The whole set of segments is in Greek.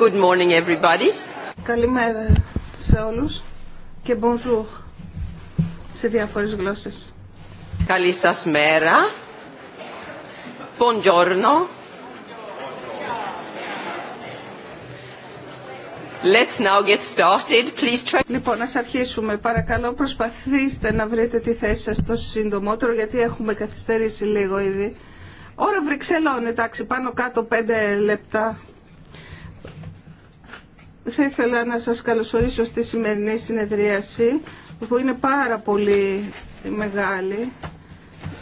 Good morning everybody. Καλημέρα σε όλους και bonjour σε διάφορες γλώσσες. Καλή σας μέρα. Buongiorno. Let's now get started. Please try... Λοιπόν, ας αρχίσουμε. Παρακαλώ προσπαθήστε να βρείτε τη θέση σας το σύντομότερο γιατί έχουμε καθυστερήσει λίγο ήδη. Ώρα Βρυξελών, εντάξει, πάνω κάτω πέντε λεπτά. Θα ήθελα να σας καλωσορίσω στη σημερινή συνεδρίαση που είναι πάρα πολύ μεγάλη.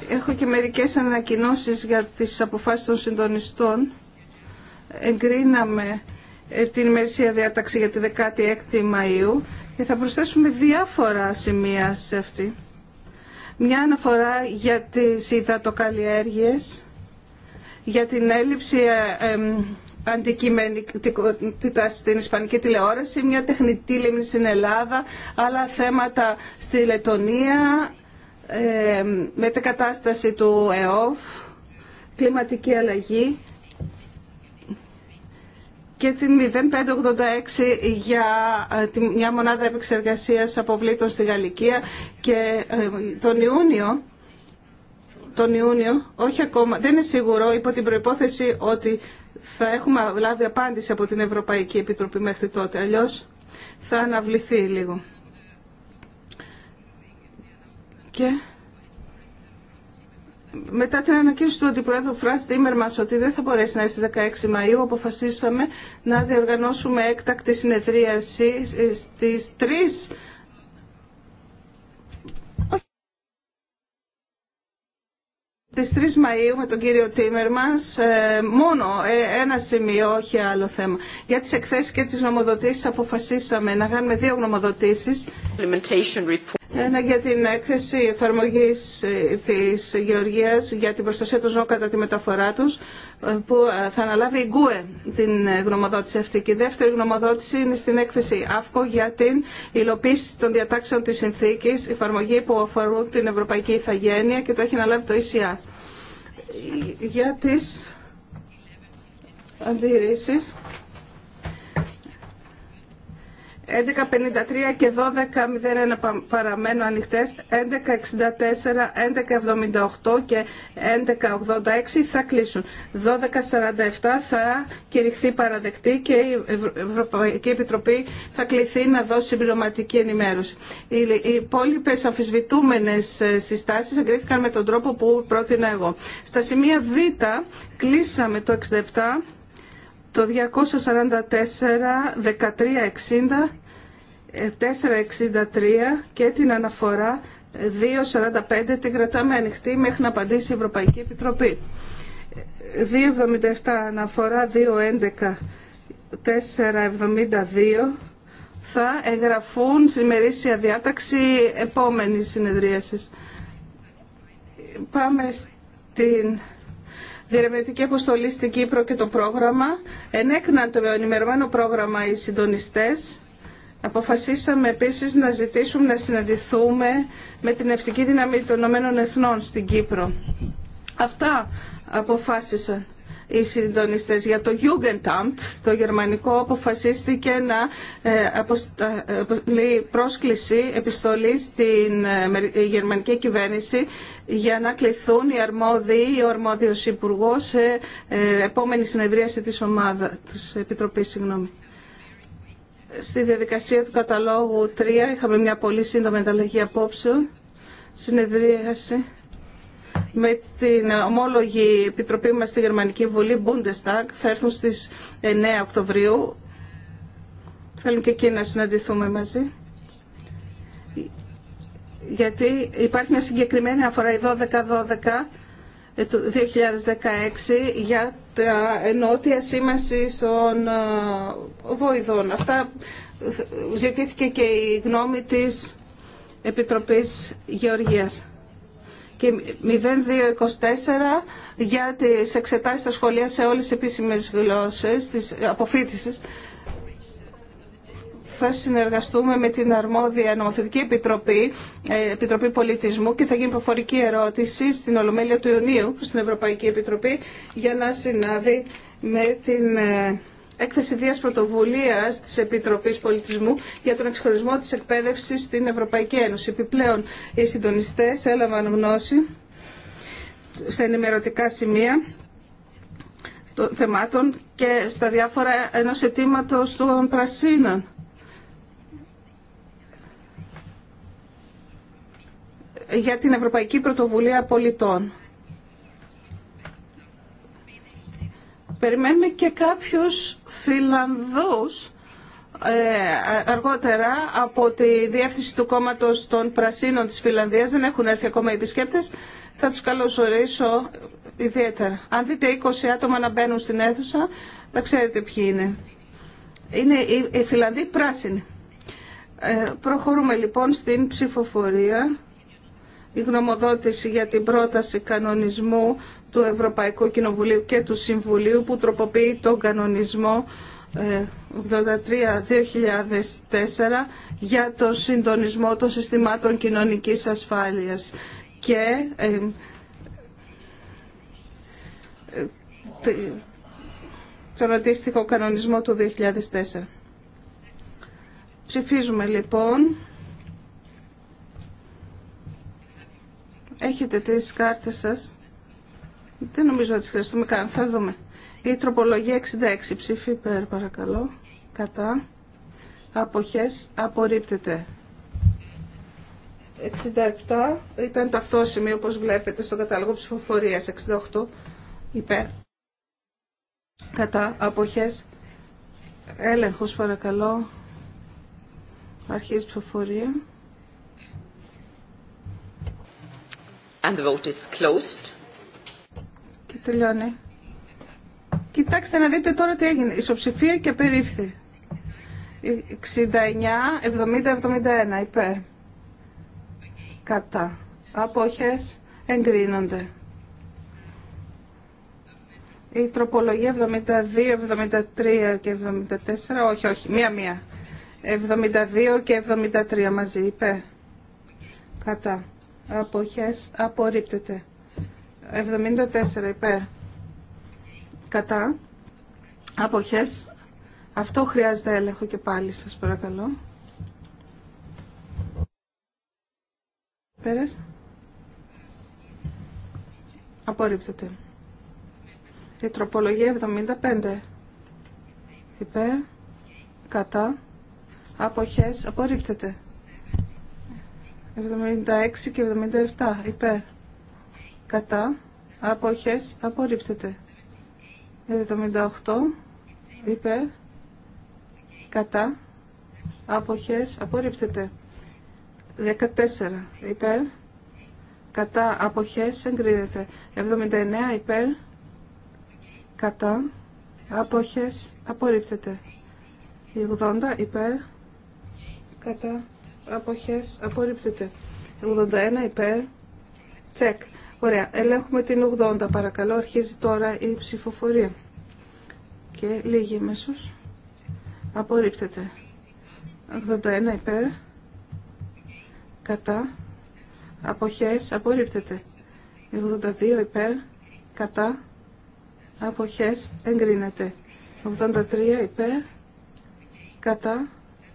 Έχω και μερικές ανακοινώσεις για τις αποφάσεις των συντονιστών. Εγκρίναμε ε, την ημερησία διάταξη για τη 16η Μαΐου και θα προσθέσουμε διάφορα σημεία σε αυτή. Μια αναφορά για τις υδατοκαλλιέργειες, για την έλλειψη ε, ε, αντικειμενικότητα στην Ισπανική τηλεόραση, μια τεχνητή λίμνη στην Ελλάδα, άλλα θέματα στη Λετωνία, ε, μετεκατάσταση του ΕΟΦ, κλιματική αλλαγή και την 0586 για ε, μια μονάδα επεξεργασίας αποβλήτων στη Γαλλικία και ε, τον Ιούνιο τον Ιούνιο, όχι ακόμα, δεν είναι σίγουρο υπό την προϋπόθεση ότι θα έχουμε λάβει απάντηση από την Ευρωπαϊκή Επιτροπή μέχρι τότε. Αλλιώς θα αναβληθεί λίγο. Και μετά την ανακοίνωση του Αντιπρόεδρου Φραν μας ότι δεν θα μπορέσει να είναι στι 16 Μαΐου, αποφασίσαμε να διοργανώσουμε έκτακτη συνεδρίαση στι 3 Τις 3 Μαΐου με τον κύριο Τίμερμανς ε, μόνο ε, ένα σημείο, όχι άλλο θέμα. Για τις εκθέσεις και τις νομοδοτήσεις αποφασίσαμε να κάνουμε δύο νομοδοτήσεις. Ένα για την έκθεση εφαρμογή ε, της Γεωργίας για την προστασία των ζώων κατά τη μεταφορά τους ε, που ε, θα αναλάβει η ΓΚΟΕ την γνωμοδότηση αυτή. Και η δεύτερη γνωμοδότηση είναι στην έκθεση ΑΦΚΟ για την υλοποίηση των διατάξεων της συνθήκης, εφαρμογή που αφορούν την Ευρωπαϊκή Ιθαγένεια και το έχει αναλάβει το ECR. Για τι αντιρρήσει. 11.53 και 12.01 παραμένουν ανοιχτές, 11.64, 11.78 και 11.86 θα κλείσουν. 12.47 θα κηρυχθεί παραδεκτή και η Ευρωπαϊκή Επιτροπή θα κληθεί να δώσει συμπληρωματική ενημέρωση. Οι υπόλοιπε αμφισβητούμενες ε, συστάσεις εγκρίθηκαν με τον τρόπο που πρότεινα εγώ. Στα σημεία Β κλείσαμε το 67 το 244, 1360, 463 και την αναφορά 2.45 την κρατάμε ανοιχτή μέχρι να απαντήσει η Ευρωπαϊκή Επιτροπή. 2.77 αναφορά 2.11 4.72 θα εγγραφούν στη μερίσια διάταξη επόμενης συνεδρίασης. Πάμε στην διερευνητική αποστολή στην Κύπρο και το πρόγραμμα. Ενέκναν το ενημερωμένο πρόγραμμα οι συντονιστές. Αποφασίσαμε επίσης να ζητήσουμε να συναντηθούμε με την ευτική δύναμη των Ηνωμένων Εθνών στην Κύπρο. Αυτά αποφάσισαν οι συντονιστές για το Jugendamt, το γερμανικό, αποφασίστηκε να ε, αποσταλεί ε, πρόσκληση, επιστολή στην ε, γερμανική κυβέρνηση για να κληθούν οι αρμόδιοι, ο αρμόδιος υπουργό σε επόμενη συνεδρίαση της ομάδας, της Επιτροπής, συγγνώμη. Στη διαδικασία του καταλόγου 3 είχαμε μια πολύ σύντομη ανταλλαγή απόψεων, συνεδρίαση με την ομόλογη επιτροπή μας στη Γερμανική Βουλή, Bundestag, θα έρθουν στις 9 Οκτωβρίου. Θέλουν και εκεί να συναντηθούμε μαζί. Γιατί υπάρχει μια συγκεκριμένη αφορά η 12-12 ε, του 2016 για τα ενότια σήμανση των ε, βοηδών. Αυτά ε, ζητήθηκε και η γνώμη της Επιτροπής Γεωργίας και 0224 για τις εξετάσεις στα σχολεία σε όλες τις επίσημες γλώσσες της αποφύτησης. Θα συνεργαστούμε με την αρμόδια νομοθετική επιτροπή, ε, Επιτροπή Πολιτισμού και θα γίνει προφορική ερώτηση στην Ολομέλεια του Ιουνίου στην Ευρωπαϊκή Επιτροπή για να συνάδει με την ε, έκθεση δία πρωτοβουλίας της Επιτροπής Πολιτισμού για τον εξχωρισμό της εκπαίδευση στην Ευρωπαϊκή Ένωση. Επιπλέον, οι συντονιστέ έλαβαν γνώση στα ενημερωτικά σημεία των θεμάτων και στα διάφορα ενό αιτήματο των πρασίνων. για την Ευρωπαϊκή Πρωτοβουλία Πολιτών. περιμένουμε και κάποιους Φιλανδούς ε, αργότερα από τη διεύθυνση του κόμματος των Πρασίνων της Φιλανδίας. Δεν έχουν έρθει ακόμα οι επισκέπτες. Θα τους καλωσορίσω ιδιαίτερα. Αν δείτε 20 άτομα να μπαίνουν στην αίθουσα, θα ξέρετε ποιοι είναι. Είναι οι Φιλανδοί πράσινοι. Ε, προχωρούμε λοιπόν στην ψηφοφορία. Η γνωμοδότηση για την πρόταση κανονισμού του Ευρωπαϊκού Κοινοβουλίου και του Συμβουλίου που τροποποιεί τον κανονισμό 83-2004 ε, για το συντονισμό των συστημάτων κοινωνικής ασφάλειας και ε, ε, τον αντίστοιχο κανονισμό του 2004. Ψηφίζουμε λοιπόν. Έχετε τις κάρτες σας. Δεν νομίζω να τις χρειαστούμε καν. Θα δούμε. Η τροπολογία 66 ψήφι υπέρ παρακαλώ. Κατά. Αποχές απορρίπτεται. 67 ήταν ταυτόσημη όπως βλέπετε στο κατάλογο ψηφοφορίας. 68 υπέρ. Κατά. Αποχές. Έλεγχος παρακαλώ. Αρχίζει ψηφοφορία. And the vote is closed τελειώνει. Κοιτάξτε να δείτε τώρα τι έγινε. Ισοψηφία και περίφθη. 69, 70, 71 υπέρ. Κατά. Απόχες εγκρίνονται. Η τροπολογία 72, 73 και 74, όχι, όχι, μία-μία. 72 και 73 μαζί, υπέρ. Κατά. Αποχές απορρίπτεται. 74 υπέρ κατά αποχές αυτό χρειάζεται έλεγχο και πάλι σας παρακαλώ πέρας απορρίπτεται η τροπολογία 75 υπέρ κατά αποχές απορρίπτεται 76 και 77 υπέρ κατά, αποχές, απορρίπτεται. 78 υπέρ, κατά, αποχές, απορρίπτεται. 14 υπέρ, κατά, αποχές, εγκρίνεται. 79 υπέρ, κατά, αποχές, απορρίπτεται. 80 υπέρ, κατά, αποχές, απορρίπτεται. 81 υπέρ, τσεκ. Ωραία, ελέγχουμε την 80 παρακαλώ, αρχίζει τώρα η ψηφοφορία. Και λίγη μέσος. Απορρίπτεται. 81 υπέρ. Κατά. Αποχές. Απορρίπτεται. 82 υπέρ. Κατά. Αποχές. Εγκρίνεται. 83 υπέρ. Κατά.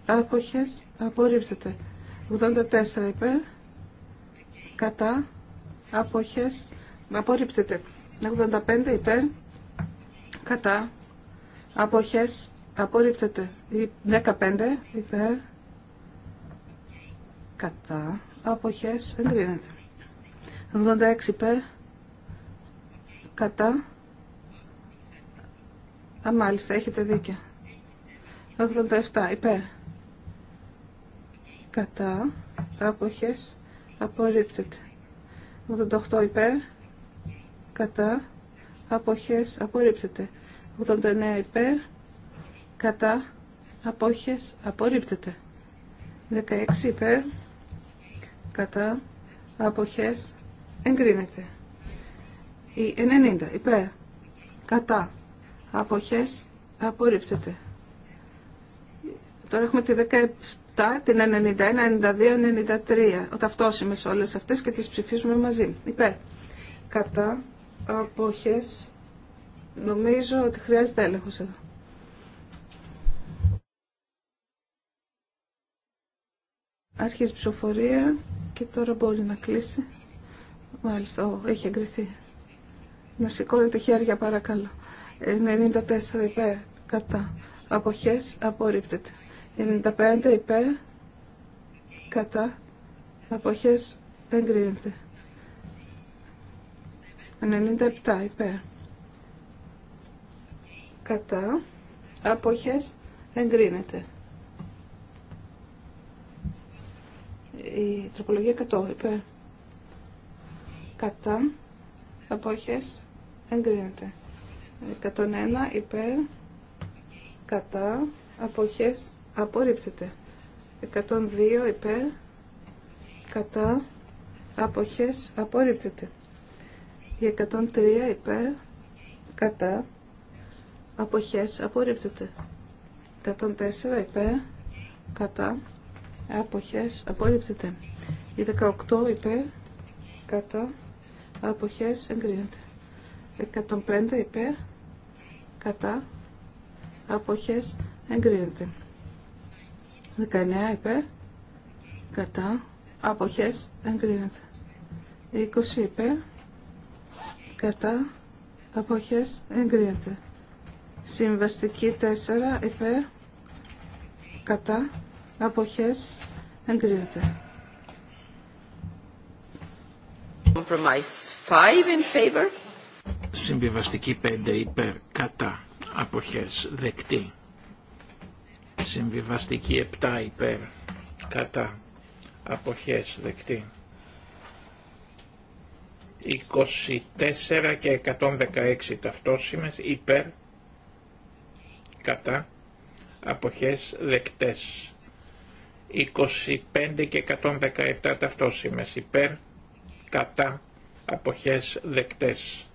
Αποχές. Απορρίπτεται. 84 υπέρ. Κατά αποχές απορρίπτεται 85 υπέρ κατά αποχές απορρίπτεται 15 υπέρ κατά αποχές εντρύνεται. 86 υπέρ κατά Α, μάλιστα, έχετε δίκιο. 87 υπέρ. Κατά. Άποχες. Απορρίπτεται. 88 υπέρ, κατά, αποχές, απορρίπτεται. 89 υπέρ, κατά, απόχες, απορρίπτεται. 16 υπέρ, κατά, αποχές, εγκρίνεται. Η 90 υπέρ, κατά, αποχές, απορρίπτεται. Τώρα έχουμε τη την 91, 92, 93, σε όλες αυτές και τις ψηφίζουμε μαζί. Υπέρ. Κατά αποχές νομίζω ότι χρειάζεται έλεγχος εδώ. Άρχισε η ψηφοφορία και τώρα μπορεί να κλείσει. Μάλιστα, ό, έχει εγκριθεί. Να σηκώνετε χέρια παρακαλώ. 94 ε, υπέρ, κατά. Αποχές απορρίπτεται. 95 υπέρ κατά αποχές εγκρίνεται 97 υπέρ κατά αποχές εγκρίνεται η τροπολογία 100 υπέρ κατά αποχές εγκρίνεται 101 υπέρ κατά αποχές απορρίπτεται. 102 υπέρ κατά αποχές απορρίπτεται. 103 υπέρ κατά αποχές απορρίπτεται. 104 υπέρ κατά αποχές απορρίπτεται. Η 18 υπέρ κατά αποχές εγκρίνεται. 105 υπέρ κατά αποχές εγκρίνεται. 19 υπέρ. Κατά. Αποχές. Εγκρίνεται. 20 υπέρ. Κατά. Αποχές. Εγκρίνεται. Συμβαστική 4 υπέρ. Κατά. Αποχές. Εγκρίνεται. Compromise 5 in favor. Συμβιβαστική 5 υπέρ. Κατά. Αποχές. Δεκτή. Συμβιβαστική 7 υπέρ κατά αποχές δεκτή. 24 και 116 ταυτόσημες υπέρ κατά αποχές δεκτές. 25 και 117 ταυτόσημες υπέρ κατά αποχές δεκτές.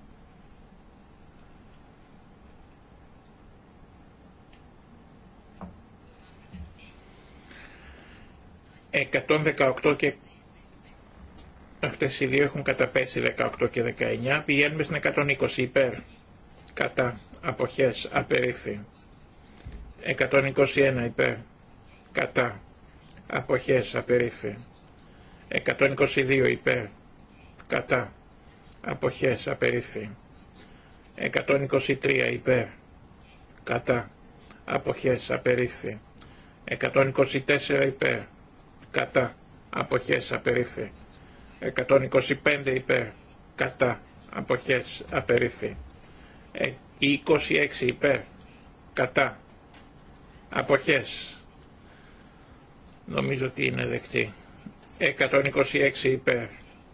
118 και αυτές οι δύο έχουν καταπέσει 18 και 19, πηγαίνουμε στην 120 υπέρ, κατά, αποχές, απερίφθη. 121 υπέρ, κατά, αποχές, απερίφθη. 122 υπέρ, κατά, αποχές, απερίφθη. 123 υπέρ, κατά, αποχές, απερίφθη. 124 υπέρ, κατά αποχές απερίφη 125 υπέρ κατά αποχές απερίφη 26 ε, υπέρ κατά αποχές νομίζω ότι είναι δεκτή 126 υπέρ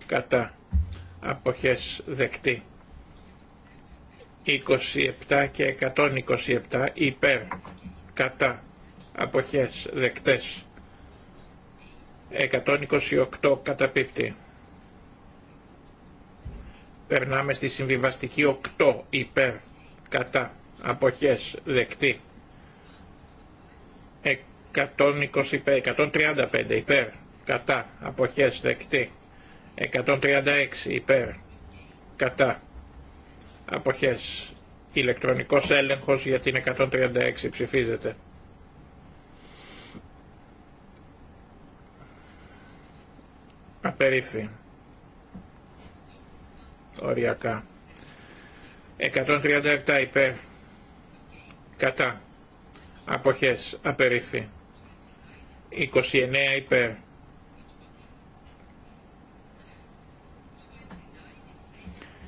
κατά αποχές δεκτή 27 και 127 υπέρ κατά αποχές δεκτές 128 καταπίπτει. Περνάμε στη συμβιβαστική 8 υπέρ κατά αποχές δεκτή. 125, 135 υπέρ κατά αποχές δεκτή. 136 υπέρ κατά αποχές ηλεκτρονικός έλεγχος για την 136 ψηφίζεται. Απερίφθη. Οριακά. 137 υπέρ. Κατά. Αποχές. Απερίφθη. 29 υπέρ.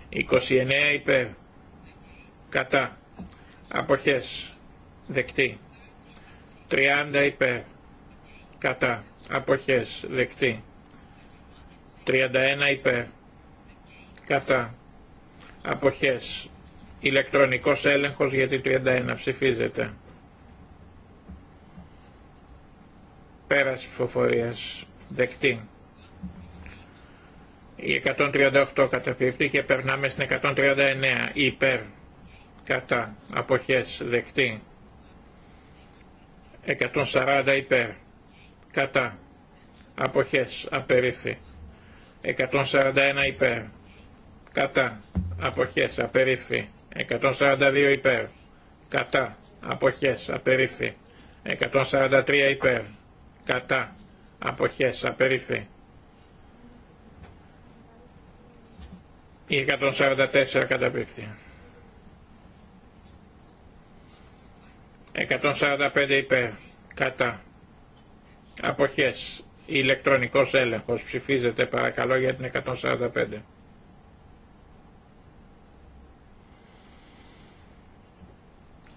29 υπέρ. Κατά. Αποχές. Δεκτή. 30 υπέρ. Κατά. Αποχές. Δεκτή. 31 υπέρ. Κατά. Αποχές. Ηλεκτρονικός έλεγχος γιατί 31 ψηφίζεται. πέραση ψηφοφορίας. Δεκτή. Η 138 καταπληκτή και περνάμε στην 139 υπέρ. Κατά. Αποχές. Δεκτή. 140 υπέρ. Κατά. Αποχές. απερίφη 141 υπέρ. Κατά. Αποχές. Απερίφη. 142 υπέρ. Κατά. Αποχές. Απερίφη. 143 υπέρ. Κατά. Αποχές. Απερίφη. 144 καταπίπτει. 145 υπέρ. Κατά. Αποχές. Ηλεκτρονικός έλεγχος. ψηφίζεται, παρακαλώ για την 145.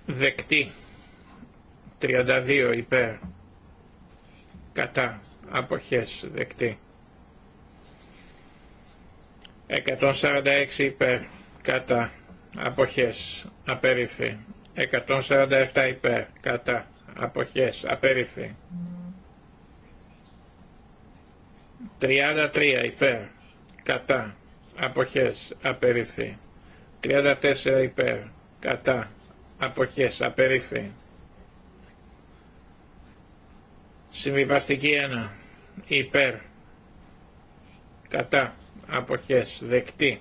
Δεκτή. 32 υπέρ. Κατά. Αποχές. Δεκτή. 146 υπέρ. Κατά. Αποχές. Απερίφη. 147 υπέρ. Κατά. Αποχές. Απερίφη. 33 υπέρ, κατά, αποχές, απερίφθη. 34 υπέρ, κατά, αποχές, απερίφθη. Συμβιβαστική 1, υπέρ, κατά, αποχές, δεκτή.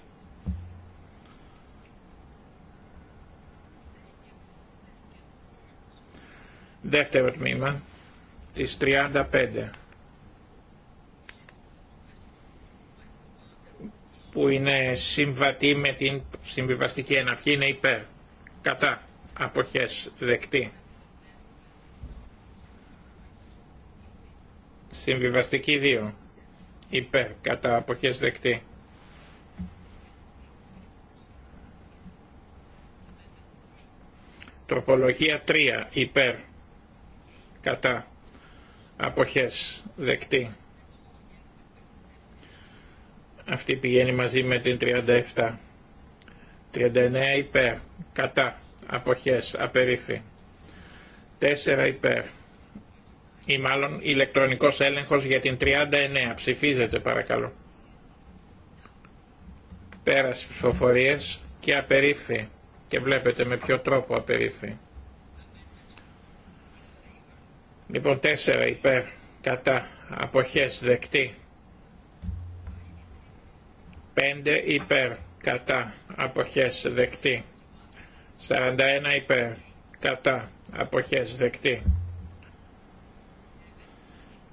Δεύτερο τμήμα τις 35 που είναι συμβατή με την συμβιβαστική εναρχή είναι υπέρ. Κατά. Αποχές. Δεκτή. Συμβιβαστική 2. Υπέρ. Κατά. Αποχές. Δεκτή. Τροπολογία 3. Υπέρ. Κατά. Αποχές. Δεκτή. Αυτή πηγαίνει μαζί με την 37. 39 υπέρ. Κατά. Αποχές. απερίφη 4 υπέρ. Ή μάλλον ηλεκτρονικός έλεγχος για την 39. Ψηφίζετε παρακαλώ. Πέρασε ψηφοφορίες και απερίφη Και βλέπετε με ποιο τρόπο απερίφη Λοιπόν 4 υπέρ. Κατά. Αποχές. Δεκτή. 5 υπέρ κατά αποχές δεκτή. 41 υπέρ κατά αποχές δεκτή.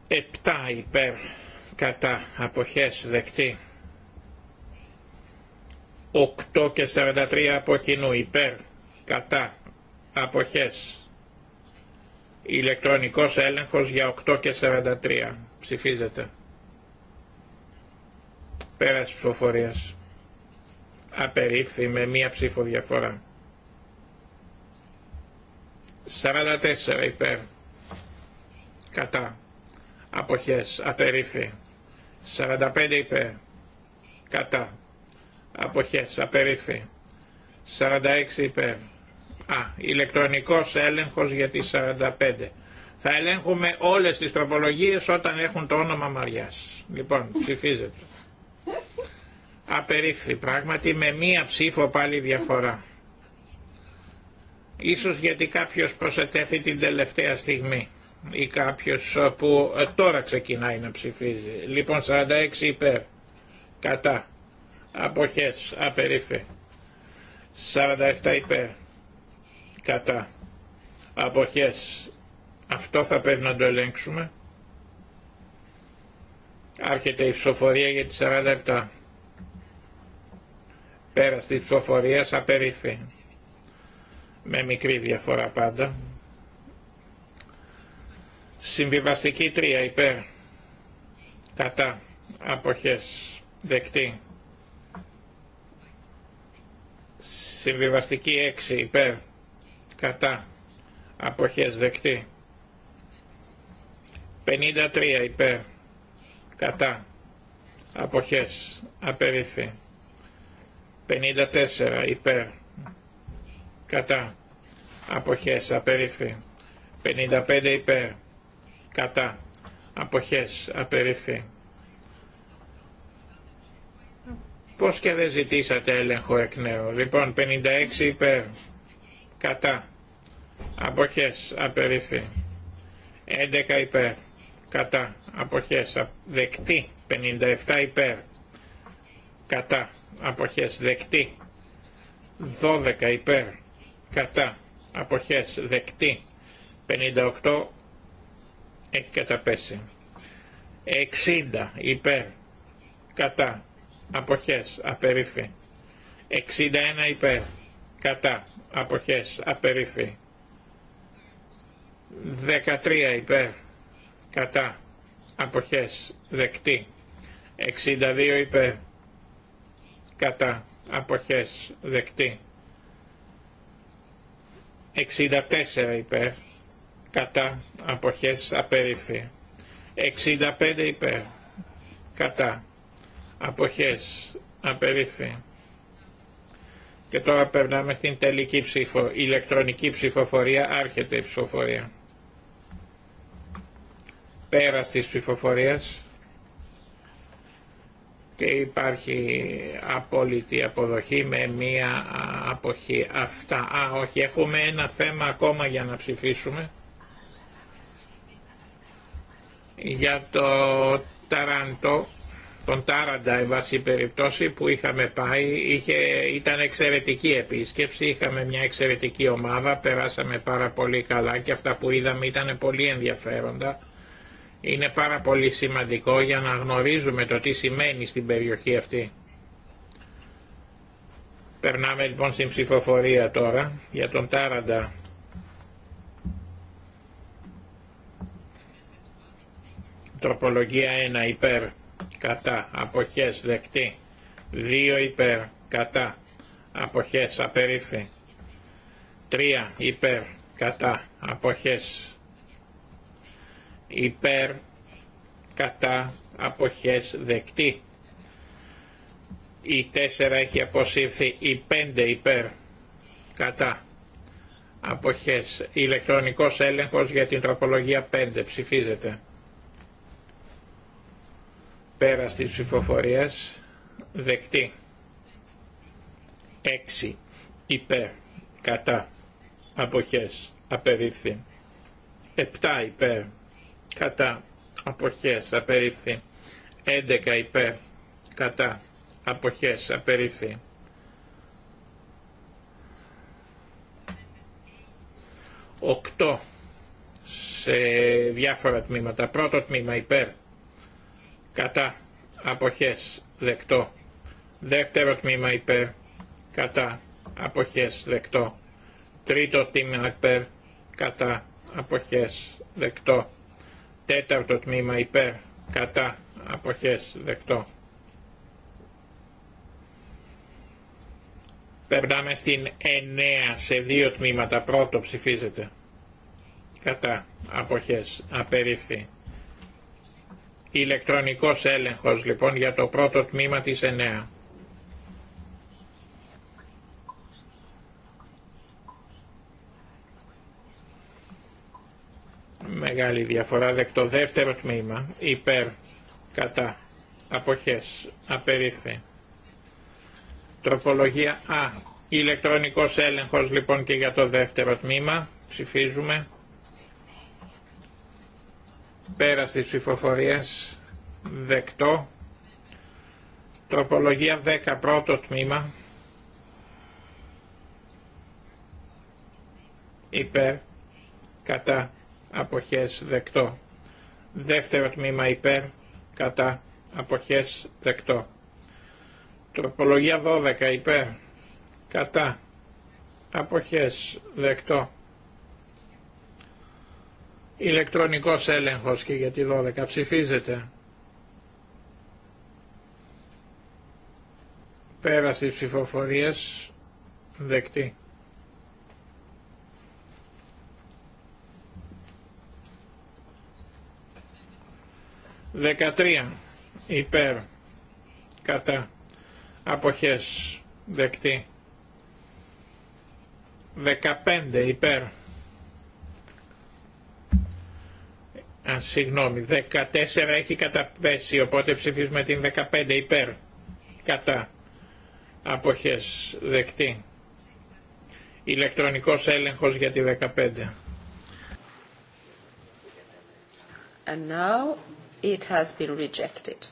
7 υπέρ κατά αποχές δεκτή. 8 και 43 από κοινού υπέρ κατά αποχές. Ηλεκτρονικός έλεγχος για 8 και 43 ψηφίζεται. Πέρας ψηφοφορίας. Απερίφθη με μία ψήφο διαφορά. 44 υπέρ. Κατά. Αποχές. Απερίφθη. 45 υπέρ. Κατά. Αποχές. Απερίφθη. 46 υπέρ. Α, ηλεκτρονικός έλεγχος για τις 45. Θα ελέγχουμε όλες τις τροπολογίες όταν έχουν το όνομα Μαριάς. Λοιπόν, ψηφίζεται Απερίφθη πράγματι με μία ψήφο πάλι διαφορά. Ίσως γιατί κάποιος προσετέθη την τελευταία στιγμή ή κάποιος ε, που ε, τώρα ξεκινάει να ψηφίζει. Λοιπόν 46 υπέρ, κατά, αποχές, απερίφθη. 47 υπέρ, κατά, αποχές. Αυτό θα πρέπει να το ελέγξουμε. Άρχεται η ψηφοφορία για τις λεπτά. Πέρας της απερίφη Με μικρή διαφορά πάντα. Συμβιβαστική 3 υπέρ. Κατά. Αποχές. Δεκτή. Συμβιβαστική 6 υπέρ. Κατά. Αποχές. Δεκτή. 53 υπέρ κατά αποχές απερίφθη 54 υπέρ κατά αποχές απερίφθη 55 υπέρ κατά αποχές απερίφθη Πώς και δεν ζητήσατε έλεγχο εκ νέου. Λοιπόν, 56 υπέρ, κατά, αποχές, απερίφη. 11 υπέρ, κατά, αποχές δεκτή 57 υπέρ κατά αποχές δεκτή 12 υπέρ κατά αποχές δεκτή 58 έχει καταπέσει 60 υπέρ κατά αποχές απερίφη 61 υπέρ κατά αποχές απερίφη 13 υπέρ κατά αποχές δεκτή 62 υπέρ κατά αποχές δεκτή 64 υπέρ κατά αποχές απερίφη 65 υπέρ κατά αποχές απερίφη και τώρα περνάμε στην τελική ψήφο ηλεκτρονική ψηφοφορία άρχεται η ψηφοφορία Πέρας της ψηφοφορίας και υπάρχει απόλυτη αποδοχή με μία αποχή. Αυτά. Α, όχι, έχουμε ένα θέμα ακόμα για να ψηφίσουμε. Για το Ταραντό, τον Τάραντα, εν βάση περιπτώσει, που είχαμε πάει, είχε, ήταν εξαιρετική επίσκεψη, είχαμε μια εξαιρετική ομάδα, περάσαμε πάρα πολύ καλά και αυτά που είδαμε ήταν πολύ ενδιαφέροντα είναι πάρα πολύ σημαντικό για να γνωρίζουμε το τι σημαίνει στην περιοχή αυτή. Περνάμε λοιπόν στην ψηφοφορία τώρα για τον Τάραντα. Τροπολογία 1 υπέρ, κατά, αποχές, δεκτή. 2 υπέρ, κατά, αποχές, απερίφη. 3 υπέρ, κατά, αποχές, υπέρ κατά αποχές δεκτή. Η τέσσερα έχει αποσύρθει, η πέντε υπέρ κατά αποχές. Ηλεκτρονικός έλεγχος για την τροπολογία πέντε ψηφίζεται. Πέρα της ψηφοφορίας δεκτή. έξι υπέρ κατά αποχές απερίφθη. επτά υπέρ κατά αποχές απερίφθη 11 υπέρ κατά αποχές απερίφθη 8 σε διάφορα τμήματα πρώτο τμήμα υπέρ κατά αποχές δεκτό δεύτερο τμήμα υπέρ κατά αποχές δεκτό τρίτο τμήμα υπέρ κατά αποχές δεκτό Τέταρτο τμήμα υπέρ κατά αποχές δεκτό. Περνάμε στην 9 σε δύο τμήματα. Πρώτο ψηφίζεται. Κατά αποχές απερίφθη. Ηλεκτρονικός έλεγχος λοιπόν για το πρώτο τμήμα της 9. Μεγάλη διαφορά δεκτό δεύτερο τμήμα υπέρ κατά αποχές απερίφθη. Τροπολογία Α. Ηλεκτρονικός έλεγχος λοιπόν και για το δεύτερο τμήμα. Ψηφίζουμε. Πέρα στις ψηφοφορίες. Δεκτό. Τροπολογία 10 πρώτο τμήμα. Υπέρ. Κατά αποχές δεκτό. Δεύτερο τμήμα υπέρ, κατά, αποχές δεκτό. Τροπολογία 12 υπέρ, κατά, αποχές δεκτό. Ηλεκτρονικός έλεγχος και για τη 12 ψηφίζεται. Πέραση ψηφοφορίες δεκτή. 13 υπέρ κατά αποχές δεκτή 15 υπέρ Α, συγγνώμη, 14 έχει καταπέσει, οπότε ψηφίζουμε την 15 υπέρ, κατά, αποχές, δεκτή. Ηλεκτρονικός έλεγχος για τη 15. And now It has been rejected.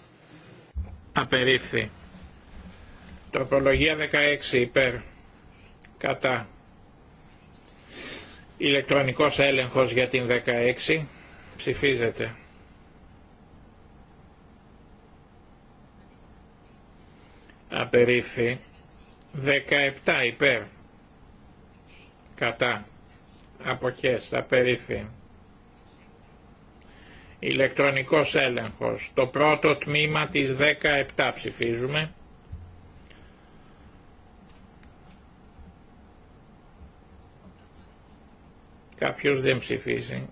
Απερίφθη. Τροπολογία 16 υπέρ. Κατά. Ηλεκτρονικός έλεγχος για την 16. Ψηφίζεται. Απερίφθη. 17 υπέρ. Κατά. Αποχές. Απερίφθη. Ηλεκτρονικός έλεγχος. Το πρώτο τμήμα της 17 ψηφίζουμε. Κάποιος δεν ψηφίζει.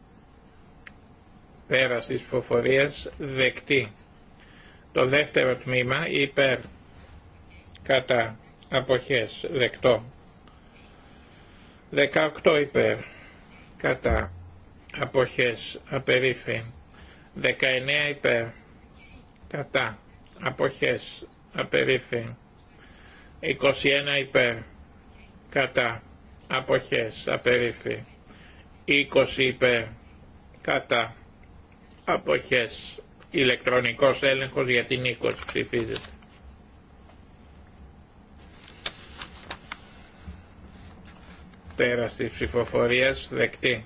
Πέρας της φοφορίας δεκτή. Το δεύτερο τμήμα υπέρ κατά αποχές δεκτό. 18 υπέρ κατά αποχές απερίφθη. 19 υπέρ. Κατά. Αποχές. Απερίφη. 21 υπέρ. Κατά. Αποχές. Απερίφη. 20 υπέρ. Κατά. Αποχές. Ηλεκτρονικός έλεγχος για την 20 ψηφίζεται. Πέρα της ψηφοφορίας δεκτή.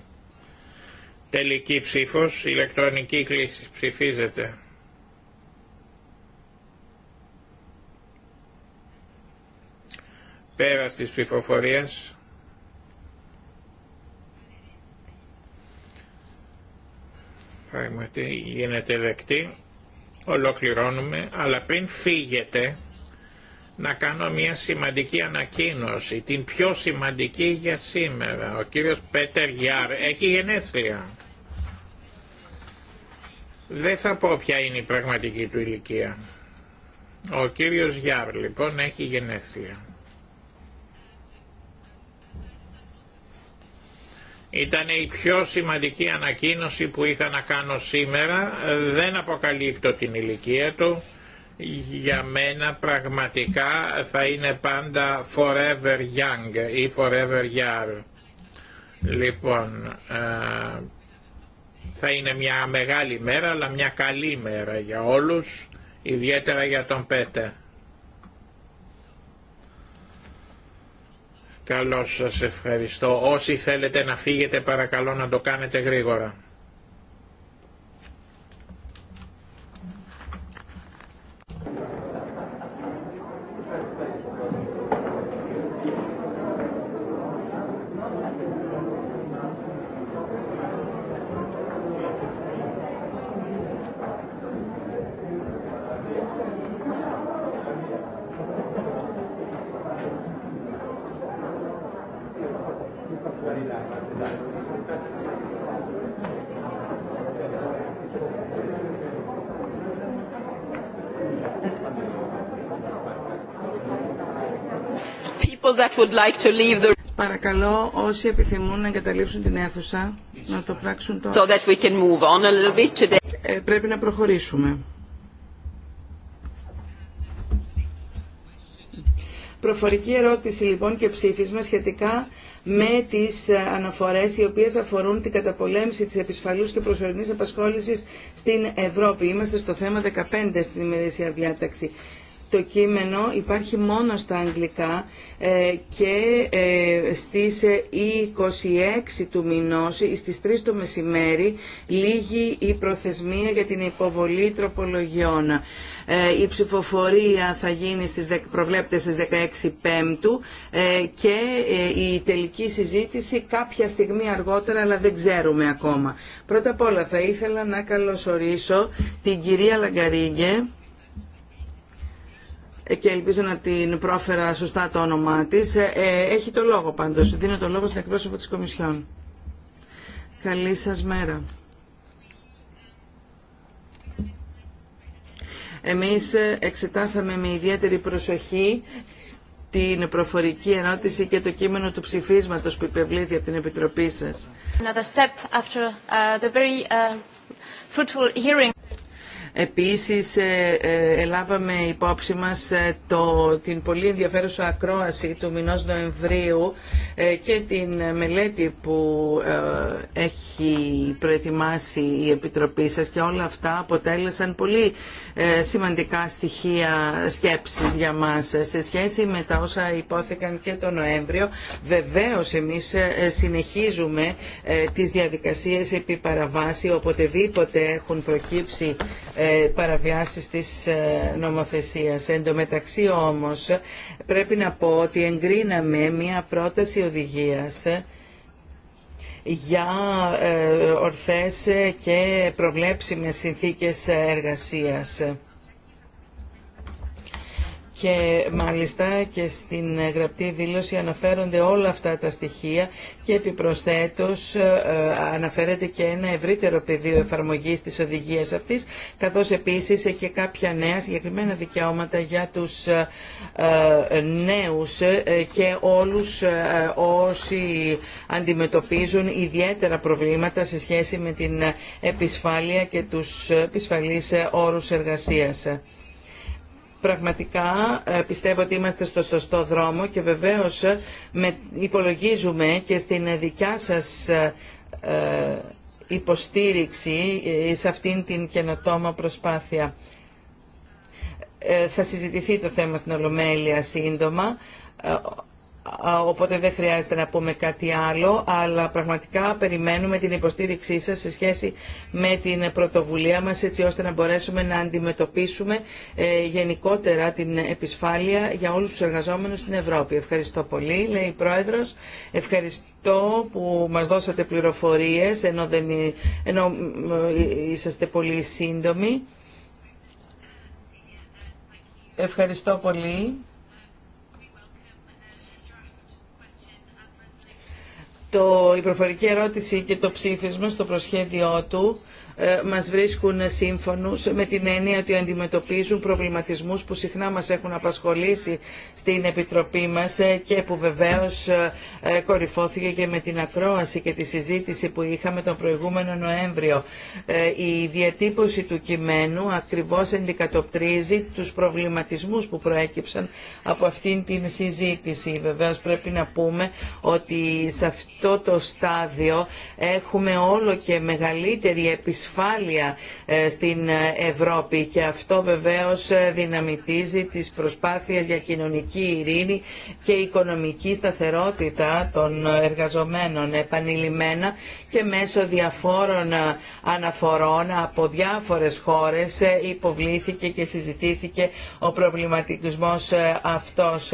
Τελική ψήφος, ηλεκτρονική κλίση, ψηφίζεται. Πέρα της ψηφοφορίας. Πράγματι γίνεται δεκτή. Ολοκληρώνουμε, αλλά πριν φύγετε να κάνω μια σημαντική ανακοίνωση, την πιο σημαντική για σήμερα. Ο κύριος Πέτερ Γιάρ έχει γενέθλια. Δεν θα πω ποια είναι η πραγματική του ηλικία. Ο κύριος Γιάρ λοιπόν έχει γενέθλια. Ήταν η πιο σημαντική ανακοίνωση που είχα να κάνω σήμερα. Δεν αποκαλύπτω την ηλικία του. Για μένα πραγματικά θα είναι πάντα forever young ή forever young. Λοιπόν, ε, θα είναι μια μεγάλη μέρα αλλά μια καλή μέρα για όλους, ιδιαίτερα για τον Πέτερ. Καλώς σας ευχαριστώ. Όσοι θέλετε να φύγετε παρακαλώ να το κάνετε γρήγορα. Παρακαλώ όσοι επιθυμούν να εγκαταλείψουν την αίθουσα να το πράξουν τώρα. So πρέπει να προχωρήσουμε. Προφορική ερώτηση λοιπόν και ψήφισμα σχετικά με τις ε, αναφορές οι οποίες αφορούν την καταπολέμηση της επισφαλούς και προσωρινής απασχόλησης στην Ευρώπη. Είμαστε στο θέμα 15 στην ημερήσια διάταξη το κείμενο υπάρχει μόνο στα αγγλικά ε, και ε, στις 26 ε, του μηνός ή στις 3 το μεσημέρι λύγει η προθεσμία για την υποβολή τροπολογιών. Η ψηφοφορία θα γίνει στις, προβλέπεται στις 16 Πέμπτου και η τελική συζήτηση κάποια στιγμή αργότερα, αλλά δεν ξέρουμε ακόμα. Πρώτα απ' όλα θα ήθελα να καλωσορίσω την κυρία Λαγκαρίγκε, και ελπίζω να την πρόφερα σωστά το όνομά της. Ε, ε, έχει το λόγο πάντως. Δίνω το λόγο στην εκπρόσωπο της Κομισιόν. Καλή σας μέρα. Εμείς εξετάσαμε με ιδιαίτερη προσοχή την προφορική ερώτηση και το κείμενο του ψηφίσματος που υπευλήθη από την Επιτροπή σας. step after uh, the very uh, hearing. Επίσης ε, ε, ελάβαμε υπόψη μας ε, το, την πολύ ενδιαφέρουσα ακρόαση του μηνός Νοεμβρίου και την μελέτη που έχει προετοιμάσει η Επιτροπή σας και όλα αυτά αποτέλεσαν πολύ σημαντικά στοιχεία σκέψης για μας σε σχέση με τα όσα υπόθηκαν και το Νοέμβριο. Βεβαίως εμείς συνεχίζουμε τις διαδικασίες επί παραβάση οποτεδήποτε έχουν προκύψει ε, παραβιάσεις της ε, νομοθεσίας. Εν τω όμως πρέπει να πω ότι εγκρίναμε μια πρόταση οδηγίας για ε, ορθές και προβλέψιμες συνθήκες εργασίας και μάλιστα και στην γραπτή δήλωση αναφέρονται όλα αυτά τα στοιχεία και επιπροσθέτως ε, ε, αναφέρεται και ένα ευρύτερο πεδίο εφαρμογής της οδηγίας αυτής καθώς επίσης ε, και κάποια νέα συγκεκριμένα δικαιώματα για τους νέους και όλους όσοι αντιμετωπίζουν ιδιαίτερα προβλήματα σε σχέση με την επισφάλεια και τους επισφαλείς όρους εργασίας. Πραγματικά ε, πιστεύω ότι είμαστε στο σωστό δρόμο και βεβαίως ε, με, υπολογίζουμε και στην ε, δικιά σας υποστήριξη σε αυτήν την καινοτόμα προσπάθεια. Θα συζητηθεί το θέμα στην Ολομέλεια σύντομα οπότε δεν χρειάζεται να πούμε κάτι άλλο, αλλά πραγματικά περιμένουμε την υποστήριξή σας σε σχέση με την πρωτοβουλία μας, έτσι ώστε να μπορέσουμε να αντιμετωπίσουμε ε, γενικότερα την επισφάλεια για όλους τους εργαζόμενους στην Ευρώπη. Ευχαριστώ πολύ, λέει η Πρόεδρος. Ευχαριστώ που μας δώσατε πληροφορίες, ενώ, δεν, ε, ενώ ε, είσαστε πολύ σύντομοι. Ευχαριστώ πολύ. το, η προφορική ερώτηση και το ψήφισμα στο προσχέδιό του ε, μας βρίσκουν σύμφωνους με την έννοια ότι αντιμετωπίζουν προβληματισμούς που συχνά μας έχουν απασχολήσει στην Επιτροπή μας ε, και που βεβαίως ε, κορυφώθηκε και με την ακρόαση και τη συζήτηση που είχαμε τον προηγούμενο Νοέμβριο. Η διατύπωση του κειμένου ακριβώς ενδικατοπτρίζει τους προβληματισμούς που προέκυψαν από αυτήν την συζήτηση. Βεβαίως πρέπει να πούμε ότι σε αυτό το στάδιο έχουμε όλο και μεγαλύτερη επισφάλεια ασφάλεια ε, στην ε, Ευρώπη και αυτό βεβαίως ε, δυναμητίζει τις προσπάθειες για κοινωνική ειρήνη και οικονομική σταθερότητα των εργαζομένων επανειλημμένα και μέσω διαφόρων αναφορών από διάφορες χώρες υποβλήθηκε και συζητήθηκε ο προβληματισμός αυτός.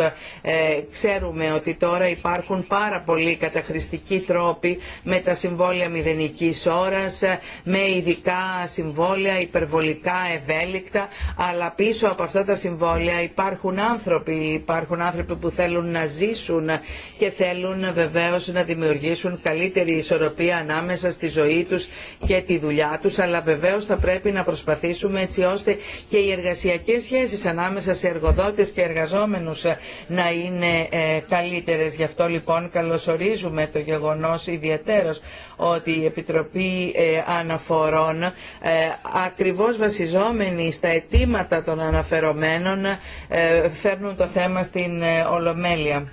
Ξέρουμε ότι τώρα υπάρχουν πάρα πολλοί καταχρηστικοί τρόποι με τα συμβόλαια μηδενικής ώρας, με ειδικά συμβόλαια υπερβολικά ευέλικτα αλλά πίσω από αυτά τα συμβόλαια υπάρχουν άνθρωποι υπάρχουν άνθρωποι που θέλουν να ζήσουν και θέλουν βεβαίως να δημιουργήσουν καλύτερη ισορροπία ανάμεσα στη ζωή τους και τη δουλειά τους αλλά βεβαίως θα πρέπει να προσπαθήσουμε έτσι ώστε και οι εργασιακές σχέσεις ανάμεσα σε εργοδότες και εργαζόμενους να είναι ε, καλύτερες. Γι' αυτό λοιπόν καλωσορίζουμε το γεγονός ιδιαίτερος ότι η Επιτροπή ε, αναφορά ε, ακριβώς βασιζόμενοι στα αιτήματα των αναφερομένων ε, φέρνουν το θέμα στην ε, Ολομέλεια.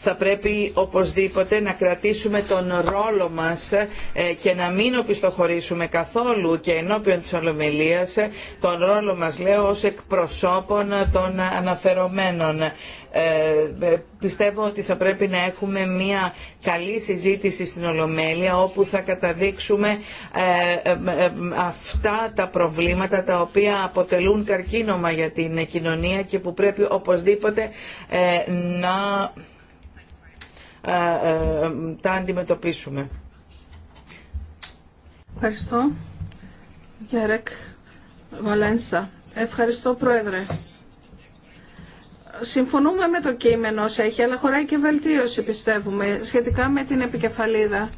θα πρέπει οπωσδήποτε να κρατήσουμε τον ρόλο μας ε, και να μην οπισθοχωρήσουμε καθόλου και ενώπιον της Ολομελίας ε, τον ρόλο μας λέω ως εκπροσώπων των αναφερομένων. Ε, πιστεύω ότι θα πρέπει να έχουμε μια καλή συζήτηση στην Ολομέλεια όπου θα καταδείξουμε αυτά τα προβλήματα τα οποία αποτελούν καρκίνωμα για την κοινωνία και που πρέπει οπωσδήποτε να ε, τα αντιμετωπίσουμε. Ευχαριστώ. Γερέκ Βαλένσα. Ευχαριστώ, Πρόεδρε. Συμφωνούμε με το κείμενο όσο έχει, αλλά χωράει και βελτίωση, πιστεύουμε, σχετικά με την επικεφαλίδα.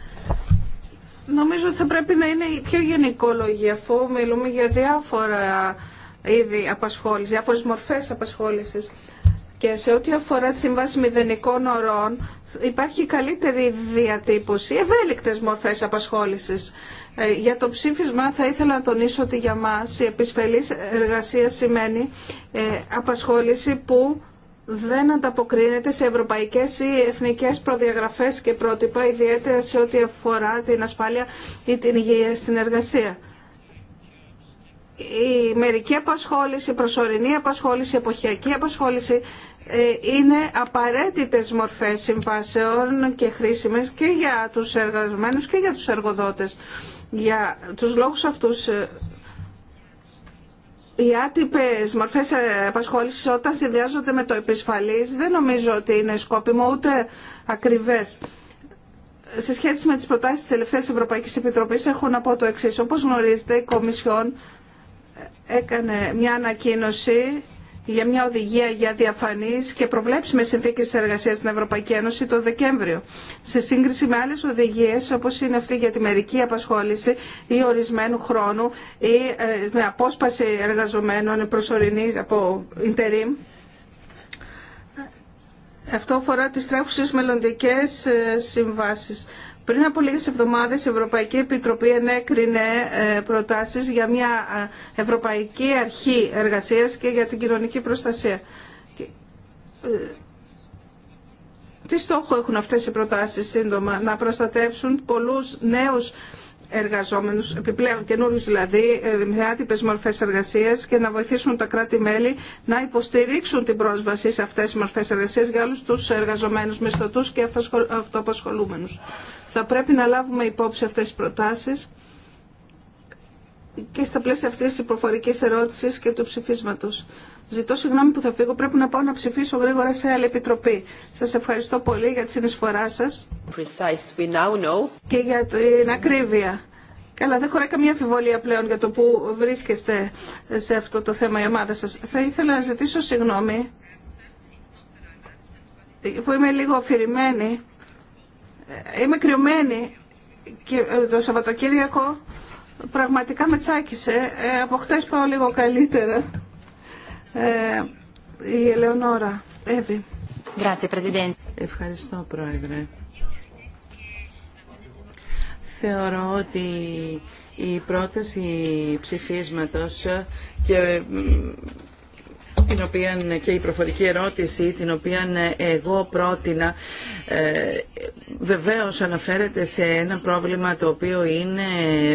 Νομίζω ότι θα πρέπει να είναι πιο γενικόλογη, αφού μιλούμε για διάφορα είδη απασχόληση, διάφορες μορφές απασχόλησης. Και σε ό,τι αφορά τη συμβάση μηδενικών ορών υπάρχει καλύτερη διατύπωση, ευέλικτες μορφές απασχόλησης. Ε, για το ψήφισμα θα ήθελα να τονίσω ότι για μας η επισφελής εργασία σημαίνει ε, απασχόληση που δεν ανταποκρίνεται σε ευρωπαϊκές ή εθνικές προδιαγραφές και πρότυπα, ιδιαίτερα σε ό,τι αφορά την ασφάλεια ή την υγεία στην εργασία. Η μερική απασχόληση, η προσωρινή απασχόληση, η εποχιακή απασχόληση ε, είναι απαραίτητες μορφές συμβάσεων και χρήσιμες και για τους εργαζομένους και για τους εργοδότες. Για τους λόγους αυτούς ε, οι άτυπες μορφές ε, απασχόλησης όταν συνδυάζονται με το επισφαλής δεν νομίζω ότι είναι σκόπιμο ούτε ακριβές. Σε σχέση με τις προτάσεις της τελευταίας Ευρωπαϊκής Επιτροπής έχω να πω το εξής. Όπως γνωρίζετε η Κομισιόν έκανε μια ανακοίνωση για μια οδηγία για διαφανείς και προβλέψιμες συνθήκες εργασίας στην Ευρωπαϊκή Ένωση το Δεκέμβριο, σε σύγκριση με άλλες οδηγίες όπως είναι αυτή για τη μερική απασχόληση ή ορισμένου χρόνου ή ε, με απόσπαση εργαζομένων προσωρινή από interim. Αυτό αφορά τις τρέχουσες μελλοντικές ε, συμβάσεις. Πριν από λίγες εβδομάδες η Ευρωπαϊκή Επιτροπή ενέκρινε ε, προτάσεις για μια ε, Ευρωπαϊκή Αρχή Εργασίας και για την κοινωνική προστασία. Ε, τι στόχο έχουν αυτές οι προτάσεις σύντομα, να προστατεύσουν πολλούς νέους εργαζόμενους, επιπλέον καινούριου δηλαδή, ε, με άτυπες μορφές εργασίας και να βοηθήσουν τα κράτη-μέλη να υποστηρίξουν την πρόσβαση σε αυτές τις μορφές εργασίας για όλους τους εργαζομένους μισθωτούς και αυτοαπασχολούμενους. Θα πρέπει να λάβουμε υπόψη αυτές τις προτάσεις και στα πλαίσια αυτής της προφορική ερώτησης και του ψηφίσματος. Ζητώ συγγνώμη που θα φύγω, πρέπει να πάω να ψηφίσω γρήγορα σε άλλη επιτροπή. Σα ευχαριστώ πολύ για τη συνεισφορά σας και για την ακρίβεια. Καλά, δεν χωράει καμία αμφιβολία πλέον για το που βρίσκεστε σε αυτό το θέμα η ομάδα σας. Θα ήθελα να ζητήσω συγγνώμη που είμαι λίγο αφηρημένη. Είμαι κρυωμένη και ε, το Σαββατοκύριακο πραγματικά με τσάκισε. Ε, από χτες πάω λίγο καλύτερα. Ε, η Ελεονόρα, Ευχαριστώ, Πρόεδρε. Θεωρώ ότι η πρόταση ψηφίσματος και την οποία και η προφορική ερώτηση την οποία εγώ πρότεινα ε, βεβαίως αναφέρεται σε ένα πρόβλημα το οποίο είναι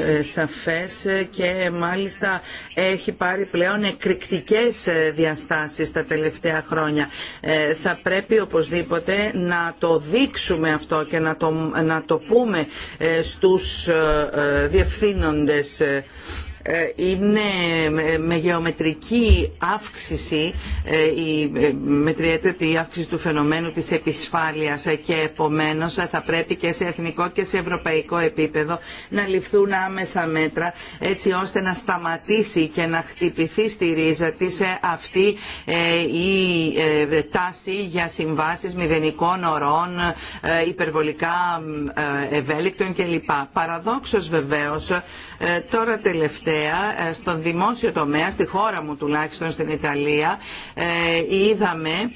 ε, σαφές και μάλιστα έχει πάρει πλέον εκρηκτικές διαστάσεις τα τελευταία χρόνια. Ε, θα πρέπει οπωσδήποτε να το δείξουμε αυτό και να το, πούμε στους διευθύνοντες ε, είναι με γεωμετρική αύξηση ε, η ε, μετριέται η αύξηση του φαινομένου της επισφάλειας και επομένως θα πρέπει και σε εθνικό και σε ευρωπαϊκό επίπεδο να ληφθούν άμεσα μέτρα έτσι ώστε να σταματήσει και να χτυπηθεί στη ρίζα της αυτή η τάση για συμβάσεις μηδενικών ορών υπερβολικά ευέλικτων κλπ. Παραδόξως βεβαίως τώρα τελευταία ε, στον δημόσιο τομέα, στη χώρα μου τουλάχιστον στην Ιταλία, ε, είδαμε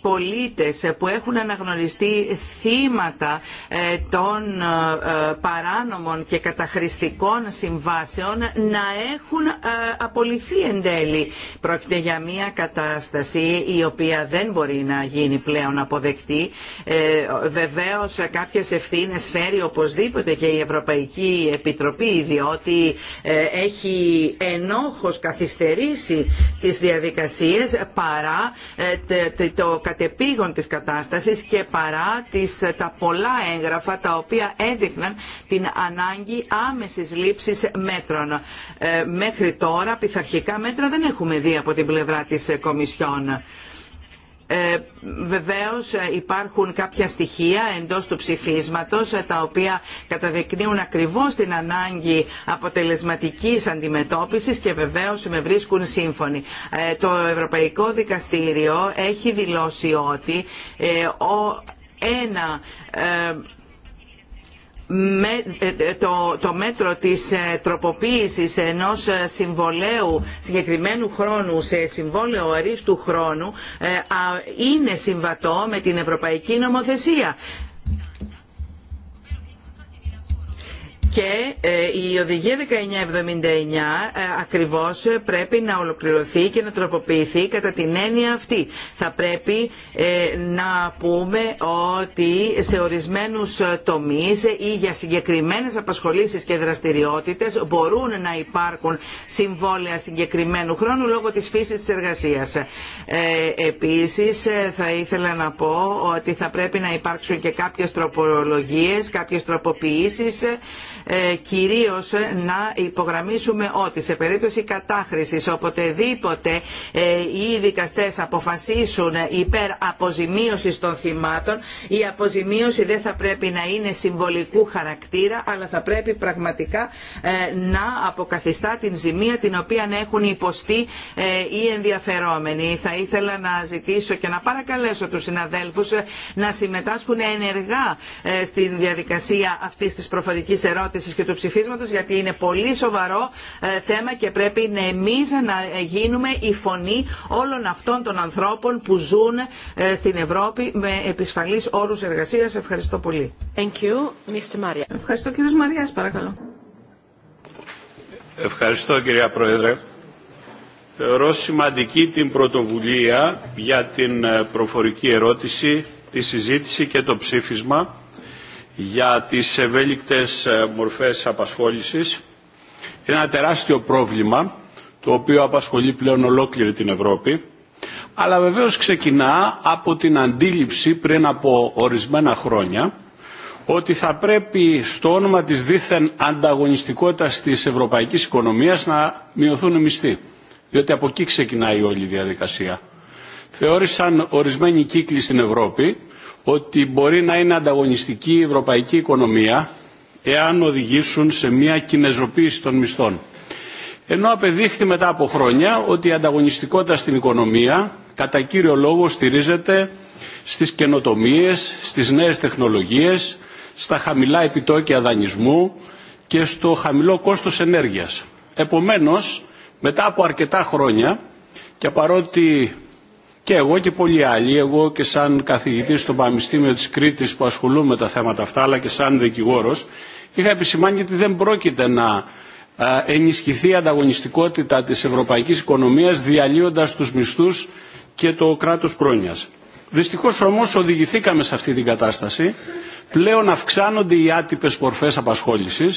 πολίτες που έχουν αναγνωριστεί θύματα ε, των ε, παράνομων και καταχρηστικών συμβάσεων να έχουν ε, απολυθεί εν τέλει. Πρόκειται για μια κατάσταση η οποία δεν μπορεί να γίνει πλέον αποδεκτή. Βεβαίως κάποιες ευθύνες φέρει οπωσδήποτε και η Ευρωπαϊκή Επιτροπή διότι έχει ενόχως καθυστερήσει τις διαδικασίες παρά το κατεπήγον της κατάστασης και παρά τις, τα πολλά έγγραφα τα οποία έδειχναν την ανάγκη άμεσης λήψης μέτρων. Ε, μέχρι τώρα πειθαρχικά μέτρα δεν έχουμε δει από την πλευρά της Κομισιόν. Ε, βεβαίως ε, υπάρχουν κάποια στοιχεία εντός του ψηφίσματος ε, τα οποία καταδεικνύουν ακριβώς την ανάγκη αποτελεσματικής αντιμετώπισης και βεβαίως με βρίσκουν σύμφωνοι. Ε, το Ευρωπαϊκό Δικαστήριο έχει δηλώσει ότι ο, ένα το, μέτρο της ε, τροποποίησης ενός ε, συμβολέου συγκεκριμένου χρόνου σε συμβόλαιο αρίστου χρόνου ε, είναι συμβατό με την Ευρωπαϊκή Νομοθεσία. και ε, η οδηγία 1979 ε, ακριβώς πρέπει να ολοκληρωθεί και να τροποποιηθεί κατά την έννοια αυτή. Θα πρέπει ε, να πούμε ότι σε ορισμένους τομείς ή για συγκεκριμένες απασχολήσεις και δραστηριότητες μπορούν να υπάρχουν συμβόλαια συγκεκριμένου χρόνου λόγω της φύσης της εργασίας. Επίσης θα ήθελα να πω ότι θα πρέπει να υπάρξουν και κάποιες τροπολογίες, κάποιες τροποποιήσεις ε, κυρίως να υπογραμμίσουμε ότι σε περίπτωση κατάχρησης οποτεδήποτε ε, οι δικαστές αποφασίσουν υπέρ αποζημίωσης των θυμάτων η αποζημίωση δεν θα πρέπει να είναι συμβολικού χαρακτήρα αλλά θα πρέπει πραγματικά ε, να αποκαθιστά την ζημία την οποία έχουν υποστεί οι ενδιαφερόμενοι. Θα ήθελα να ζητήσω και να παρακαλέσω τους συναδέλφους να συμμετάσχουν ενεργά στην διαδικασία αυτής της προφορικής ερώτησης γνωμοδότησης και του ψηφίσματος γιατί είναι πολύ σοβαρό ε, θέμα και πρέπει να εμείς να ε, γίνουμε η φωνή όλων αυτών των ανθρώπων που ζουν ε, στην Ευρώπη με επισφαλείς όρους εργασίας. Ευχαριστώ πολύ. Thank you, Mr. Maria. Ευχαριστώ κύριος Μαριάς παρακαλώ. Ευχαριστώ κυρία Πρόεδρε. Θεωρώ σημαντική την πρωτοβουλία για την προφορική ερώτηση, τη συζήτηση και το ψήφισμα για τις ευέλικτες ε, μορφές απασχόλησης. Είναι ένα τεράστιο πρόβλημα το οποίο απασχολεί πλέον ολόκληρη την Ευρώπη. Αλλά βεβαίως ξεκινά από την αντίληψη πριν από ορισμένα χρόνια ότι θα πρέπει στο όνομα της δίθεν ανταγωνιστικότητας της ευρωπαϊκής οικονομίας να μειωθούν οι μισθοί. Διότι από εκεί ξεκινάει όλη η διαδικασία. Θεώρησαν ορισμένοι κύκλοι στην Ευρώπη ότι μπορεί να είναι ανταγωνιστική η ευρωπαϊκή οικονομία εάν οδηγήσουν σε μια κινεζοποίηση των μισθών. Ενώ απεδείχθη μετά από χρόνια ότι η ανταγωνιστικότητα στην οικονομία κατά κύριο λόγο στηρίζεται στις καινοτομίες, στις νέες τεχνολογίες, στα χαμηλά επιτόκια δανεισμού και στο χαμηλό κόστος ενέργειας. Επομένως, μετά από αρκετά χρόνια και παρότι και εγώ και πολλοί άλλοι, εγώ και σαν καθηγητή στο Πανεπιστήμιο τη Κρήτη, που ασχολούμαι με τα θέματα αυτά, αλλά και σαν δικηγόρο, είχα επισημάνει ότι δεν πρόκειται να ενισχυθεί η ανταγωνιστικότητα τη Ευρωπαϊκή Οικονομία, διαλύοντα του μισθού και το κράτο πρόνοιας. Δυστυχώ, όμω, οδηγηθήκαμε σε αυτή την κατάσταση. Πλέον αυξάνονται οι άτυπε μορφές απασχόληση,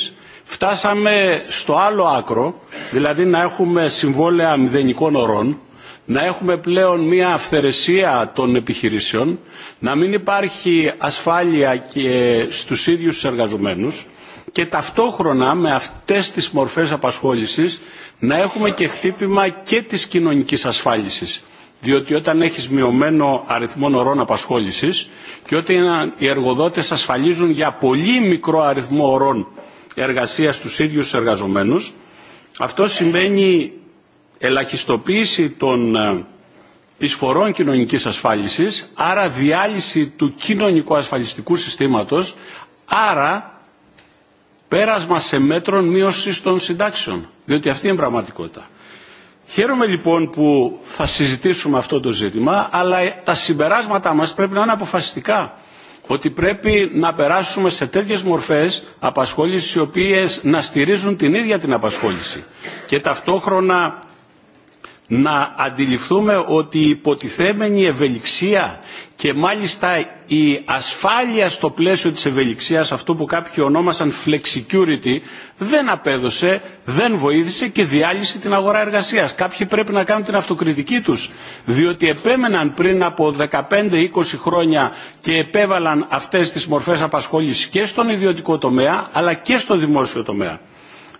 Φτάσαμε στο άλλο άκρο, δηλαδή να έχουμε συμβόλαια μηδενικών ορών, να έχουμε πλέον μια αυθαιρεσία των επιχειρήσεων, να μην υπάρχει ασφάλεια και στους ίδιους τους εργαζομένους και ταυτόχρονα με αυτές τις μορφές απασχόλησης να έχουμε και χτύπημα και της κοινωνικής ασφάλισης. Διότι όταν έχεις μειωμένο αριθμό ωρών απασχόλησης και όταν οι εργοδότες ασφαλίζουν για πολύ μικρό αριθμό ωρών εργασίας στους ίδιους εργαζομένους, αυτό σημαίνει ελαχιστοποίηση των ε, εισφορών κοινωνικής ασφάλισης, άρα διάλυση του κοινωνικού ασφαλιστικού συστήματος, άρα πέρασμα σε μέτρων μείωσης των συντάξεων, διότι αυτή είναι η πραγματικότητα. Χαίρομαι λοιπόν που θα συζητήσουμε αυτό το ζήτημα, αλλά τα συμπεράσματά μας πρέπει να είναι αποφασιστικά. Ότι πρέπει να περάσουμε σε τέτοιες μορφές απασχόλησης οι οποίες να στηρίζουν την ίδια την απασχόληση και ταυτόχρονα να αντιληφθούμε ότι η υποτιθέμενη ευελιξία και μάλιστα η ασφάλεια στο πλαίσιο της ευελιξίας, αυτό που κάποιοι ονόμασαν flexicurity, δεν απέδωσε, δεν βοήθησε και διάλυσε την αγορά εργασίας. Κάποιοι πρέπει να κάνουν την αυτοκριτική τους, διότι επέμεναν πριν από 15-20 χρόνια και επέβαλαν αυτές τις μορφές απασχόλησης και στον ιδιωτικό τομέα, αλλά και στο δημόσιο τομέα.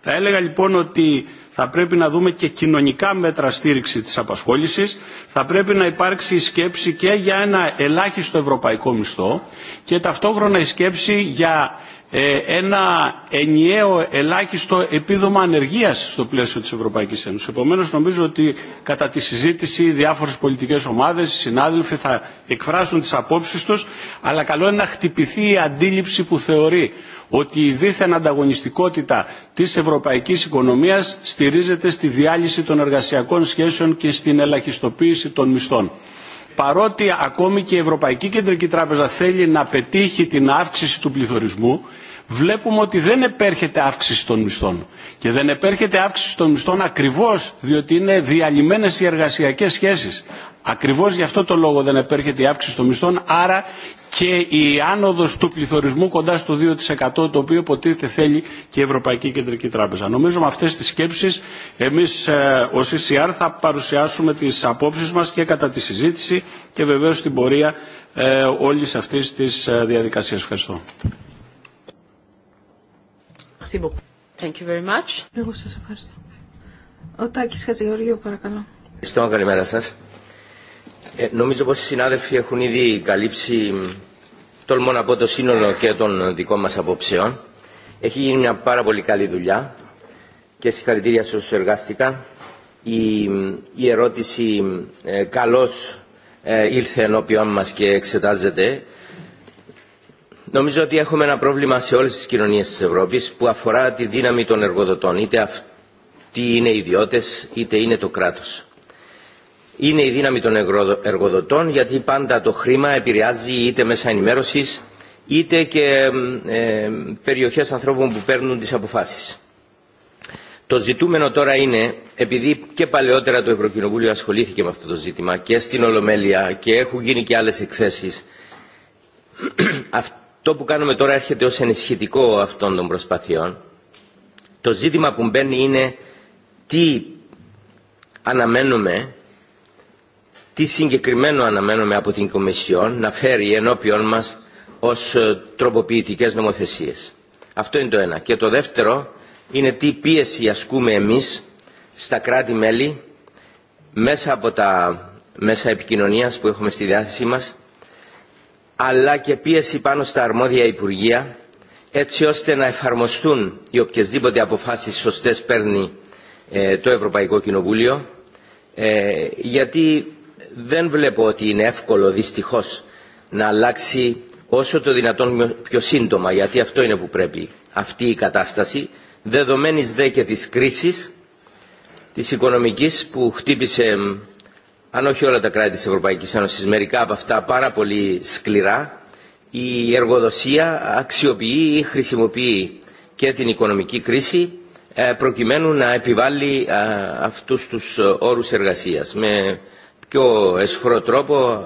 Θα έλεγα λοιπόν ότι θα πρέπει να δούμε και κοινωνικά μέτρα στήριξη της απασχόλησης, θα πρέπει να υπάρξει η σκέψη και για ένα ελάχιστο ευρωπαϊκό μισθό και ταυτόχρονα η σκέψη για ε, ένα ενιαίο ελάχιστο επίδομα ανεργίας στο πλαίσιο της Ευρωπαϊκής Ένωσης. Επομένως νομίζω ότι κατά τη συζήτηση οι διάφορες πολιτικές ομάδες, οι συνάδελφοι θα εκφράσουν τις απόψεις τους, αλλά καλό είναι να χτυπηθεί η αντίληψη που θεωρεί ότι η δίθεν ανταγωνιστικότητα της ευρωπαϊκής οικονομίας στηρίζεται στη διάλυση των εργασιακών σχέσεων και στην ελαχιστοποίηση των μισθών παρότι ακόμη και η Ευρωπαϊκή Κεντρική Τράπεζα θέλει να πετύχει την αύξηση του πληθωρισμού, βλέπουμε ότι δεν επέρχεται αύξηση των μισθών. Και δεν επέρχεται αύξηση των μισθών ακριβώς διότι είναι διαλυμένες οι εργασιακές σχέσεις. Ακριβώς γι' αυτό το λόγο δεν επέρχεται η αύξηση των μισθών, άρα και η άνοδος του πληθωρισμού κοντά στο 2% το οποίο υποτίθεται θέλει και η Ευρωπαϊκή Κεντρική Τράπεζα. Νομίζω με αυτές τις σκέψεις εμείς ε, ως ECR θα παρουσιάσουμε τις απόψεις μας και κατά τη συζήτηση και βεβαίως στην πορεία ε, όλης αυτής της ε, διαδικασίας. Ευχαριστώ. Thank you very much. παρακαλώ. σας. Ε, νομίζω πως οι συνάδελφοι έχουν ήδη καλύψει τολμώ να πω το σύνολο και των δικών μας απόψεων. Έχει γίνει μια πάρα πολύ καλή δουλειά και συγχαρητήρια σε όσους εργάστηκα. Η, η ερώτηση ε, καλώς ε, ήλθε ενώπιόν μας και εξετάζεται. Νομίζω ότι έχουμε ένα πρόβλημα σε όλες τις κοινωνίες της Ευρώπης που αφορά τη δύναμη των εργοδοτών. Είτε αυτοί είναι ιδιώτες είτε είναι το κράτος είναι η δύναμη των εργοδοτών γιατί πάντα το χρήμα επηρεάζει είτε μέσα ενημέρωσης είτε και ε, περιοχές ανθρώπων που παίρνουν τις αποφάσεις. Το ζητούμενο τώρα είναι, επειδή και παλαιότερα το Ευρωκοινοβούλιο ασχολήθηκε με αυτό το ζήτημα και στην Ολομέλεια και έχουν γίνει και άλλες εκθέσεις, αυτό που κάνουμε τώρα έρχεται ως ενισχυτικό αυτών των προσπαθειών. Το ζήτημα που μπαίνει είναι τι αναμένουμε τι συγκεκριμένο αναμένουμε από την Κομισιόν να φέρει ενώπιον μας ως ε, τροποποιητικές νομοθεσίες. Αυτό είναι το ένα. Και το δεύτερο είναι τι πίεση ασκούμε εμείς στα κράτη-μέλη μέσα από τα μέσα επικοινωνίας που έχουμε στη διάθεσή μας αλλά και πίεση πάνω στα αρμόδια Υπουργεία έτσι ώστε να εφαρμοστούν οι οποιασδήποτε αποφάσεις σωστές παίρνει ε, το Ευρωπαϊκό Κοινοβούλιο ε, γιατί δεν βλέπω ότι είναι εύκολο δυστυχώς να αλλάξει όσο το δυνατόν πιο σύντομα γιατί αυτό είναι που πρέπει αυτή η κατάσταση δεδομένης δε και της κρίσης της οικονομικής που χτύπησε αν όχι όλα τα κράτη της Ευρωπαϊκής Ένωσης μερικά από αυτά πάρα πολύ σκληρά η εργοδοσία αξιοποιεί ή χρησιμοποιεί και την οικονομική κρίση ε, προκειμένου να επιβάλλει ε, αυτούς τους ε, όρους εργασίας πιο εσχρό τρόπο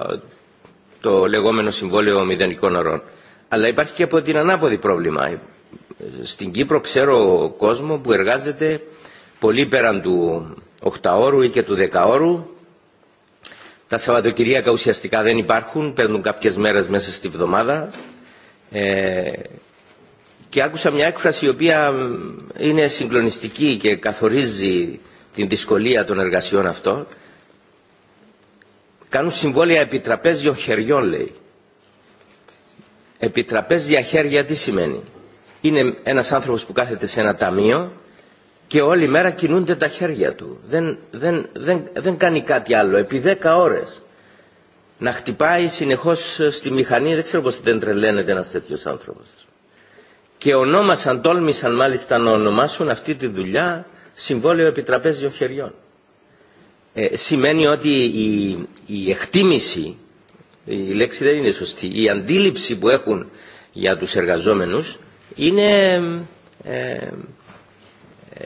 το λεγόμενο συμβόλαιο μηδενικών ωρών, Αλλά υπάρχει και από την ανάποδη πρόβλημα. Στην Κύπρο ξέρω κόσμο που εργάζεται πολύ πέραν του 8ωρου ή και του 10ωρου. Τα Σαββατοκυριακά ουσιαστικά δεν υπάρχουν, παίρνουν κάποιες μέρες μέσα στη βδομάδα. Ε, και άκουσα μια έκφραση η οποία είναι συγκλονιστική και καθορίζει την δυσκολία των εργασιών αυτών. Κάνουν συμβόλαια επιτραπέζιων χεριών, λέει. Επιτραπέζια χέρια τι σημαίνει. Είναι ένας άνθρωπος που κάθεται σε ένα ταμείο και όλη μέρα κινούνται τα χέρια του. Δεν, δεν, δεν, δεν κάνει κάτι άλλο. Επί δέκα ώρες να χτυπάει συνεχώς ε, στη μηχανή. Δεν ξέρω πώς δεν τρελαίνεται ένας τέτοιος άνθρωπος. Και ονόμασαν, τόλμησαν μάλιστα να ονομάσουν αυτή τη δουλειά συμβόλαιο επιτραπέζιων χεριών. Ε, σημαίνει ότι η, η εκτίμηση, η λέξη δεν είναι σωστή, η αντίληψη που έχουν για τους εργαζόμενους είναι ε,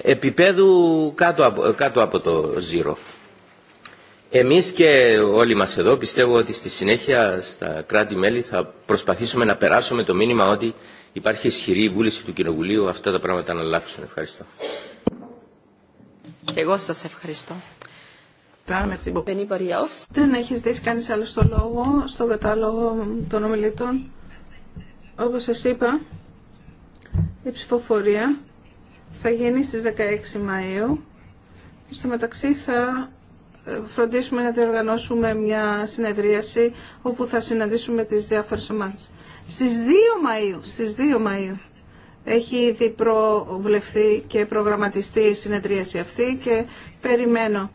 επίπεδου κάτω από, κάτω από το ζήρο. Εμείς και όλοι μας εδώ πιστεύω ότι στη συνέχεια στα κράτη-μέλη θα προσπαθήσουμε να περάσουμε το μήνυμα ότι υπάρχει ισχυρή βούληση του Κοινοβουλίου αυτά τα πράγματα να αλλάξουν. Ευχαριστώ. εγώ σας ευχαριστώ. Δεν έχει δει κανεί άλλο το λόγο στον κατάλογο των ομιλητών. Όπω σα είπα, η ψηφοφορία θα γίνει στις 16 Μαΐου. Στο μεταξύ θα ε, φροντίσουμε να διοργανώσουμε μια συνεδρίαση όπου θα συναντήσουμε τις διάφορες ομάδες. Στις 2 Μαΐου, στις 2 Μαΐου έχει ήδη προβλεφθεί και προγραμματιστεί η συνεδρίαση αυτή και περιμένω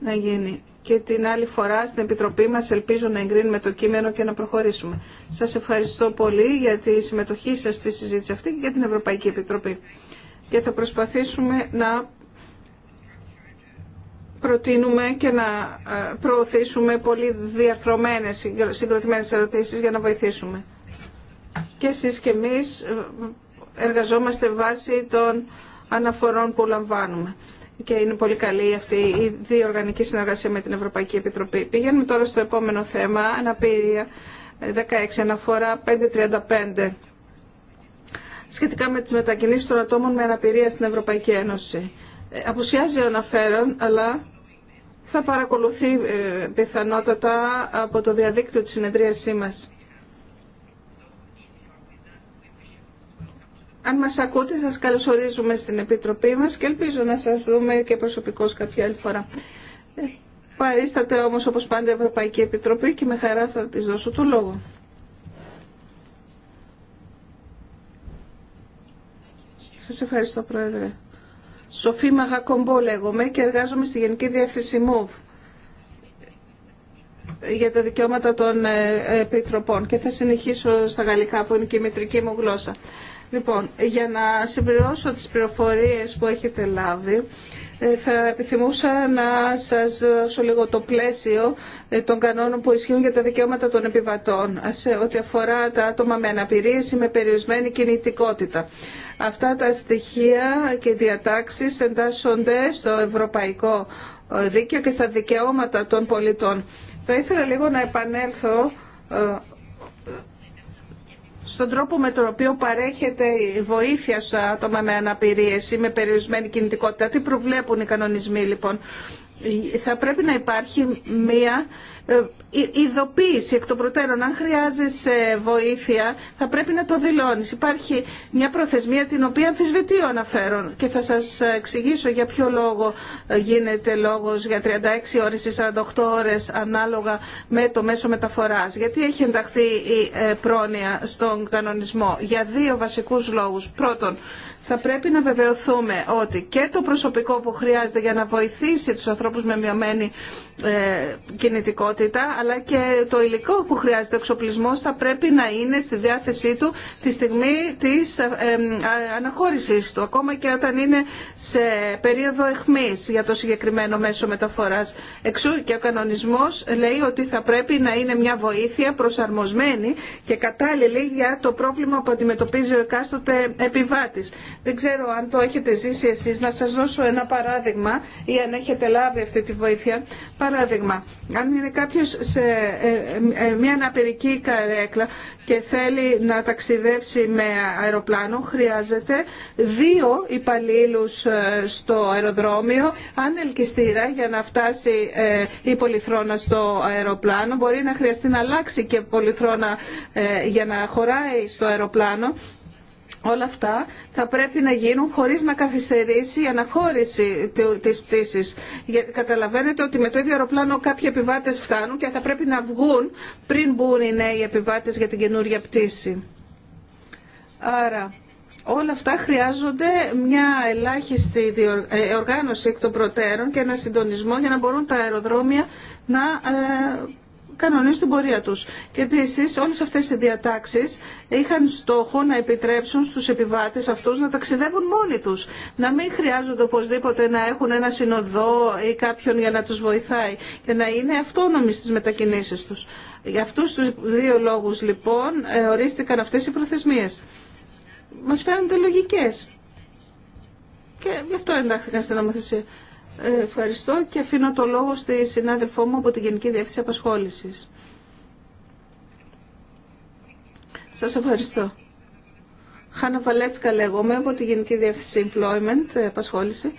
να γίνει. Και την άλλη φορά στην Επιτροπή μας ελπίζω να εγκρίνουμε το κείμενο και να προχωρήσουμε. Σας ευχαριστώ πολύ για τη συμμετοχή σας στη συζήτηση αυτή και για την Ευρωπαϊκή Επιτροπή. Και θα προσπαθήσουμε να προτείνουμε και να ε, προωθήσουμε πολύ διαρθρωμένες συγκροτημένες ερωτήσεις για να βοηθήσουμε. Και εσείς και εμείς ε, εργαζόμαστε βάσει των αναφορών που λαμβάνουμε και είναι πολύ καλή αυτή η διοργανική συνεργασία με την Ευρωπαϊκή Επιτροπή. Πηγαίνουμε τώρα στο επόμενο θέμα, αναπηρία 16, ε, αναφορά 535 σχετικά με τις μετακινήσεις των ατόμων με αναπηρία στην Ευρωπαϊκή Ένωση. Ε, απουσιάζει ο αναφέρον, αλλά θα παρακολουθεί ε, πιθανότατα από το διαδίκτυο της συνεδρίασή μας. Αν μας ακούτε, σας καλωσορίζουμε στην Επιτροπή μας και ελπίζω να σας δούμε και προσωπικώς κάποια άλλη φορά. Ε, παρίσταται όμως όπως πάντα Ευρωπαϊκή Επιτροπή και με χαρά θα της δώσω το λόγο. Σας ευχαριστώ Πρόεδρε. Σοφή Μαγακομπό λέγομαι και εργάζομαι στη Γενική Διεύθυνση ΜΟΒ για τα δικαιώματα των ε, ε, επιτροπών και θα συνεχίσω στα γαλλικά που είναι και η μετρική μου γλώσσα. Λοιπόν, για να συμπληρώσω τις πληροφορίες που έχετε λάβει, ε, θα επιθυμούσα να σας δώσω λίγο το πλαίσιο ε, των κανόνων που ισχύουν για τα δικαιώματα των επιβατών ε, σε ό,τι αφορά τα άτομα με αναπηρίες ή με περιορισμένη κινητικότητα. Αυτά τα στοιχεία και διατάξεις εντάσσονται στο ευρωπαϊκό δίκαιο και στα δικαιώματα των πολιτών. Θα ήθελα λίγο να επανέλθω στον τρόπο με τον οποίο παρέχεται η βοήθεια στα άτομα με αναπηρίες ή με περιορισμένη κινητικότητα. Τι προβλέπουν οι κανονισμοί λοιπόν θα πρέπει να υπάρχει μία ε, ειδοποίηση εκ των προτέρων. Αν χρειάζεσαι βοήθεια, θα πρέπει να το δηλώνεις. Υπάρχει μια προθεσμία την οποία αμφισβητεί ο αναφέρον και θα σας εξηγήσω για ποιο λόγο ε, γίνεται λόγος για 36 ώρες ή 48 ώρες ανάλογα με το μέσο μεταφοράς. Γιατί έχει ενταχθεί η ε, πρόνοια στον κανονισμό. Για δύο βασικούς λόγους. Πρώτον, θα πρέπει να βεβαιωθούμε ότι και το προσωπικό που χρειάζεται για να βοηθήσει τους ανθρώπους με μειωμένη ε, κινητικότητα αλλά και το υλικό που χρειάζεται ο εξοπλισμός θα πρέπει να είναι στη διάθεσή του τη στιγμή της ε, ε, αναχώρησης του ακόμα και όταν είναι σε περίοδο εχμής για το συγκεκριμένο μέσο μεταφοράς. Εξού και ο κανονισμός λέει ότι θα πρέπει να είναι μια βοήθεια προσαρμοσμένη και κατάλληλη για το πρόβλημα που αντιμετωπίζει ο εκάστοτε επιβάτης. Δεν ξέρω αν το έχετε ζήσει εσείς. Να σας δώσω ένα παράδειγμα ή αν έχετε λάβει αυτή τη βοήθεια. Παράδειγμα, αν είναι κάποιος σε ε, ε, ε, μια αναπηρική καρέκλα και θέλει να ταξιδεύσει με αεροπλάνο, χρειάζεται δύο υπαλλήλου στο αεροδρόμιο, ανελκυστήρα για να φτάσει η πολυθρόνα στο αεροπλάνο. Μπορεί να χρειαστεί να αλλάξει και πολυθρόνα για να χωράει στο αεροπλάνο Όλα αυτά θα πρέπει να γίνουν χωρίς να καθυστερήσει η αναχώρηση της πτήσης. Καταλαβαίνετε ότι με το ίδιο αεροπλάνο κάποιοι επιβάτες φτάνουν και θα πρέπει να βγουν πριν μπουν οι νέοι επιβάτες για την καινούρια πτήση. Άρα... Όλα αυτά χρειάζονται μια ελάχιστη ε, οργάνωση εκ των προτέρων και ένα συντονισμό για να μπορούν τα αεροδρόμια να ε, κανονίσουν την πορεία τους. Και επίσης όλες αυτές οι διατάξεις είχαν στόχο να επιτρέψουν στους επιβάτες αυτούς να ταξιδεύουν μόνοι τους. Να μην χρειάζονται οπωσδήποτε να έχουν ένα συνοδό ή κάποιον για να τους βοηθάει και να είναι αυτόνομοι στις μετακινήσεις τους. Για αυτούς τους δύο λόγους λοιπόν ε, ορίστηκαν αυτές οι προθεσμίες. Μας φαίνονται λογικές. Και γι' αυτό εντάχθηκαν στην νομοθεσία. Ευχαριστώ και αφήνω το λόγο στη συνάδελφό μου από τη Γενική Διεύθυνση Απασχόλησης. Σας ευχαριστώ. Χάνα Βαλέτσκα λέγομαι από τη Γενική Διεύθυνση Employment, ε, απασχόληση.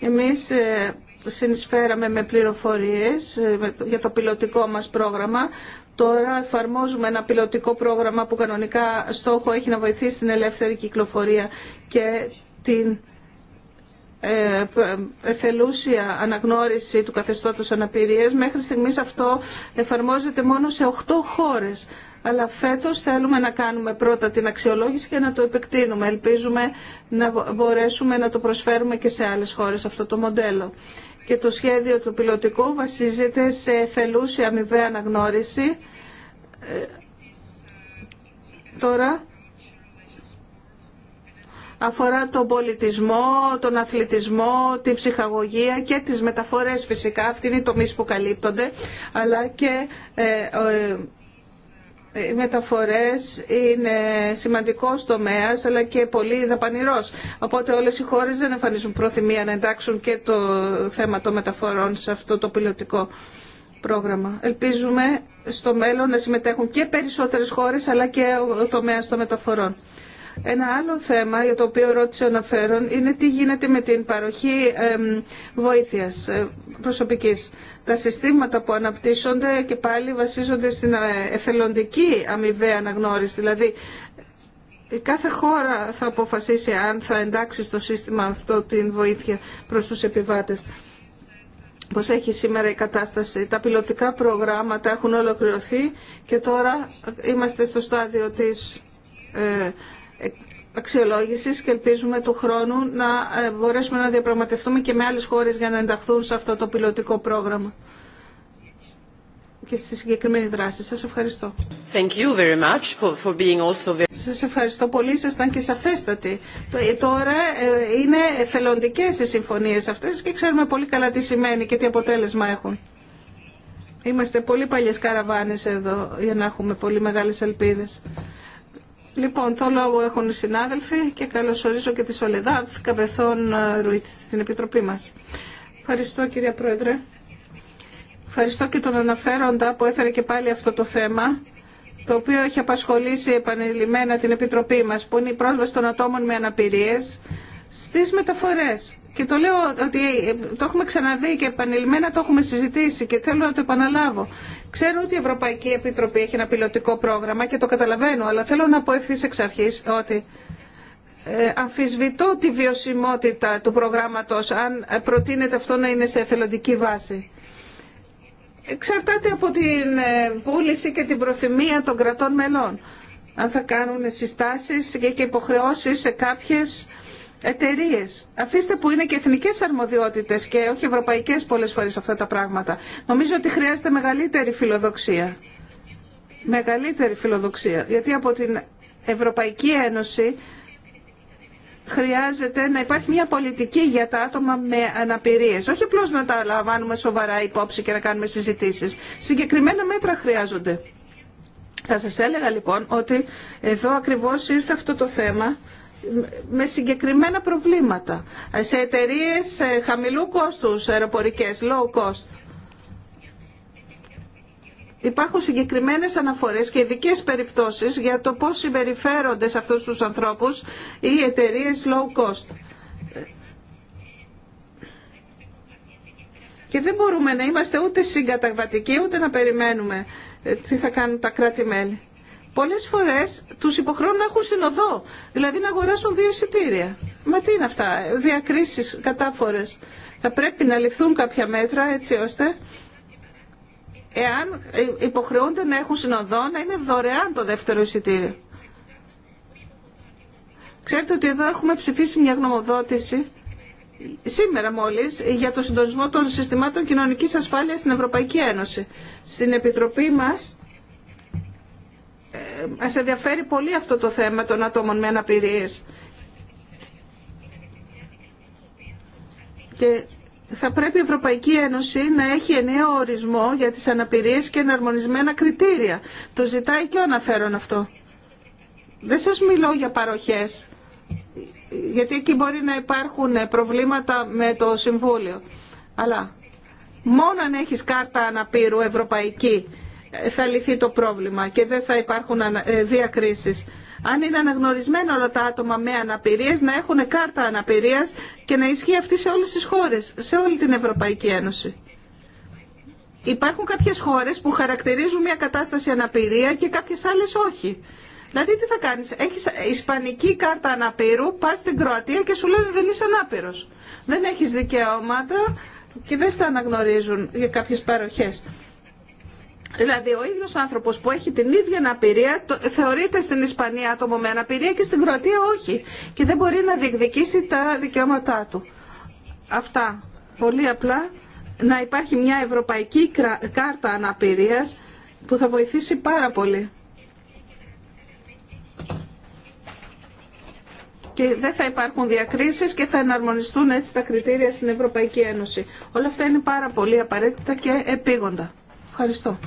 Εμείς ε, συνεισφέραμε με πληροφορίες ε, για το πιλωτικό μας πρόγραμμα. Τώρα εφαρμόζουμε ένα πιλωτικό πρόγραμμα που κανονικά στόχο έχει να βοηθήσει την ελεύθερη κυκλοφορία και την ε, ε, εθελούσια αναγνώριση του καθεστώτος αναπηρίας. Μέχρι στιγμής αυτό εφαρμόζεται μόνο σε 8 χώρες. Αλλά φέτος θέλουμε να κάνουμε πρώτα την αξιολόγηση και να το επεκτείνουμε. Ελπίζουμε να μπορέσουμε να το προσφέρουμε και σε άλλες χώρες αυτό το μοντέλο. Και το σχέδιο του πιλωτικού βασίζεται σε θελούσια αμοιβαία αναγνώριση. Ε, τώρα αφορά τον πολιτισμό, τον αθλητισμό, την ψυχαγωγία και τις μεταφορές φυσικά. Αυτή είναι οι τομείς που καλύπτονται, αλλά και ε, ε, οι μεταφορές είναι σημαντικός τομέας αλλά και πολύ δαπανηρός. Οπότε όλες οι χώρες δεν εμφανίζουν προθυμία να εντάξουν και το θέμα των μεταφορών σε αυτό το πιλωτικό πρόγραμμα. Ελπίζουμε στο μέλλον να συμμετέχουν και περισσότερες χώρες αλλά και ο τομέας των μεταφορών. Ένα άλλο θέμα για το οποίο ρώτησε ο αναφέρον είναι τι γίνεται με την παροχή βοήθειας ε, προσωπικής. Τα συστήματα που αναπτύσσονται και πάλι βασίζονται στην ε, εθελοντική αμοιβαία αναγνώριση. Δηλαδή κάθε χώρα θα αποφασίσει αν θα εντάξει στο σύστημα αυτό την βοήθεια προς τους επιβάτες. Πώς έχει σήμερα η κατάσταση. Τα πιλωτικά προγράμματα έχουν ολοκληρωθεί και τώρα είμαστε στο στάδιο της ε, Αξιολόγηση και ελπίζουμε του χρόνου να ε, μπορέσουμε να διαπραγματευτούμε και με άλλε χώρε για να ενταχθούν σε αυτό το πιλωτικό πρόγραμμα και στη συγκεκριμένη δράση. Σας ευχαριστώ. Thank also Σας ευχαριστώ πολύ. ήταν και σαφέστατοι. Ε, τώρα ε, είναι εθελοντικές οι συμφωνίες αυτές και ξέρουμε πολύ καλά τι σημαίνει και τι αποτέλεσμα έχουν. Είμαστε πολύ παλιές καραβάνες εδώ για να έχουμε πολύ μεγάλες ελπίδες. Λοιπόν, το λόγο έχουν οι συνάδελφοι και καλωσορίζω και τη Σολεδάδ Καπεθών ε, Ρουίτ στην Επιτροπή μας. Ευχαριστώ κυρία Πρόεδρε. Ευχαριστώ και τον αναφέροντα που έφερε και πάλι αυτό το θέμα το οποίο έχει απασχολήσει επανειλημμένα την Επιτροπή μας, που είναι η πρόσβαση των ατόμων με αναπηρίες στις μεταφορές. Και το λέω ότι ε, το έχουμε ξαναδεί και επανειλημμένα το έχουμε συζητήσει και θέλω να το επαναλάβω. Ξέρω ότι η Ευρωπαϊκή Επιτροπή έχει ένα πιλωτικό πρόγραμμα και το καταλαβαίνω, αλλά θέλω να πω ευθύ εξ αρχή ότι ε, αμφισβητώ τη βιωσιμότητα του προγράμματος αν ε, προτείνεται αυτό να είναι σε εθελοντική βάση. Εξαρτάται από την βούληση και την προθυμία των κρατών μελών. Αν θα κάνουν συστάσεις και υποχρεώσεις σε κάποιες εταιρείε. Αφήστε που είναι και εθνικέ αρμοδιότητε και όχι ευρωπαϊκέ πολλέ φορέ αυτά τα πράγματα. Νομίζω ότι χρειάζεται μεγαλύτερη φιλοδοξία. Μεγαλύτερη φιλοδοξία. Γιατί από την Ευρωπαϊκή Ένωση χρειάζεται να υπάρχει μια πολιτική για τα άτομα με αναπηρίες. Όχι απλώ να τα λαμβάνουμε σοβαρά υπόψη και να κάνουμε συζητήσει. Συγκεκριμένα μέτρα χρειάζονται. Θα σας έλεγα λοιπόν ότι εδώ ακριβώς ήρθε αυτό το θέμα με συγκεκριμένα προβλήματα σε εταιρείε ε, χαμηλού κόστους αεροπορικές, low cost. Υπάρχουν συγκεκριμένες αναφορές και ειδικέ περιπτώσεις για το πώς συμπεριφέρονται σε αυτούς τους ανθρώπους οι εταιρείε low cost. Και δεν μπορούμε να είμαστε ούτε συγκαταβατικοί ούτε να περιμένουμε ε, τι θα κάνουν τα κράτη-μέλη. Πολλέ φορές τους υποχρεώνουν να έχουν συνοδό, δηλαδή να αγοράσουν δύο εισιτήρια. Μα τι είναι αυτά, διακρίσεις κατάφορες. Θα πρέπει να ληφθούν κάποια μέτρα έτσι ώστε εάν υποχρεούνται να έχουν συνοδό να είναι δωρεάν το δεύτερο εισιτήριο. Ξέρετε ότι εδώ έχουμε ψηφίσει μια γνωμοδότηση σήμερα μόλις για το συντονισμό των συστημάτων κοινωνικής ασφάλειας στην Ευρωπαϊκή Ένωση. Στην Επιτροπή μας μας ενδιαφέρει πολύ αυτό το θέμα των ατόμων με αναπηρίες. Και θα πρέπει η Ευρωπαϊκή Ένωση να έχει ενιαίο ορισμό για τις αναπηρίες και εναρμονισμένα κριτήρια. Το ζητάει και ο αναφέρον αυτό. Δεν σας μιλώ για παροχές, γιατί εκεί μπορεί να υπάρχουν προβλήματα με το Συμβούλιο. Αλλά μόνο αν έχεις κάρτα αναπήρου ευρωπαϊκή θα λυθεί το πρόβλημα και δεν θα υπάρχουν ε, διακρίσεις. Αν είναι αναγνωρισμένα όλα τα άτομα με αναπηρίες, να έχουν κάρτα αναπηρίας και να ισχύει αυτή σε όλες τις χώρες, σε όλη την Ευρωπαϊκή Ένωση. Υπάρχουν κάποιες χώρες που χαρακτηρίζουν μια κατάσταση αναπηρία και κάποιες άλλες όχι. Δηλαδή τι θα κάνεις, έχεις ισπανική κάρτα αναπήρου, πας στην Κροατία και σου λένε δεν είσαι ανάπηρος. Δεν έχεις δικαιώματα και δεν στα αναγνωρίζουν για κάποιες παροχές. Δηλαδή ο ίδιος άνθρωπος που έχει την ίδια αναπηρία θεωρείται στην Ισπανία άτομο με αναπηρία και στην Κροατία όχι. Και δεν μπορεί να διεκδικήσει τα δικαιώματά του. Αυτά. Πολύ απλά να υπάρχει μια ευρωπαϊκή κάρτα αναπηρίας που θα βοηθήσει πάρα πολύ. και δεν θα υπάρχουν διακρίσεις και θα εναρμονιστούν έτσι τα κριτήρια στην Ευρωπαϊκή Ένωση. Όλα αυτά είναι πάρα πολύ απαραίτητα και επίγοντα. Ευχαριστώ.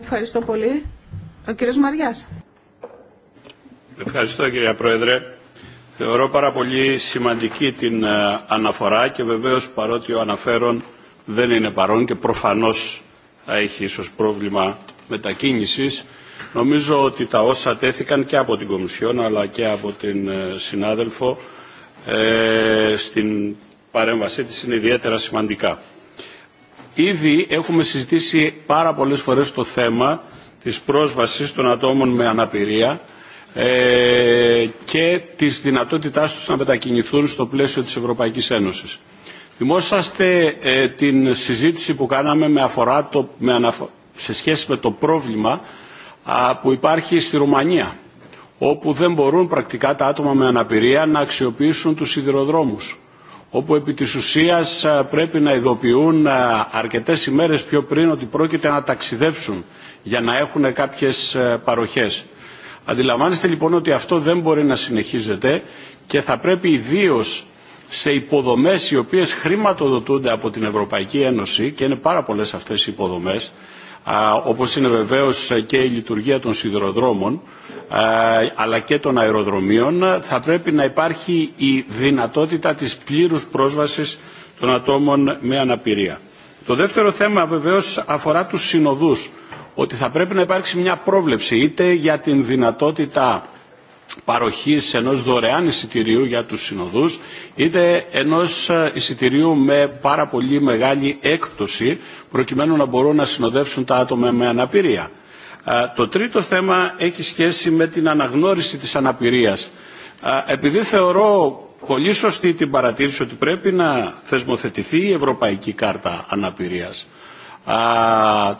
Ευχαριστώ πολύ. Ο κύριος Μαριάς. Ευχαριστώ κύριε Πρόεδρε. Θεωρώ πάρα πολύ σημαντική την ε, αναφορά και βεβαίως παρότι ο αναφέρον δεν είναι παρόν και προφανώς θα έχει ίσως πρόβλημα μετακίνησης. Νομίζω ότι τα όσα τέθηκαν και από την Κομισιόν αλλά και από την ε, συνάδελφο ε, στην παρέμβασή της είναι ιδιαίτερα σημαντικά. Ήδη έχουμε συζητήσει πάρα πολλές φορές το θέμα της πρόσβασης των ατόμων με αναπηρία ε, και της δυνατότητάς τους να μετακινηθούν στο πλαίσιο της Ευρωπαϊκής Ένωσης. Θυμόσαστε ε, την συζήτηση που κάναμε με αφορά το, με σε σχέση με το πρόβλημα που υπάρχει στη Ρουμανία, όπου δεν μπορούν πρακτικά τα άτομα με αναπηρία να αξιοποιήσουν τους σιδηροδρόμους όπου επί της ουσίας πρέπει να ειδοποιούν αρκετές ημέρες πιο πριν ότι πρόκειται να ταξιδέψουν για να έχουν κάποιες παροχές. Αντιλαμβάνεστε λοιπόν ότι αυτό δεν μπορεί να συνεχίζεται και θα πρέπει ιδίω σε υποδομές οι οποίες χρηματοδοτούνται από την Ευρωπαϊκή Ένωση και είναι πάρα πολλές αυτές οι υποδομές όπως είναι βεβαίως και η λειτουργία των σιδηροδρόμων αλλά και των αεροδρομίων θα πρέπει να υπάρχει η δυνατότητα της πλήρους πρόσβασης των ατόμων με αναπηρία. Το δεύτερο θέμα βεβαίως αφορά τους συνοδούς ότι θα πρέπει να υπάρξει μια πρόβλεψη είτε για την δυνατότητα Παροχή ενός δωρεάν εισιτηρίου για τους συνοδούς είτε ενός ε, εισιτηρίου με πάρα πολύ μεγάλη έκπτωση προκειμένου να μπορούν να συνοδεύσουν τα άτομα με αναπηρία. Ε, το τρίτο θέμα έχει σχέση με την αναγνώριση της αναπηρίας. Ε, επειδή θεωρώ πολύ σωστή την παρατήρηση ότι πρέπει να θεσμοθετηθεί η Ευρωπαϊκή Κάρτα Αναπηρίας,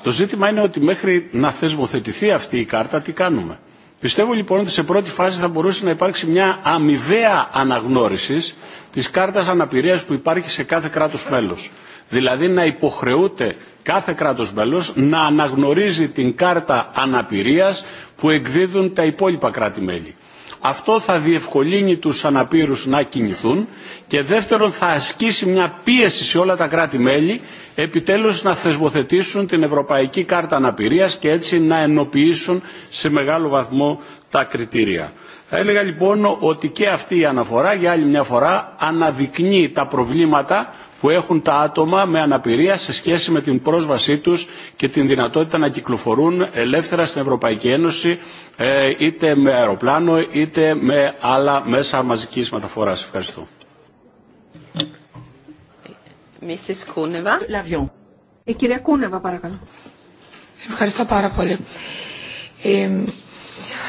το ζήτημα είναι ότι μέχρι να θεσμοθετηθεί αυτή η κάρτα τι κάνουμε. Πιστεύω λοιπόν ότι σε πρώτη φάση θα μπορούσε να υπάρξει μια αμοιβαία αναγνώριση τη κάρτα αναπηρία που υπάρχει σε κάθε κράτο μέλο. Δηλαδή να υποχρεούται κάθε κράτο μέλο να αναγνωρίζει την κάρτα αναπηρία που εκδίδουν τα υπόλοιπα κράτη-μέλη. Αυτό θα διευκολύνει τους αναπήρους να κινηθούν και δεύτερον θα ασκήσει μια πίεση σε όλα τα κράτη-μέλη επιτέλους να θεσμοθετήσουν την Ευρωπαϊκή Κάρτα Αναπηρίας και έτσι να ενοποιήσουν σε μεγάλο βαθμό τα κριτήρια. Θα έλεγα λοιπόν ότι και αυτή η αναφορά για άλλη μια φορά αναδεικνύει τα προβλήματα που έχουν τα άτομα με αναπηρία σε σχέση με την πρόσβασή τους και την δυνατότητα να κυκλοφορούν ελεύθερα στην Ευρωπαϊκή Ένωση ε, είτε με αεροπλάνο είτε με άλλα μέσα μαζικής μεταφοράς. Ευχαριστώ. Ε, Ευχαριστώ πάρα πολύ. Ε,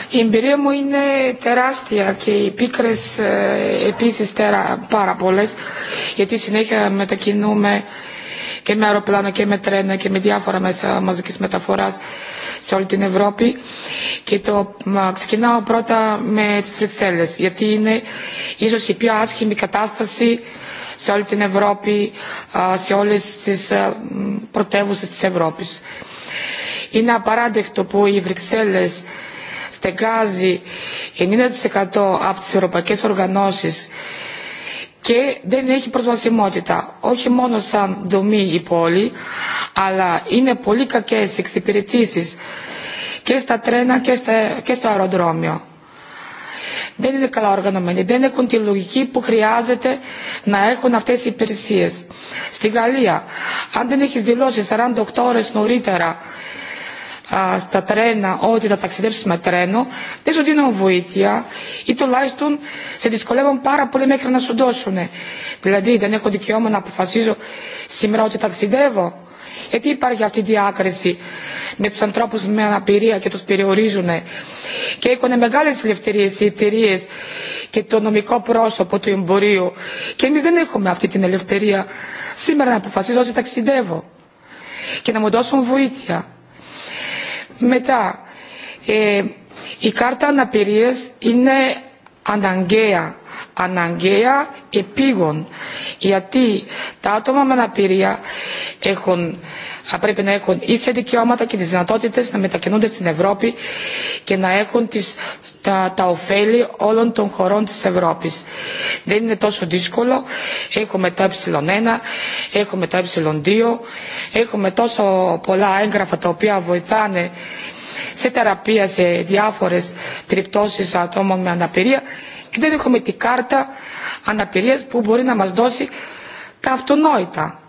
η εμπειρία μου είναι τεράστια και οι πίκρες ε, επίσης τέρα, πάρα πολλές γιατί συνέχεια μετακινούμε και με αεροπλάνα και με τρένα και με διάφορα μέσα μαζικής μεταφοράς σε όλη την Ευρώπη και το ξεκινάω πρώτα με τις Βρυξέλλες γιατί είναι ίσως η πιο άσχημη κατάσταση σε όλη την Ευρώπη, σε όλες τις ε, πρωτεύουσες της Ευρώπης. Είναι απαράδεκτο που οι Βρυξέλλες στεγάζει 90% από τις ευρωπαϊκές οργανώσεις και δεν έχει προσβασιμότητα. Όχι μόνο σαν δομή η πόλη, αλλά είναι πολύ κακές εξυπηρετήσεις και στα τρένα και, στο αεροδρόμιο. Δεν είναι καλά οργανωμένοι, δεν έχουν τη λογική που χρειάζεται να έχουν αυτές οι υπηρεσίες. Στη Γαλλία, αν δεν έχεις δηλώσει 48 ώρες νωρίτερα στα τρένα, ότι θα με τρένο, δεν σου δίνουν βοήθεια ή τουλάχιστον σε δυσκολεύουν πάρα πολύ μέχρι να σου δώσουν. Δηλαδή δεν έχω δικαιώμα να αποφασίζω σήμερα ότι ταξιδεύω. Γιατί υπάρχει αυτή η διάκριση με του ανθρώπου με αναπηρία και του περιορίζουν και έχουν μεγάλε ελευθερίε οι εταιρείε και το νομικό πρόσωπο του εμπορίου και εμεί δεν έχουμε αυτή την ελευθερία σήμερα να αποφασίζω ότι ταξιδεύω και να μου δώσουν βοήθεια. Μετά, ε, η κάρτα αναπηρίας είναι αναγκαία, αναγκαία επίγον, γιατί τα άτομα με αναπηρία έχουν θα πρέπει να έχουν ίσα δικαιώματα και τις δυνατότητες να μετακινούνται στην Ευρώπη και να έχουν τις, τα, τα ωφέλη όλων των χωρών της Ευρώπης. Δεν είναι τόσο δύσκολο. Έχουμε το ε1, έχουμε τα ε2, έχουμε τόσο πολλά έγγραφα τα οποία βοηθάνε σε θεραπεία σε διάφορες περιπτώσεις ατόμων με αναπηρία και δεν έχουμε την κάρτα αναπηρίας που μπορεί να μας δώσει τα αυτονόητα,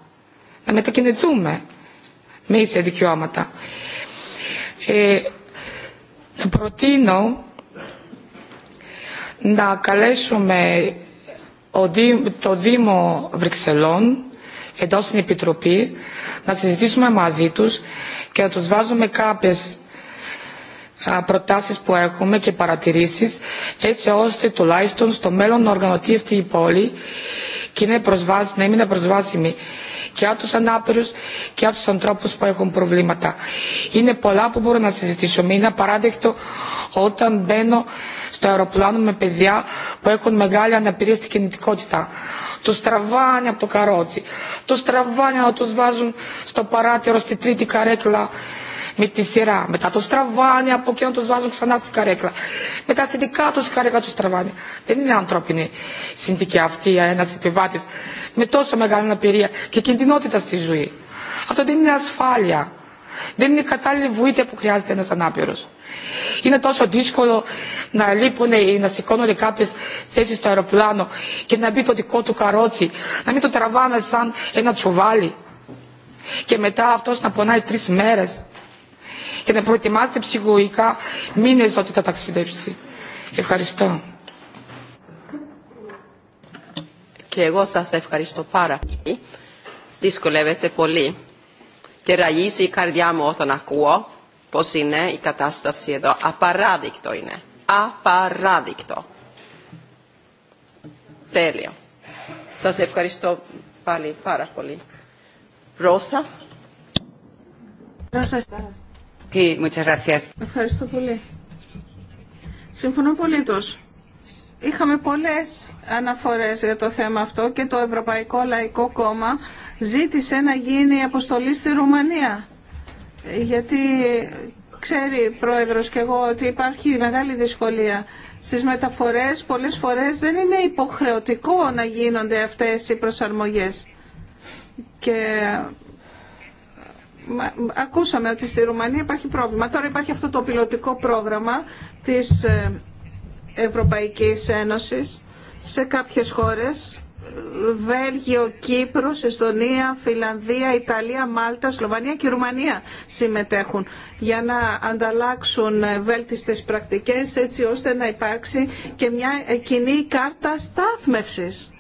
να μετακινηθούμε με ίσια δικαιώματα. Ε, προτείνω να καλέσουμε το Δήμο Βρυξελών εδώ στην Επιτροπή να συζητήσουμε μαζί τους και να τους βάζουμε κάποιες προτάσεις που έχουμε και παρατηρήσεις έτσι ώστε τουλάχιστον στο μέλλον να οργανωθεί αυτή η πόλη και να, να είναι προσβάσιμη και από τους ανάπηρους και από τους ανθρώπους που έχουν προβλήματα. Είναι πολλά που μπορώ να συζητήσω Είναι απαράδεκτο όταν μπαίνω στο αεροπλάνο με παιδιά που έχουν μεγάλη αναπηρία στην κινητικότητα. Τους τραβάνε από το καρότσι, τους τραβάνε να τους βάζουν στο παράτερο στη τρίτη καρέκλα με τη σειρά. Μετά το στραβάνι, από εκεί να του βάζουν ξανά στην καρέκλα. Μετά στη δικά του καρέκλα του στραβάνι. Δεν είναι ανθρώπινη συνθήκη αυτή ε, ένα επιβάτη με τόσο μεγάλη αναπηρία και κινδυνότητα στη ζωή. Αυτό δεν είναι ασφάλεια. Δεν είναι κατάλληλη βοήθεια που χρειάζεται ένα ανάπηρο. Είναι τόσο δύσκολο να λείπουν ή να σηκώνονται κάποιε θέσει στο αεροπλάνο και να μπει το δικό του καρότσι, να μην το τραβάμε σαν ένα τσουβάλι. Και μετά αυτό να πονάει τρει μέρε και να προετοιμάσετε ψυχολογικά μήνες ότι θα ταξιδέψει. Ευχαριστώ. Και εγώ σας ευχαριστώ πάρα πολύ. Δυσκολεύεται πολύ. Και ραγίζει η καρδιά μου όταν ακούω πώς είναι η κατάσταση εδώ. Απαράδεικτο είναι. Απαράδεικτο. Τέλειο. Σας ευχαριστώ πάλι πάρα πολύ. Ρώσα. Ρώσα Ευχαριστώ πολύ. Συμφωνώ πολύ τους. Είχαμε πολλές αναφορές για το θέμα αυτό και το Ευρωπαϊκό Λαϊκό Κόμμα ζήτησε να γίνει αποστολή στη Ρουμανία. Γιατί ξέρει πρόεδρος και εγώ ότι υπάρχει μεγάλη δυσκολία στις μεταφορές. Πολλές φορές δεν είναι υποχρεωτικό να γίνονται αυτές οι προσαρμογές. Και ακούσαμε ότι στη Ρουμανία υπάρχει πρόβλημα. Τώρα υπάρχει αυτό το πιλωτικό πρόγραμμα της ε, Ευρωπαϊκής Ένωσης σε κάποιες χώρες. Βέλγιο, Κύπρος, Εστονία, Φιλανδία, Ιταλία, Μάλτα, Σλοβανία και Ρουμανία συμμετέχουν για να ανταλλάξουν βέλτιστες πρακτικές έτσι ώστε να υπάρξει και μια κοινή κάρτα στάθμευσης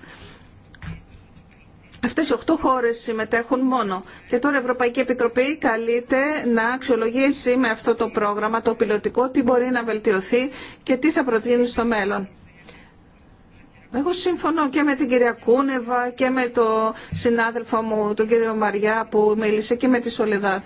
Αυτέ οι 8 χώρε συμμετέχουν μόνο. Και τώρα η Ευρωπαϊκή Επιτροπή καλείται να αξιολογήσει με αυτό το πρόγραμμα, το πιλωτικό, τι μπορεί να βελτιωθεί και τι θα προτείνει στο μέλλον. Εγώ συμφωνώ και με την κυρία Κούνεβα και με το συνάδελφο μου, τον κύριο Μαριά που μίλησε και με τη Σολεδάθ.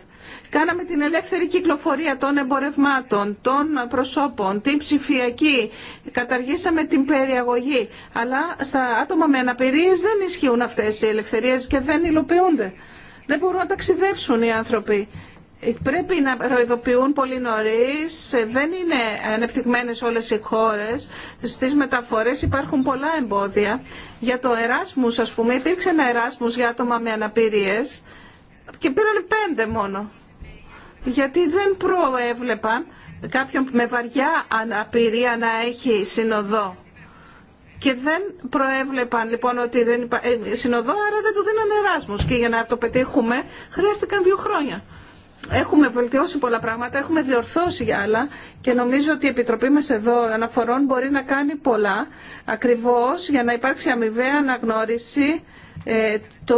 Κάναμε την ελεύθερη κυκλοφορία των εμπορευμάτων, των προσώπων, την ψηφιακή, καταργήσαμε την περιαγωγή. Αλλά στα άτομα με αναπηρίες δεν ισχύουν αυτές οι ελευθερίες και δεν υλοποιούνται. Δεν μπορούν να ταξιδέψουν οι άνθρωποι Πρέπει να προειδοποιούν πολύ νωρίς Δεν είναι ανεπτυγμένε όλε οι χώρες στις μεταφορές υπάρχουν πολλά εμπόδια. Για το εράσμους ας πούμε, υπήρξε ένα εράσμους για άτομα με αναπηρίε και πήραν πέντε μόνο. Γιατί δεν προέβλεπαν κάποιον με βαριά αναπηρία να έχει συνοδό. Και δεν προέβλεπαν λοιπόν ότι δεν υπάρχει συνοδό, άρα δεν του δίνανε εράσμους Και για να το πετύχουμε χρειάστηκαν δύο χρόνια. Έχουμε βελτιώσει πολλά πράγματα, έχουμε διορθώσει για άλλα και νομίζω ότι η Επιτροπή μας εδώ αναφορών μπορεί να κάνει πολλά ακριβώς για να υπάρξει αμοιβαία αναγνώριση ε, Τη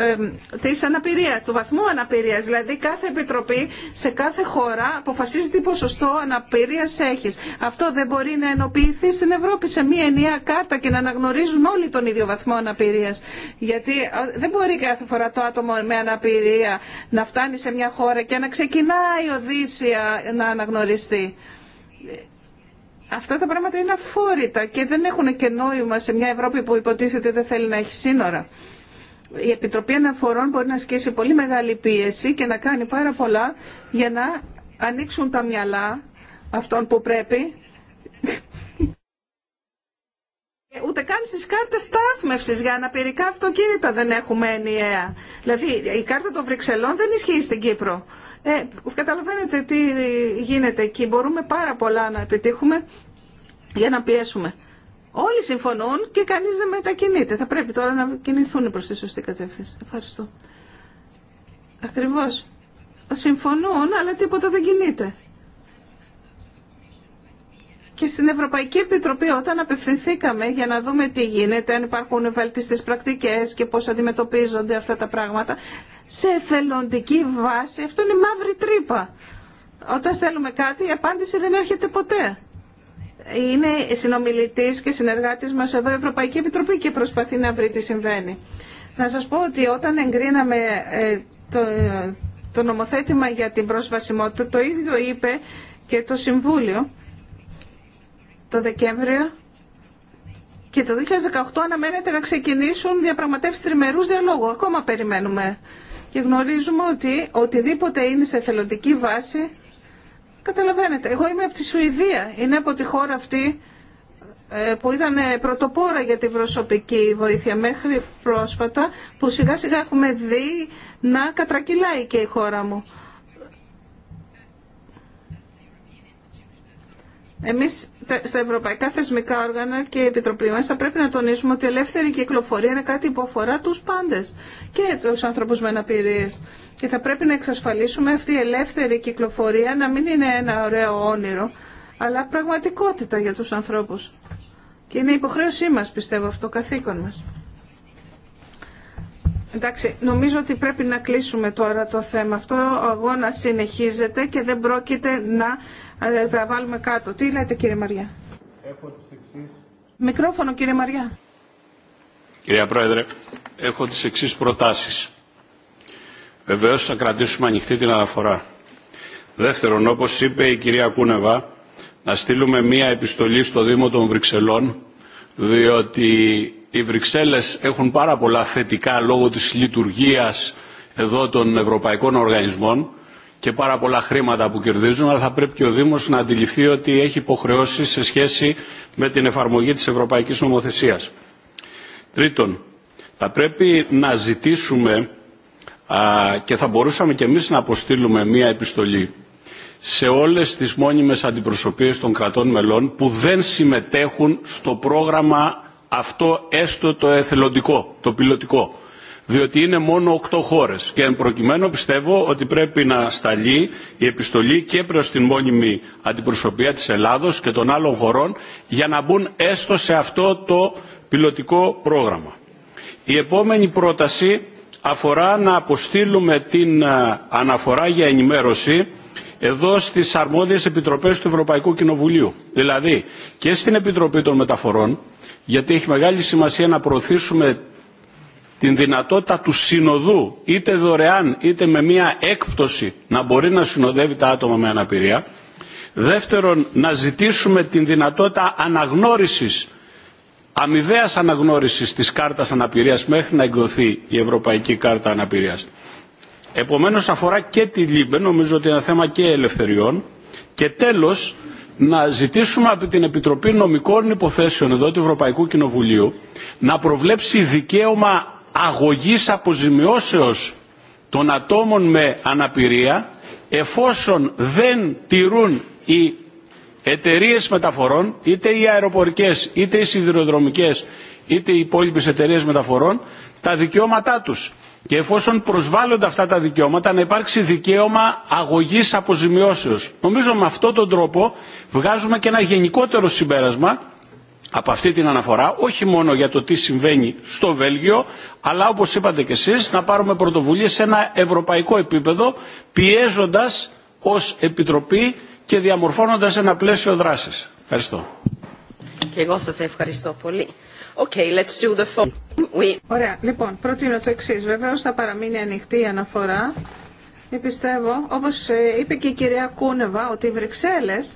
ε, της αναπηρίας, του βαθμού αναπηρίας. Δηλαδή κάθε επιτροπή σε κάθε χώρα αποφασίζει τι ποσοστό αναπηρίας έχεις. Αυτό δεν μπορεί να ενοποιηθεί στην Ευρώπη σε μία ενιαία κάρτα και να αναγνωρίζουν όλοι τον ίδιο βαθμό αναπηρίας. Γιατί ε, δεν μπορεί κάθε φορά το άτομο με αναπηρία να φτάνει σε μια χώρα και να ξεκινάει η Οδύσσια να αναγνωριστεί Αυτά τα πράγματα είναι αφόρητα και δεν έχουν και νόημα σε μια Ευρώπη που υποτίθεται δεν θέλει να έχει σύνορα. Η Επιτροπή Αναφορών μπορεί να ασκήσει πολύ μεγάλη πίεση και να κάνει πάρα πολλά για να ανοίξουν τα μυαλά αυτών που πρέπει ε, ούτε καν στις κάρτες στάθμευσης για αναπηρικά αυτοκίνητα δεν έχουμε ενιαία. Δηλαδή η κάρτα των Βρυξελών δεν ισχύει στην Κύπρο. Ε, καταλαβαίνετε τι γίνεται εκεί. Μπορούμε πάρα πολλά να επιτύχουμε για να πιέσουμε. Όλοι συμφωνούν και κανείς δεν μετακινείται. Θα πρέπει τώρα να κινηθούν προς τη σωστή κατεύθυνση. Ευχαριστώ. Ακριβώς. Συμφωνούν, αλλά τίποτα δεν κινείται και στην Ευρωπαϊκή Επιτροπή όταν απευθυνθήκαμε για να δούμε τι γίνεται, αν υπάρχουν βελτιστές πρακτικές και πώς αντιμετωπίζονται αυτά τα πράγματα, σε θελοντική βάση, αυτό είναι μαύρη τρύπα. Όταν στέλνουμε κάτι, η απάντηση δεν έρχεται ποτέ. Είναι συνομιλητής και συνεργάτης μας εδώ η Ευρωπαϊκή Επιτροπή και προσπαθεί να βρει τι συμβαίνει. Να σας πω ότι όταν εγκρίναμε ε, το, το νομοθέτημα για την προσβασιμότητα, το ίδιο είπε και το Συμβούλιο το Δεκέμβριο και το 2018 αναμένεται να ξεκινήσουν διαπραγματεύσεις τριμερούς διαλόγου. Ακόμα περιμένουμε. Και γνωρίζουμε ότι οτιδήποτε είναι σε θελοντική βάση, καταλαβαίνετε. Εγώ είμαι από τη Σουηδία. Είναι από τη χώρα αυτή ε, που ήταν ε, πρωτοπόρα για την προσωπική βοήθεια μέχρι πρόσφατα, που σιγά σιγά έχουμε δει να κατρακυλάει και η χώρα μου. Εμείς στα ευρωπαϊκά θεσμικά όργανα και η Επιτροπή μας θα πρέπει να τονίσουμε ότι η ελεύθερη κυκλοφορία είναι κάτι που αφορά τους πάντες και τους ανθρώπους με αναπηρίες. Και θα πρέπει να εξασφαλίσουμε αυτή η ελεύθερη κυκλοφορία να μην είναι ένα ωραίο όνειρο, αλλά πραγματικότητα για τους ανθρώπους. Και είναι υποχρέωσή μας, πιστεύω, αυτό, καθήκον μας. Εντάξει, νομίζω ότι πρέπει να κλείσουμε τώρα το θέμα αυτό. Ο αγώνας συνεχίζεται και δεν πρόκειται να ε, θα τα βάλουμε κάτω. Τι λέτε κύριε Μαριά. Έχω Μικρόφωνο κύριε Μαριά. Κυρία Πρόεδρε, έχω τις εξής προτάσεις. Βεβαίως θα κρατήσουμε ανοιχτή την αναφορά. Δεύτερον, όπως είπε η κυρία Κούνεβα, να στείλουμε μία επιστολή στο Δήμο των Βρυξελών, διότι οι Βρυξέλλες έχουν πάρα πολλά θετικά λόγω της λειτουργίας εδώ των ευρωπαϊκών οργανισμών και πάρα πολλά χρήματα που κερδίζουν, αλλά θα πρέπει και ο Δήμος να αντιληφθεί ότι έχει υποχρεώσει σε σχέση με την εφαρμογή της Ευρωπαϊκής Νομοθεσίας. Τρίτον, θα πρέπει να ζητήσουμε και θα μπορούσαμε και εμείς να αποστείλουμε μία επιστολή σε όλες τις μόνιμες αντιπροσωπείες των κρατών μελών που δεν συμμετέχουν στο πρόγραμμα αυτό έστω το εθελοντικό, το πιλωτικό διότι είναι μόνο οκτώ χώρες και εν προκειμένου πιστεύω ότι πρέπει να σταλεί η επιστολή και προς την μόνιμη αντιπροσωπεία της Ελλάδος και των άλλων χωρών για να μπουν έστω σε αυτό το πιλωτικό πρόγραμμα. Η επόμενη πρόταση αφορά να αποστείλουμε την ε, αναφορά για ενημέρωση εδώ στις αρμόδιες επιτροπές του Ευρωπαϊκού Κοινοβουλίου. Δηλαδή και στην Επιτροπή των Μεταφορών, γιατί έχει μεγάλη σημασία να προωθήσουμε την δυνατότητα του συνοδού είτε δωρεάν είτε με μια έκπτωση να μπορεί να συνοδεύει τα άτομα με αναπηρία. Δεύτερον, να ζητήσουμε την δυνατότητα αναγνώρισης, αμοιβαίας αναγνώρισης της κάρτας αναπηρίας μέχρι να εκδοθεί η Ευρωπαϊκή Κάρτα Αναπηρίας. Επομένως αφορά και τη ΛΥΜΠΕ, νομίζω ότι είναι θέμα και ελευθεριών. Και τέλος, να ζητήσουμε από την Επιτροπή Νομικών Υποθέσεων εδώ του Ευρωπαϊκού Κοινοβουλίου να προβλέψει δικαίωμα αγωγής αποζημιώσεως των ατόμων με αναπηρία εφόσον δεν τηρούν οι εταιρείες μεταφορών, είτε οι αεροπορικές, είτε οι σιδηροδρομικές, είτε οι υπόλοιπες εταιρείες μεταφορών, τα δικαιώματά τους. Και εφόσον προσβάλλονται αυτά τα δικαιώματα, να υπάρξει δικαίωμα αγωγής αποζημιώσεως. Νομίζω με αυτόν τον τρόπο βγάζουμε και ένα γενικότερο συμπέρασμα από αυτή την αναφορά, όχι μόνο για το τι συμβαίνει στο Βέλγιο, αλλά όπως είπατε και εσείς, να πάρουμε πρωτοβουλίες σε ένα ευρωπαϊκό επίπεδο, πιέζοντας ως Επιτροπή και διαμορφώνοντας ένα πλαίσιο δράσης. Ευχαριστώ. Και εγώ σας ευχαριστώ πολύ. Okay, let's do the We... Ωραία. Λοιπόν, προτείνω το εξή. Βεβαίω θα παραμείνει ανοιχτή η αναφορά. Πιστεύω, όπως ε, είπε και η κυρία Κούνεβα, ότι οι Βρυξέλλες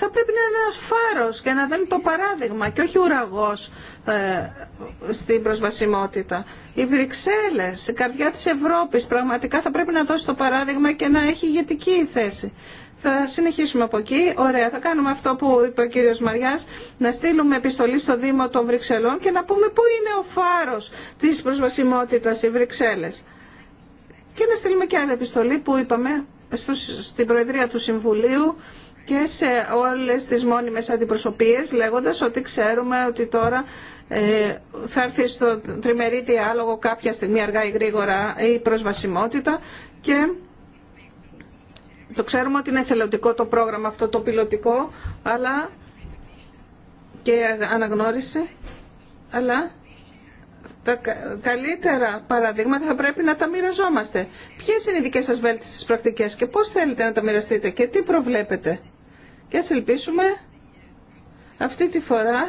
θα πρέπει να είναι ένας φάρος και να δίνει το παράδειγμα και όχι ουραγός ε, στην προσβασιμότητα. Οι Βρυξέλλες, η καρδιά της Ευρώπης πραγματικά θα πρέπει να δώσει το παράδειγμα και να έχει ηγετική θέση. Θα συνεχίσουμε από εκεί. Ωραία, θα κάνουμε αυτό που είπε ο κύριος Μαριάς, να στείλουμε επιστολή στο Δήμο των Βρυξελών και να πούμε πού είναι ο φάρος της προσβασιμότητας οι Βρυξέλλες. Και να στείλουμε και άλλη επιστολή που είπαμε στην Προεδρία του Συμβουλίου και σε όλες τις μόνιμες αντιπροσωπείες λέγοντας ότι ξέρουμε ότι τώρα ε, θα έρθει στο τριμερή διάλογο κάποια στιγμή αργά ή γρήγορα η προσβασιμότητα και το ξέρουμε ότι είναι θελοντικό το πρόγραμμα αυτό το πιλωτικό αλλά και αναγνώριση αλλά τα καλύτερα παραδείγματα θα πρέπει να τα μοιραζόμαστε. Ποιες είναι οι δικές σας βέλτιστες πρακτικές και πώς θέλετε να τα μοιραστείτε και τι προβλέπετε. Και ας ελπίσουμε αυτή τη φορά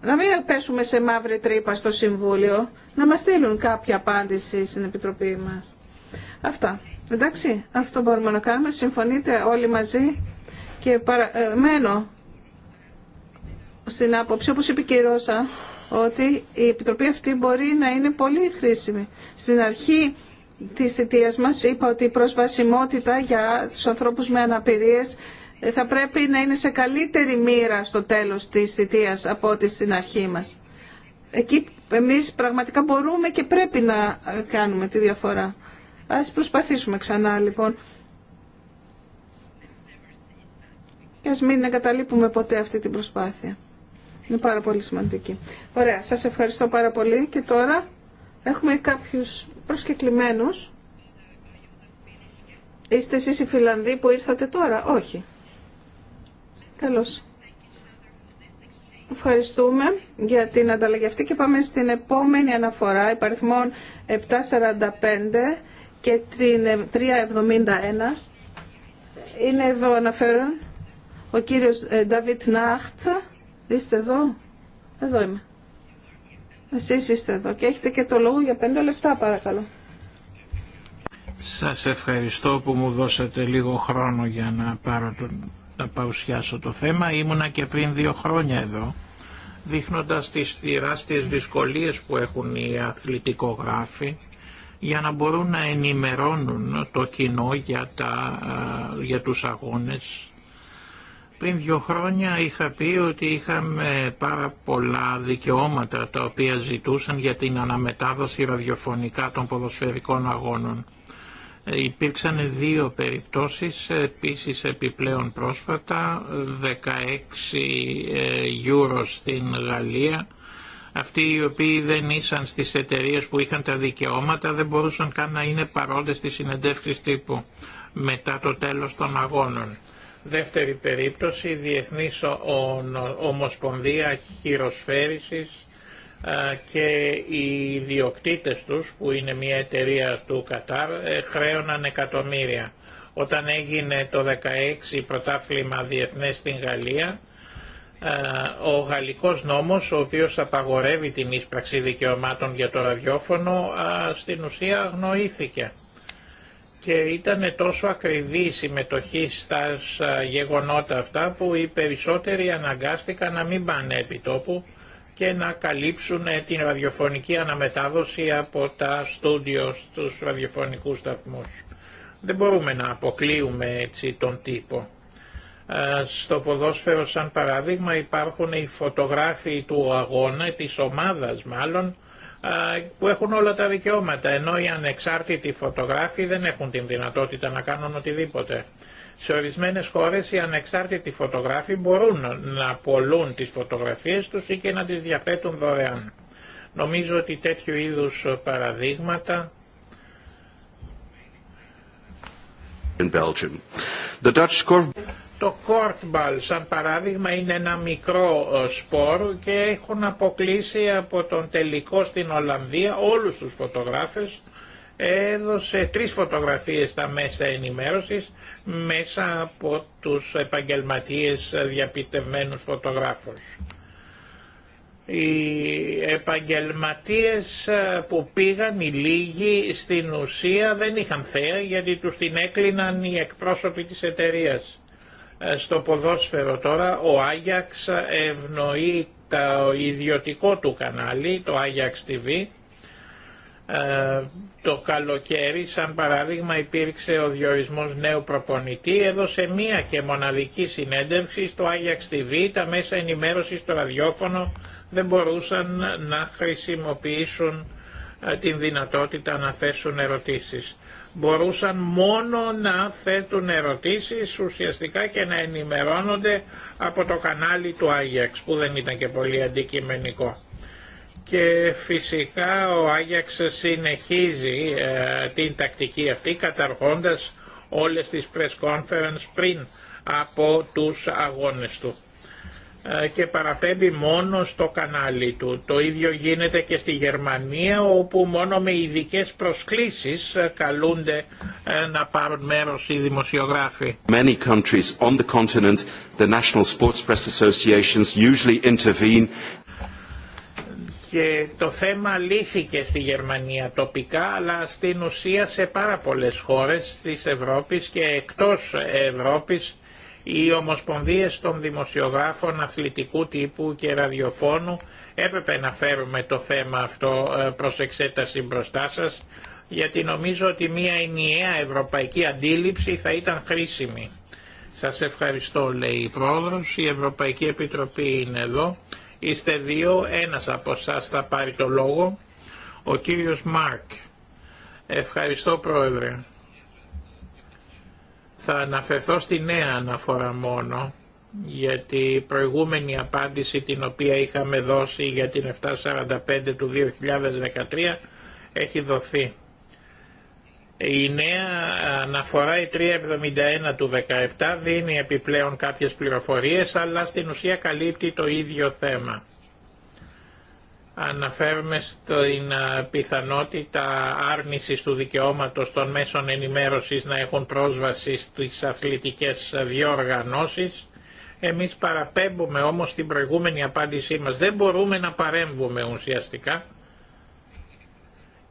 να μην πέσουμε σε μαύρη τρύπα στο Συμβούλιο, να μας στείλουν κάποια απάντηση στην Επιτροπή μας. Αυτά. Εντάξει, αυτό μπορούμε να κάνουμε. Συμφωνείτε όλοι μαζί και παραμένω ε, στην άποψη, όπως είπε και η Ρώσα, ότι η Επιτροπή αυτή μπορεί να είναι πολύ χρήσιμη. Στην αρχή της αιτίας μας είπα ότι η προσβασιμότητα για τους ανθρώπους με αναπηρίες ε, θα πρέπει να είναι σε καλύτερη μοίρα στο τέλος της θητείας από ό,τι στην αρχή μας. Εκεί εμείς πραγματικά μπορούμε και πρέπει να ε, κάνουμε τη διαφορά. Ας προσπαθήσουμε ξανά λοιπόν. Και ας μην εγκαταλείπουμε ποτέ αυτή την προσπάθεια. Είναι πάρα πολύ σημαντική. Ωραία, σας ευχαριστώ πάρα πολύ και τώρα έχουμε κάποιους προσκεκλημένους. Είστε εσείς οι Φιλανδοί που ήρθατε τώρα, όχι. Καλώς. Ευχαριστούμε για την ανταλλαγή αυτή και πάμε στην επόμενη αναφορά υπαριθμών 745 και την 371. Είναι εδώ αναφέρον ο κύριος ε, Νταβίτ Νάχτ. Είστε εδώ. Εδώ είμαι. Εσείς είστε εδώ και έχετε και το λόγο για 5 λεπτά παρακαλώ. Σας ευχαριστώ που μου δώσατε λίγο χρόνο για να πάρω τον να παρουσιάσω το θέμα. Ήμουνα και πριν δύο χρόνια εδώ, δείχνοντας τις τεράστιες δυσκολίες που έχουν οι αθλητικογράφοι για να μπορούν να ενημερώνουν το κοινό για, τα, για τους αγώνες. Πριν δύο χρόνια είχα πει ότι είχαμε πάρα πολλά δικαιώματα τα οποία ζητούσαν για την αναμετάδοση ραδιοφωνικά των ποδοσφαιρικών αγώνων. Υπήρξαν δύο περιπτώσεις, επίσης επιπλέον πρόσφατα, 16 γιούρο ε, στην Γαλλία. Αυτοί οι οποίοι δεν ήσαν στις εταιρείες που είχαν τα δικαιώματα δεν μπορούσαν καν να είναι παρόντες στις συνεντεύξεις τύπου μετά το τέλος των αγώνων. Δεύτερη περίπτωση, Διεθνής Ομοσπονδία Χειροσφαίρησης και οι ιδιοκτήτες τους που είναι μια εταιρεία του Κατάρ ε, χρέωναν εκατομμύρια. Όταν έγινε το 16 πρωτάθλημα διεθνές στην Γαλλία ο γαλλικός νόμος ο οποίος απαγορεύει την ίσπραξη δικαιωμάτων για το ραδιόφωνο στην ουσία αγνοήθηκε και ήταν τόσο ακριβή η συμμετοχή στα γεγονότα αυτά που οι περισσότεροι αναγκάστηκαν να μην πάνε επί τόπου και να καλύψουν ε, την ραδιοφωνική αναμετάδοση από τα στούντιο στους ραδιοφωνικούς σταθμούς. Δεν μπορούμε να αποκλείουμε έτσι τον τύπο. Ε, στο ποδόσφαιρο σαν παράδειγμα υπάρχουν οι φωτογράφοι του αγώνα, της ομάδας μάλλον, ε, που έχουν όλα τα δικαιώματα, ενώ οι ανεξάρτητοι φωτογράφοι δεν έχουν την δυνατότητα να κάνουν οτιδήποτε. Σε ορισμένες χώρες οι ανεξάρτητοι φωτογράφοι μπορούν να πολλούν τις φωτογραφίες τους ή και να τις διαθέτουν δωρεάν. Νομίζω ότι τέτοιου είδους παραδείγματα Το κόρτμπαλ σαν παράδειγμα είναι ένα μικρό ε, σπόρο και έχουν αποκλείσει από τον τελικό στην Ολλανδία όλους τους φωτογράφες έδωσε τρεις φωτογραφίες στα μέσα ενημέρωσης μέσα από τους επαγγελματίες διαπιστευμένους φωτογράφους. Οι επαγγελματίες που πήγαν οι λίγοι στην ουσία δεν είχαν θέα γιατί τους την έκλειναν οι εκπρόσωποι της εταιρείας. Ε, στο ποδόσφαιρο τώρα ο Άγιαξ ευνοεί το ιδιωτικό του κανάλι, το Άγιαξ TV, ε, το καλοκαίρι, σαν παραδείγμα υπήρξε ο διορισμός νέου προπονητή, έδωσε μία και μοναδική συνέντευξη στο Άγιαξ TV, τα μέσα ενημέρωσης στο ραδιόφωνο δεν μπορούσαν να χρησιμοποιήσουν ε, την δυνατότητα να θέσουν ερωτήσεις. Μπορούσαν μόνο να θέτουν ερωτήσεις ουσιαστικά και να ενημερώνονται από το κανάλι του Άγιαξ που δεν ήταν και πολύ αντικειμενικό. Και φυσικά ο Άγιαξ συνεχίζει ε, την τακτική αυτή καταρχώντας όλες τις press conference πριν από τους αγώνες του ε, και παραπέμπει μόνο στο κανάλι του. Το ίδιο γίνεται και στη Γερμανία όπου μόνο με ειδικέ προσκλήσεις ε, καλούνται να πάρουν μέρος οι δημοσιογράφοι. on the continent, the national associations και το θέμα λύθηκε στη Γερμανία τοπικά αλλά στην ουσία σε πάρα πολλές χώρες της Ευρώπης και εκτός Ευρώπης οι ομοσπονδίες των δημοσιογράφων αθλητικού τύπου και ραδιοφώνου έπρεπε να φέρουμε το θέμα αυτό ε, προς εξέταση μπροστά σας γιατί νομίζω ότι μια ενιαία ευρωπαϊκή αντίληψη θα ήταν χρήσιμη. Σας ευχαριστώ λέει η Πρόεδρος, η Ευρωπαϊκή Επιτροπή είναι εδώ. Είστε δύο, ένας από εσά θα πάρει το λόγο. Ο κύριος Μάρκ. Ευχαριστώ πρόεδρε. Θα αναφερθώ στη νέα αναφορά μόνο, γιατί η προηγούμενη απάντηση την οποία είχαμε δώσει για την 745 του 2013 έχει δοθεί. Η νέα αναφορά η 371 του 17 δίνει επιπλέον κάποιες πληροφορίες αλλά στην ουσία καλύπτει το ίδιο θέμα. Αναφέρουμε στην πιθανότητα άρνησης του δικαιώματος των μέσων ενημέρωσης να έχουν πρόσβαση στις αθλητικές διοργανώσεις. Εμείς παραπέμπουμε όμως την προηγούμενη απάντησή μας. Δεν μπορούμε να παρέμβουμε ουσιαστικά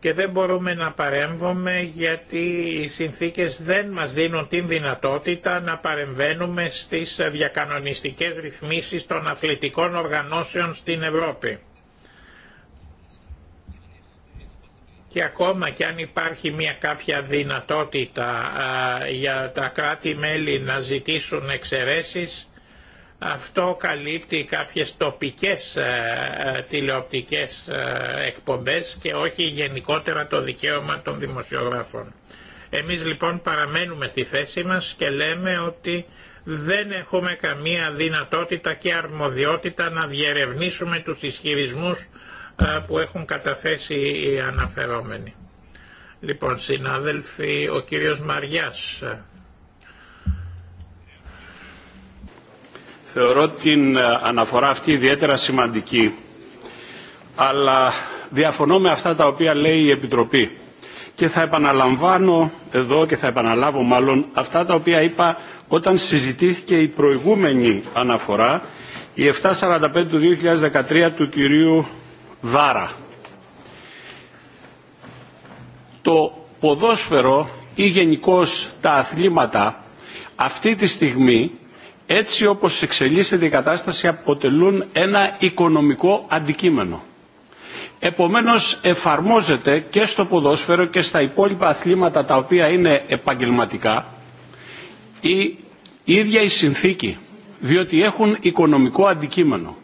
και δεν μπορούμε να παρέμβουμε γιατί οι συνθήκες δεν μας δίνουν την δυνατότητα να παρεμβαίνουμε στις διακανονιστικές ρυθμίσεις των αθλητικών οργανώσεων στην Ευρώπη. Και ακόμα και αν υπάρχει μια κάποια δυνατότητα για τα κράτη-μέλη να ζητήσουν εξαιρέσεις, αυτό καλύπτει κάποιες τοπικές ε, ε, τηλεοπτικές ε, εκπομπές και όχι γενικότερα το δικαίωμα των δημοσιογράφων. Εμείς λοιπόν παραμένουμε στη θέση μας και λέμε ότι δεν έχουμε καμία δυνατότητα και αρμοδιότητα να διερευνήσουμε τους ισχυρισμούς που έχουν καταθέσει οι αναφερόμενοι. Λοιπόν, συνάδελφοι, ο κύριος Μαριάς. Θεωρώ την ε, αναφορά αυτή ιδιαίτερα σημαντική, αλλά διαφωνώ με αυτά τα οποία λέει η Επιτροπή. Και θα επαναλαμβάνω εδώ και θα επαναλάβω μάλλον αυτά τα οποία είπα όταν συζητήθηκε η προηγούμενη αναφορά, η 745 του 2013 του κυρίου Βάρα. Το ποδόσφαιρο ή γενικώ τα αθλήματα αυτή τη στιγμή έτσι όπως εξελίσσεται η κατάσταση αποτελούν ένα οικονομικό αντικείμενο. Επομένως εφαρμόζεται και στο ποδόσφαιρο και στα υπόλοιπα αθλήματα τα οποία είναι επαγγελματικά η ίδια η συνθήκη, διότι έχουν οικονομικό αντικείμενο.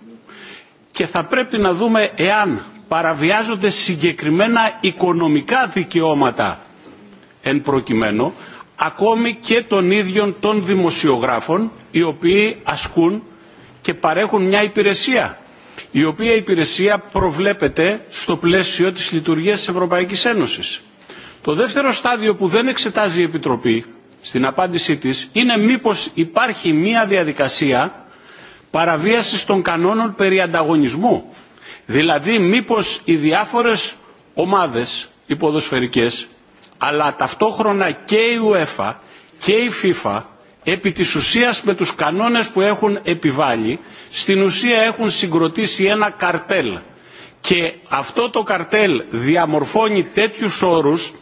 Και θα πρέπει να δούμε εάν παραβιάζονται συγκεκριμένα οικονομικά δικαιώματα εν προκειμένου, ακόμη και των ίδιων των δημοσιογράφων οι οποίοι ασκούν και παρέχουν μια υπηρεσία η οποία υπηρεσία προβλέπεται στο πλαίσιο της λειτουργίας της Ευρωπαϊκής Ένωσης. Το δεύτερο στάδιο που δεν εξετάζει η Επιτροπή στην απάντησή της είναι μήπως υπάρχει μια διαδικασία παραβίασης των κανόνων περί ανταγωνισμού. Δηλαδή μήπως οι διάφορες ομάδες υποδοσφαιρικές αλλά ταυτόχρονα και η UEFA και η FIFA επί της ουσίας με τους κανόνες που έχουν επιβάλει στην ουσία έχουν συγκροτήσει ένα καρτέλ και αυτό το καρτέλ διαμορφώνει τέτοιους όρους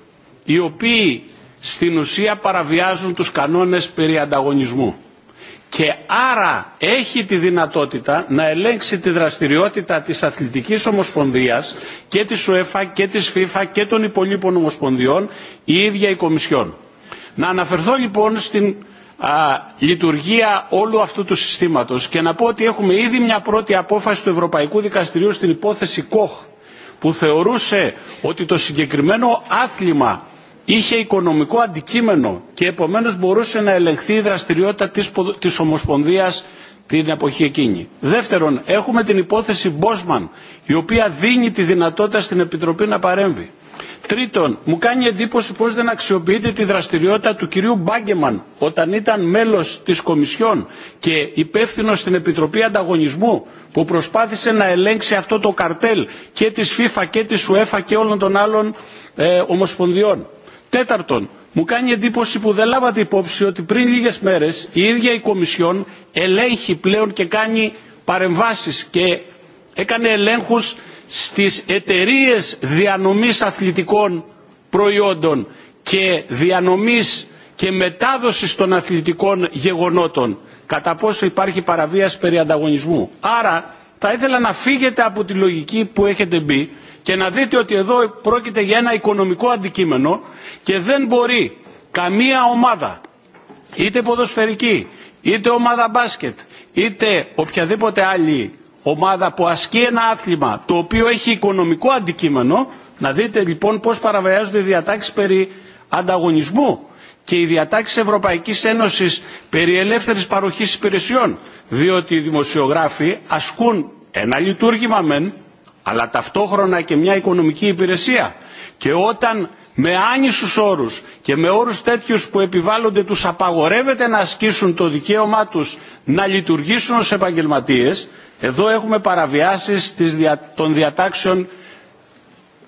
οι οποίοι στην ουσία παραβιάζουν τους κανόνες περί ανταγωνισμού και άρα έχει τη δυνατότητα να ελέγξει τη δραστηριότητα της Αθλητικής Ομοσπονδίας και της ΟΕΦΑ και της FIFA και των υπολείπων ομοσπονδιών η ίδια η Κομισιόν. Να αναφερθώ λοιπόν στην λειτουργία όλου αυτού του συστήματος και να πω ότι έχουμε ήδη μια πρώτη απόφαση του Ευρωπαϊκού Δικαστηρίου στην υπόθεση ΚΟΧ που θεωρούσε ότι το συγκεκριμένο άθλημα είχε οικονομικό αντικείμενο και επομένως μπορούσε να ελεγχθεί η δραστηριότητα της, της Ομοσπονδίας την εποχή εκείνη. Δεύτερον, έχουμε την υπόθεση Μπόσμαν, η οποία δίνει τη δυνατότητα στην Επιτροπή να παρέμβει. Τρίτον, μου κάνει εντύπωση πώς δεν αξιοποιείται τη δραστηριότητα του κυρίου Μπάγκεμαν όταν ήταν μέλος της Κομισιόν και υπεύθυνο στην Επιτροπή Ανταγωνισμού που προσπάθησε να ελέγξει αυτό το καρτέλ και της FIFA και της UEFA και όλων των άλλων ε, ομοσπονδιών. Τέταρτον, μου κάνει εντύπωση που δεν λάβατε υπόψη ότι πριν λίγες μέρες η ίδια η Κομισιόν ελέγχει πλέον και κάνει παρεμβάσεις και έκανε ελέγχους στις εταιρείε διανομής αθλητικών προϊόντων και διανομής και μετάδοσης των αθλητικών γεγονότων κατά πόσο υπάρχει παραβίαση περί ανταγωνισμού. Άρα θα ήθελα να φύγετε από τη λογική που έχετε μπει και να δείτε ότι εδώ πρόκειται για ένα οικονομικό αντικείμενο και δεν μπορεί καμία ομάδα, είτε ποδοσφαιρική, είτε ομάδα μπάσκετ, είτε οποιαδήποτε άλλη ομάδα που ασκεί ένα άθλημα το οποίο έχει οικονομικό αντικείμενο, να δείτε λοιπόν πώς παραβιάζονται οι διατάξεις περί ανταγωνισμού και οι διατάξεις Ευρωπαϊκής Ένωσης περί ελεύθερης παροχής υπηρεσιών, διότι οι δημοσιογράφοι ασκούν ένα λειτουργήμα μεν, αλλά ταυτόχρονα και μια οικονομική υπηρεσία. Και όταν με άνισους όρους και με όρους τέτοιους που επιβάλλονται τους απαγορεύεται να ασκήσουν το δικαίωμά τους να λειτουργήσουν ως επαγγελματίες, εδώ έχουμε παραβιάσεις των διατάξεων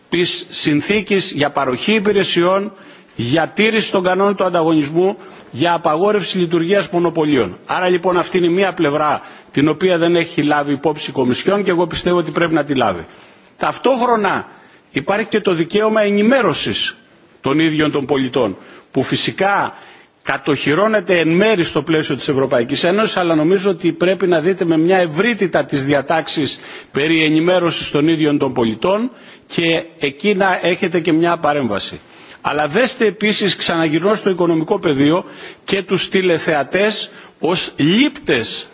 της συνθήκης για παροχή υπηρεσιών, για τήρηση των κανόνων του ανταγωνισμού, για απαγόρευση λειτουργίας μονοπωλίων. Άρα λοιπόν αυτή είναι μία πλευρά την οποία δεν έχει λάβει υπόψη η Κομισιόν και εγώ πιστεύω ότι πρέπει να τη λάβει. Ταυτόχρονα υπάρχει και το δικαίωμα ενημέρωσης των ίδιων των πολιτών που φυσικά κατοχυρώνεται εν μέρη στο πλαίσιο της Ευρωπαϊκής Ένωσης αλλά νομίζω ότι πρέπει να δείτε με μια ευρύτητα τις διατάξεις περί ενημέρωσης των ίδιων των πολιτών και εκεί να έχετε και μια παρέμβαση. Αλλά δέστε επίσης ξαναγυρνώ στο οικονομικό πεδίο και τους τηλεθεατές ως λήπτες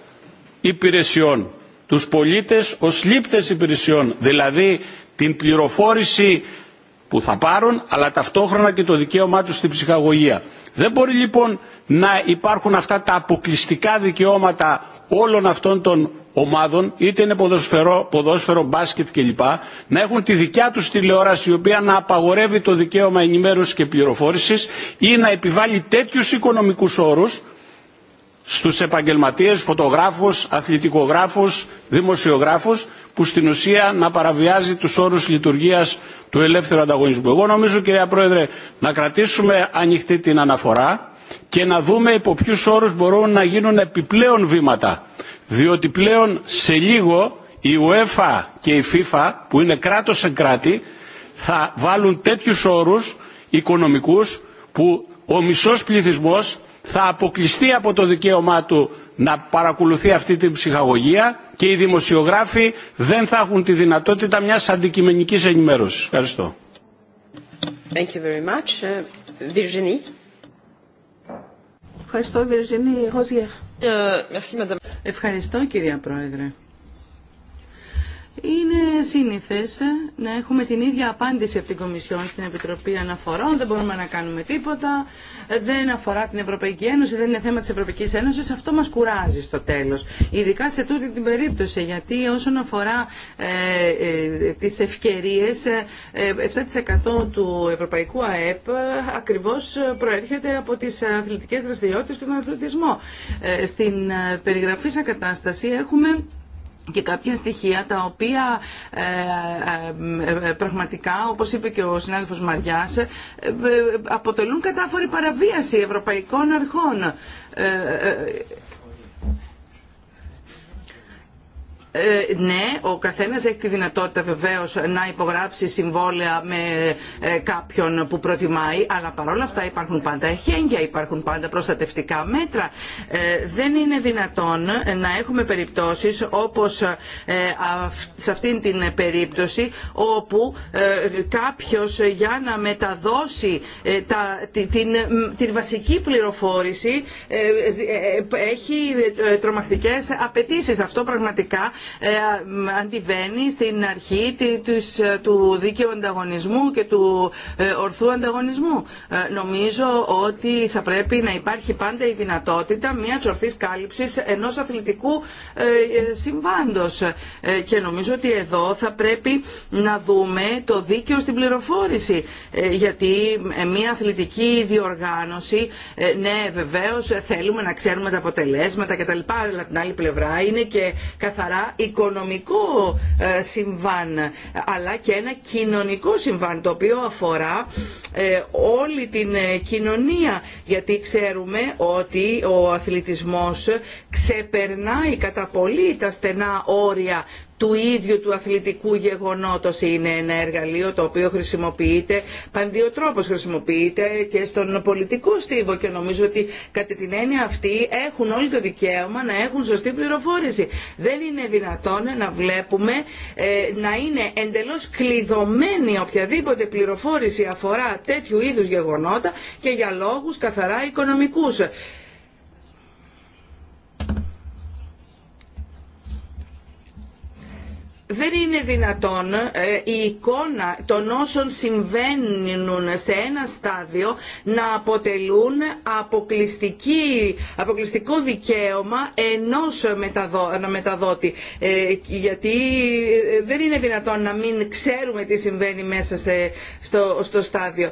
υπηρεσιών, τους πολίτες ως λήπτες υπηρεσιών, δηλαδή την πληροφόρηση που θα πάρουν, αλλά ταυτόχρονα και το δικαίωμά τους στην ψυχαγωγία. Δεν μπορεί λοιπόν να υπάρχουν αυτά τα αποκλειστικά δικαιώματα όλων αυτών των ομάδων, είτε είναι ποδοσφαιρό, ποδόσφαιρο, μπάσκετ κλπ, να έχουν τη δικιά τους τηλεόραση η οποία να απαγορεύει το δικαίωμα ενημέρωσης και πληροφόρησης ή να επιβάλλει τέτοιους οικονομικούς όρους στους επαγγελματίες, φωτογράφους, αθλητικογράφους, δημοσιογράφους που στην ουσία να παραβιάζει τους όρους λειτουργίας του ελεύθερου ανταγωνισμού. Εγώ νομίζω κυρία Πρόεδρε να κρατήσουμε ανοιχτή την αναφορά και να δούμε υπό ποιου όρους μπορούν να γίνουν επιπλέον βήματα. Διότι πλέον σε λίγο η UEFA και η FIFA που είναι κράτος σε κράτη θα βάλουν τέτοιους όρους οικονομικούς που ο μισός πληθυσμός θα αποκλειστεί από το δικαίωμά του να παρακολουθεί αυτή την ψυχαγωγία και οι δημοσιογράφοι δεν θα έχουν τη δυνατότητα μιας αντικειμενικής ενημέρωσης. Ευχαριστώ. Thank you very much. Ε, Virginie. Ευχαριστώ, Virginie. Ε, Ευχαριστώ, κυρία Πρόεδρε. Είναι σύνηθε να έχουμε την ίδια απάντηση από την Κομισιόν στην Επιτροπή Αναφορών. Δεν μπορούμε να κάνουμε τίποτα δεν αφορά την Ευρωπαϊκή Ένωση, δεν είναι θέμα της Ευρωπαϊκής Ένωσης, αυτό μας κουράζει στο τέλος. Ειδικά σε τούτη την περίπτωση, γιατί όσον αφορά ε, ε, τις ευκαιρίες, ε, 7% του Ευρωπαϊκού ΑΕΠ ε, ακριβώς προέρχεται από τις αθλητικές δραστηριότητες και τον αθλητισμό. Ε, στην ε, περιγραφή σαν κατάσταση έχουμε και κάποια στοιχεία τα οποία ε, ε, ε, πραγματικά, όπως είπε και ο συνάδελφος Μαριάς, αποτελούν κατάφορη παραβίαση ευρωπαϊκών αρχών. Ε, ναι, ο καθένας έχει τη δυνατότητα βεβαίως να υπογράψει συμβόλαια με ε, κάποιον που προτιμάει, αλλά παρόλα αυτά υπάρχουν πάντα εχέγγυα, υπάρχουν πάντα προστατευτικά μέτρα. Ε, δεν είναι δυνατόν να έχουμε περιπτώσεις όπως σε αυτήν την περίπτωση όπου κάποιος για να μεταδώσει τα, την, βασική πληροφόρηση έχει τρομακτικές απαιτήσεις. Αυτό πραγματικά ε, αντιβαίνει στην αρχή ε, του δίκαιου ανταγωνισμού και του ε, ορθού ανταγωνισμού. Νομίζω ότι θα πρέπει να υπάρχει πάντα η δυνατότητα μια ορθή κάλυψη ενό αθλητικού συμβάντο. Και νομίζω ότι εδώ θα πρέπει να δούμε το δίκαιο στην πληροφόρηση. Γιατί μια αθλητική διοργάνωση, ναι βεβαίω θέλουμε να ξέρουμε τα αποτελέσματα κτλ. Αλλά την άλλη πλευρά είναι και καθαρά οικονομικό ε, συμβάν αλλά και ένα κοινωνικό συμβάν το οποίο αφορά ε, όλη την ε, κοινωνία γιατί ξέρουμε ότι ο αθλητισμός ξεπερνάει κατά πολύ τα στενά όρια του ίδιου του αθλητικού γεγονότος είναι ένα εργαλείο το οποίο χρησιμοποιείται παντιοτρόπως χρησιμοποιείται και στον πολιτικό στίβο και νομίζω ότι κατά την έννοια αυτή έχουν όλοι το δικαίωμα να έχουν σωστή πληροφόρηση. Δεν είναι δυνατόν να βλέπουμε ε, να είναι εντελώς κλειδωμένη οποιαδήποτε πληροφόρηση αφορά τέτοιου είδους γεγονότα και για λόγους καθαρά οικονομικούς. δεν είναι δυνατόν ε, η εικόνα των όσων συμβαίνουν σε ένα στάδιο να αποτελούν αποκλειστικό δικαίωμα ενός μεταδότη. Ε, γιατί ε, δεν είναι δυνατόν να μην ξέρουμε τι συμβαίνει μέσα σε, στο, στο στάδιο.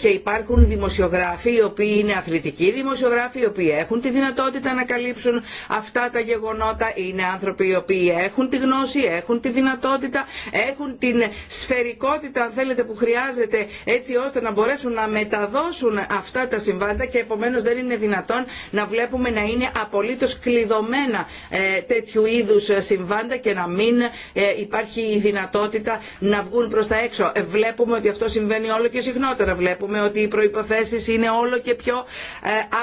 Και υπάρχουν δημοσιογράφοι οι οποίοι είναι αθλητικοί δημοσιογράφοι, οι οποίοι έχουν τη δυνατότητα να καλύψουν αυτά τα γεγονότα. Είναι άνθρωποι οι οποίοι έχουν τη γνώση, έχουν τη δυνατότητα, έχουν την σφαιρικότητα αν θέλετε που χρειάζεται έτσι ώστε να μπορέσουν να μεταδώσουν αυτά τα συμβάντα και επομένως δεν είναι δυνατόν να βλέπουμε να είναι απολύτως κλειδωμένα ε, τέτοιου είδους συμβάντα και να μην ε, υπάρχει η δυνατότητα να βγουν προς τα έξω. Ε, βλέπουμε ότι αυτό συμβαίνει όλο και συχνότερα. Βλέπουμε ότι οι προϋποθέσεις είναι όλο και πιο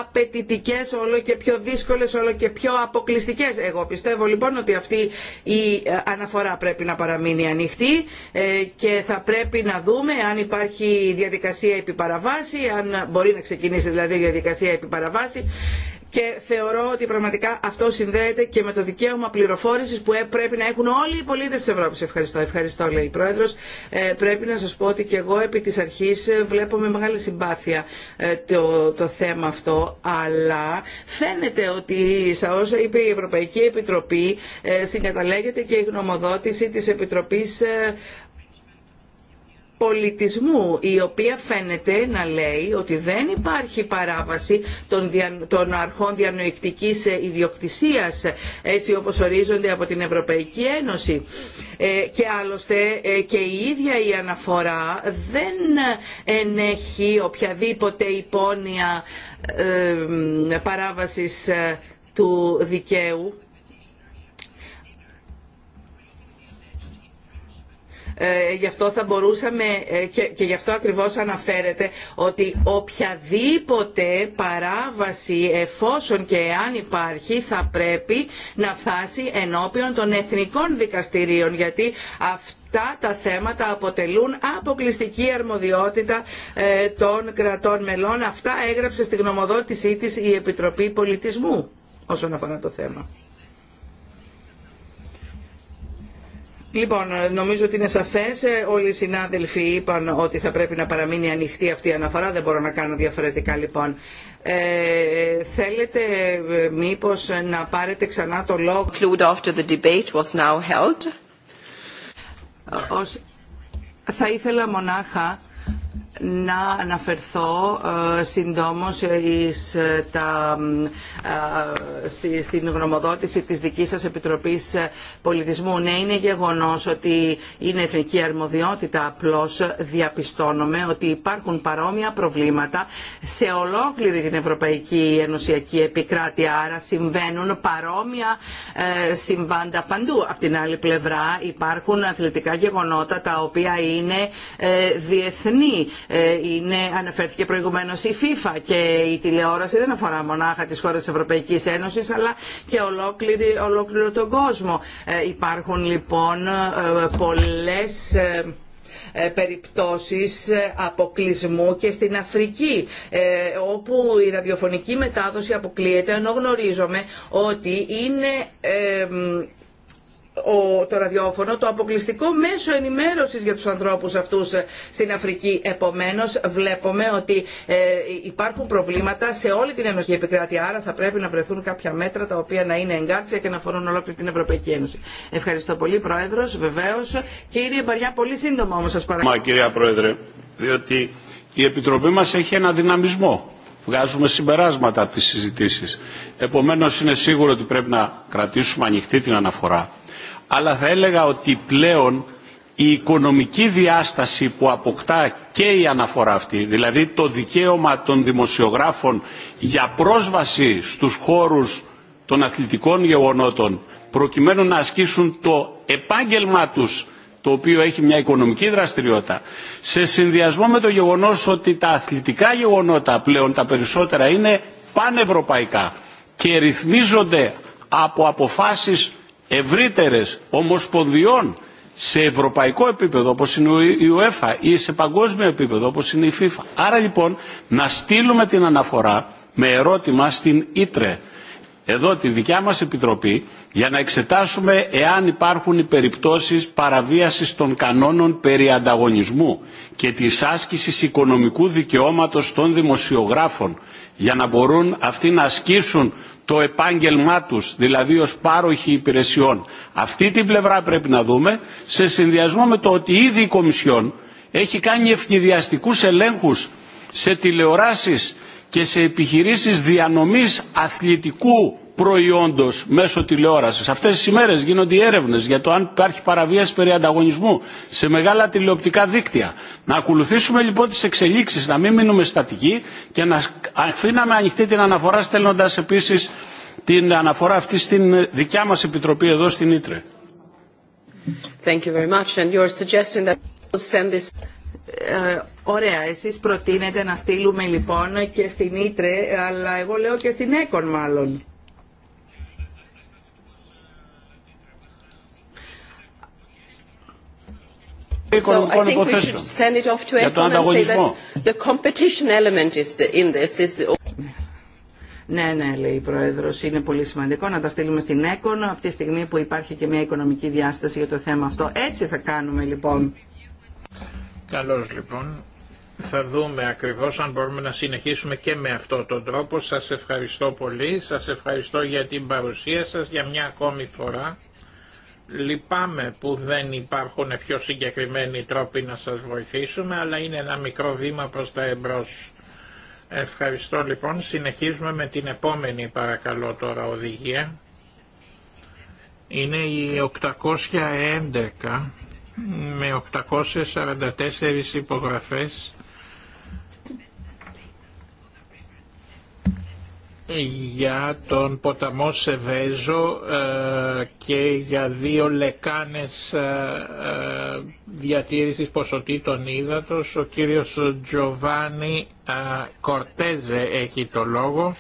απαιτητικέ, όλο και πιο δύσκολες, όλο και πιο αποκλειστικές. Εγώ πιστεύω λοιπόν ότι αυτή η αναφορά πρέπει να παραμείνει ανοιχτή ε, και θα πρέπει να δούμε αν υπάρχει διαδικασία επιπαραβάση, αν μπορεί να ξεκινήσει δηλαδή διαδικασία επιπαραβάση και θεωρώ ότι πραγματικά αυτό συνδέεται και με το δικαίωμα πληροφόρηση που ε- πρέπει να έχουν όλοι οι πολίτες τη Ευρώπη. Ευχαριστώ, ευχαριστώ λέει η Πρόεδρο. Ε, πρέπει να σας πω ότι και εγώ επί της αρχής ε, βλέπω με μεγάλη συμπάθεια το, το θέμα αυτό, αλλά φαίνεται ότι σε όσα είπε η Ευρωπαϊκή Επιτροπή συγκαταλέγεται και η γνωμοδότηση της Επιτροπής πολιτισμού η οποία φαίνεται να λέει ότι δεν υπάρχει παράβαση των, αρχών διανοητικής ιδιοκτησίας έτσι όπως ορίζονται από την Ευρωπαϊκή Ένωση ε, και άλλωστε ε, και η ίδια η αναφορά δεν ενέχει οποιαδήποτε υπόνοια ε, παράβασης ε, του δικαίου Ε, γι' αυτό θα μπορούσαμε ε, και, γι' αυτό ακριβώς αναφέρεται ότι οποιαδήποτε παράβαση εφόσον και εάν υπάρχει θα πρέπει να φτάσει ενώπιον των εθνικών δικαστηρίων γιατί αυτά τα θέματα αποτελούν αποκλειστική αρμοδιότητα ε, των κρατών μελών. Αυτά έγραψε στη γνωμοδότησή της η Επιτροπή Πολιτισμού όσον αφορά το θέμα. Λοιπόν, νομίζω ότι είναι σαφέ. Ε, όλοι οι συνάδελφοι είπαν ότι θα πρέπει να παραμείνει ανοιχτή αυτή η αναφορά. Δεν μπορώ να κάνω διαφορετικά λοιπόν. Ε, θέλετε ε, μήπως να πάρετε ξανά το λόγο. Θα ήθελα μονάχα να αναφερθώ ε, συντόμως ε, ε, στην γνωμοδότηση της δικής σας Επιτροπής Πολιτισμού. Ναι, είναι γεγονός ότι είναι εθνική αρμοδιότητα, απλώς διαπιστώνουμε ότι υπάρχουν παρόμοια προβλήματα σε ολόκληρη την Ευρωπαϊκή Ενωσιακή Επικράτεια, άρα συμβαίνουν παρόμοια συμβάντα παντού. Απ' την άλλη πλευρά υπάρχουν αθλητικά γεγονότα τα οποία είναι διεθνή ε, είναι, αναφέρθηκε προηγουμένως η FIFA και η τηλεόραση δεν αφορά μονάχα τι χώρες τη Ευρωπαϊκής Ένωσης αλλά και ολόκληρο τον κόσμο. Ε, υπάρχουν λοιπόν ε, πολλές περιπτώσεις αποκλεισμού και στην Αφρική όπου η ραδιοφωνική μετάδοση αποκλείεται ενώ γνωρίζομαι ότι είναι ο, το ραδιόφωνο το αποκλειστικό μέσο ενημέρωσης για τους ανθρώπους αυτούς στην Αφρική. Επομένως βλέπουμε ότι ε, υπάρχουν προβλήματα σε όλη την ενοχή Επικράτεια, άρα θα πρέπει να βρεθούν κάποια μέτρα τα οποία να είναι εγκάτσια και να αφορούν ολόκληρη την Ευρωπαϊκή Ένωση. Ευχαριστώ πολύ Πρόεδρος, βεβαίως. Κύριε Μπαριά, πολύ σύντομα όμως σας παρακαλώ. Μα κυρία Πρόεδρε, διότι η Επιτροπή μας έχει ένα δυναμισμό. Βγάζουμε συμπεράσματα από τις συζητήσεις. Επομένως είναι σίγουρο ότι πρέπει να κρατήσουμε ανοιχτή την αναφορά αλλά θα έλεγα ότι πλέον η οικονομική διάσταση που αποκτά και η αναφορά αυτή, δηλαδή το δικαίωμα των δημοσιογράφων για πρόσβαση στους χώρους των αθλητικών γεγονότων, προκειμένου να ασκήσουν το επάγγελμά τους, το οποίο έχει μια οικονομική δραστηριότητα, σε συνδυασμό με το γεγονός ότι τα αθλητικά γεγονότα πλέον τα περισσότερα είναι πανευρωπαϊκά και ρυθμίζονται από αποφάσεις ευρύτερες ομοσπονδιών σε ευρωπαϊκό επίπεδο όπως είναι η UEFA ή σε παγκόσμιο επίπεδο όπως είναι η FIFA. Άρα λοιπόν να στείλουμε την αναφορά με ερώτημα στην Ήτρε εδώ τη δικιά μας Επιτροπή για να εξετάσουμε εάν υπάρχουν οι περιπτώσεις παραβίασης των κανόνων περί ανταγωνισμού και της άσκησης οικονομικού δικαιώματος των δημοσιογράφων για να μπορούν αυτοί να ασκήσουν το επάγγελμά τους, δηλαδή ως πάροχοι υπηρεσιών. Αυτή την πλευρά πρέπει να δούμε σε συνδυασμό με το ότι ήδη η Κομισιόν έχει κάνει ευκαιριαστικού ελέγχους σε τηλεοράσεις και σε επιχειρήσεις διανομής αθλητικού προϊόντος μέσω τηλεόρασης. Αυτές τις ημέρες γίνονται οι έρευνες για το αν υπάρχει παραβίαση περί ανταγωνισμού σε μεγάλα τηλεοπτικά δίκτυα. Να ακολουθήσουμε λοιπόν τις εξελίξεις, να μην μείνουμε στατικοί και να αφήναμε ανοιχτή την αναφορά στέλνοντας επίσης την αναφορά αυτή στην δικιά μας Επιτροπή εδώ στην Ήτρε. Ε, ωραία, εσείς προτείνετε να στείλουμε λοιπόν και στην Ήτρε, αλλά εγώ λέω και στην Έκον μάλλον. ναι, ναι, λέει η Πρόεδρο, είναι πολύ σημαντικό να τα στείλουμε στην ΕΚΟΝ από τη στιγμή που υπάρχει και μια οικονομική διάσταση για το θέμα αυτό. Έτσι θα κάνουμε λοιπόν. Καλώς λοιπόν. Θα δούμε ακριβώς αν μπορούμε να συνεχίσουμε και με αυτό τον τρόπο. Σας ευχαριστώ πολύ. Σας ευχαριστώ για την παρουσία σας για μια ακόμη φορά. Λυπάμαι που δεν υπάρχουν πιο συγκεκριμένοι τρόποι να σας βοηθήσουμε, αλλά είναι ένα μικρό βήμα προς τα εμπρός. Ευχαριστώ λοιπόν. Συνεχίζουμε με την επόμενη παρακαλώ τώρα οδηγία. Είναι η 811 με 844 υπογραφές για τον ποταμό Σεβέζο ε, και για δύο λεκάνες ε, ε, διατήρησης ποσοτήτων ύδατος. Ο κύριος Τζοβάνι Κορτέζε έχει το λόγο.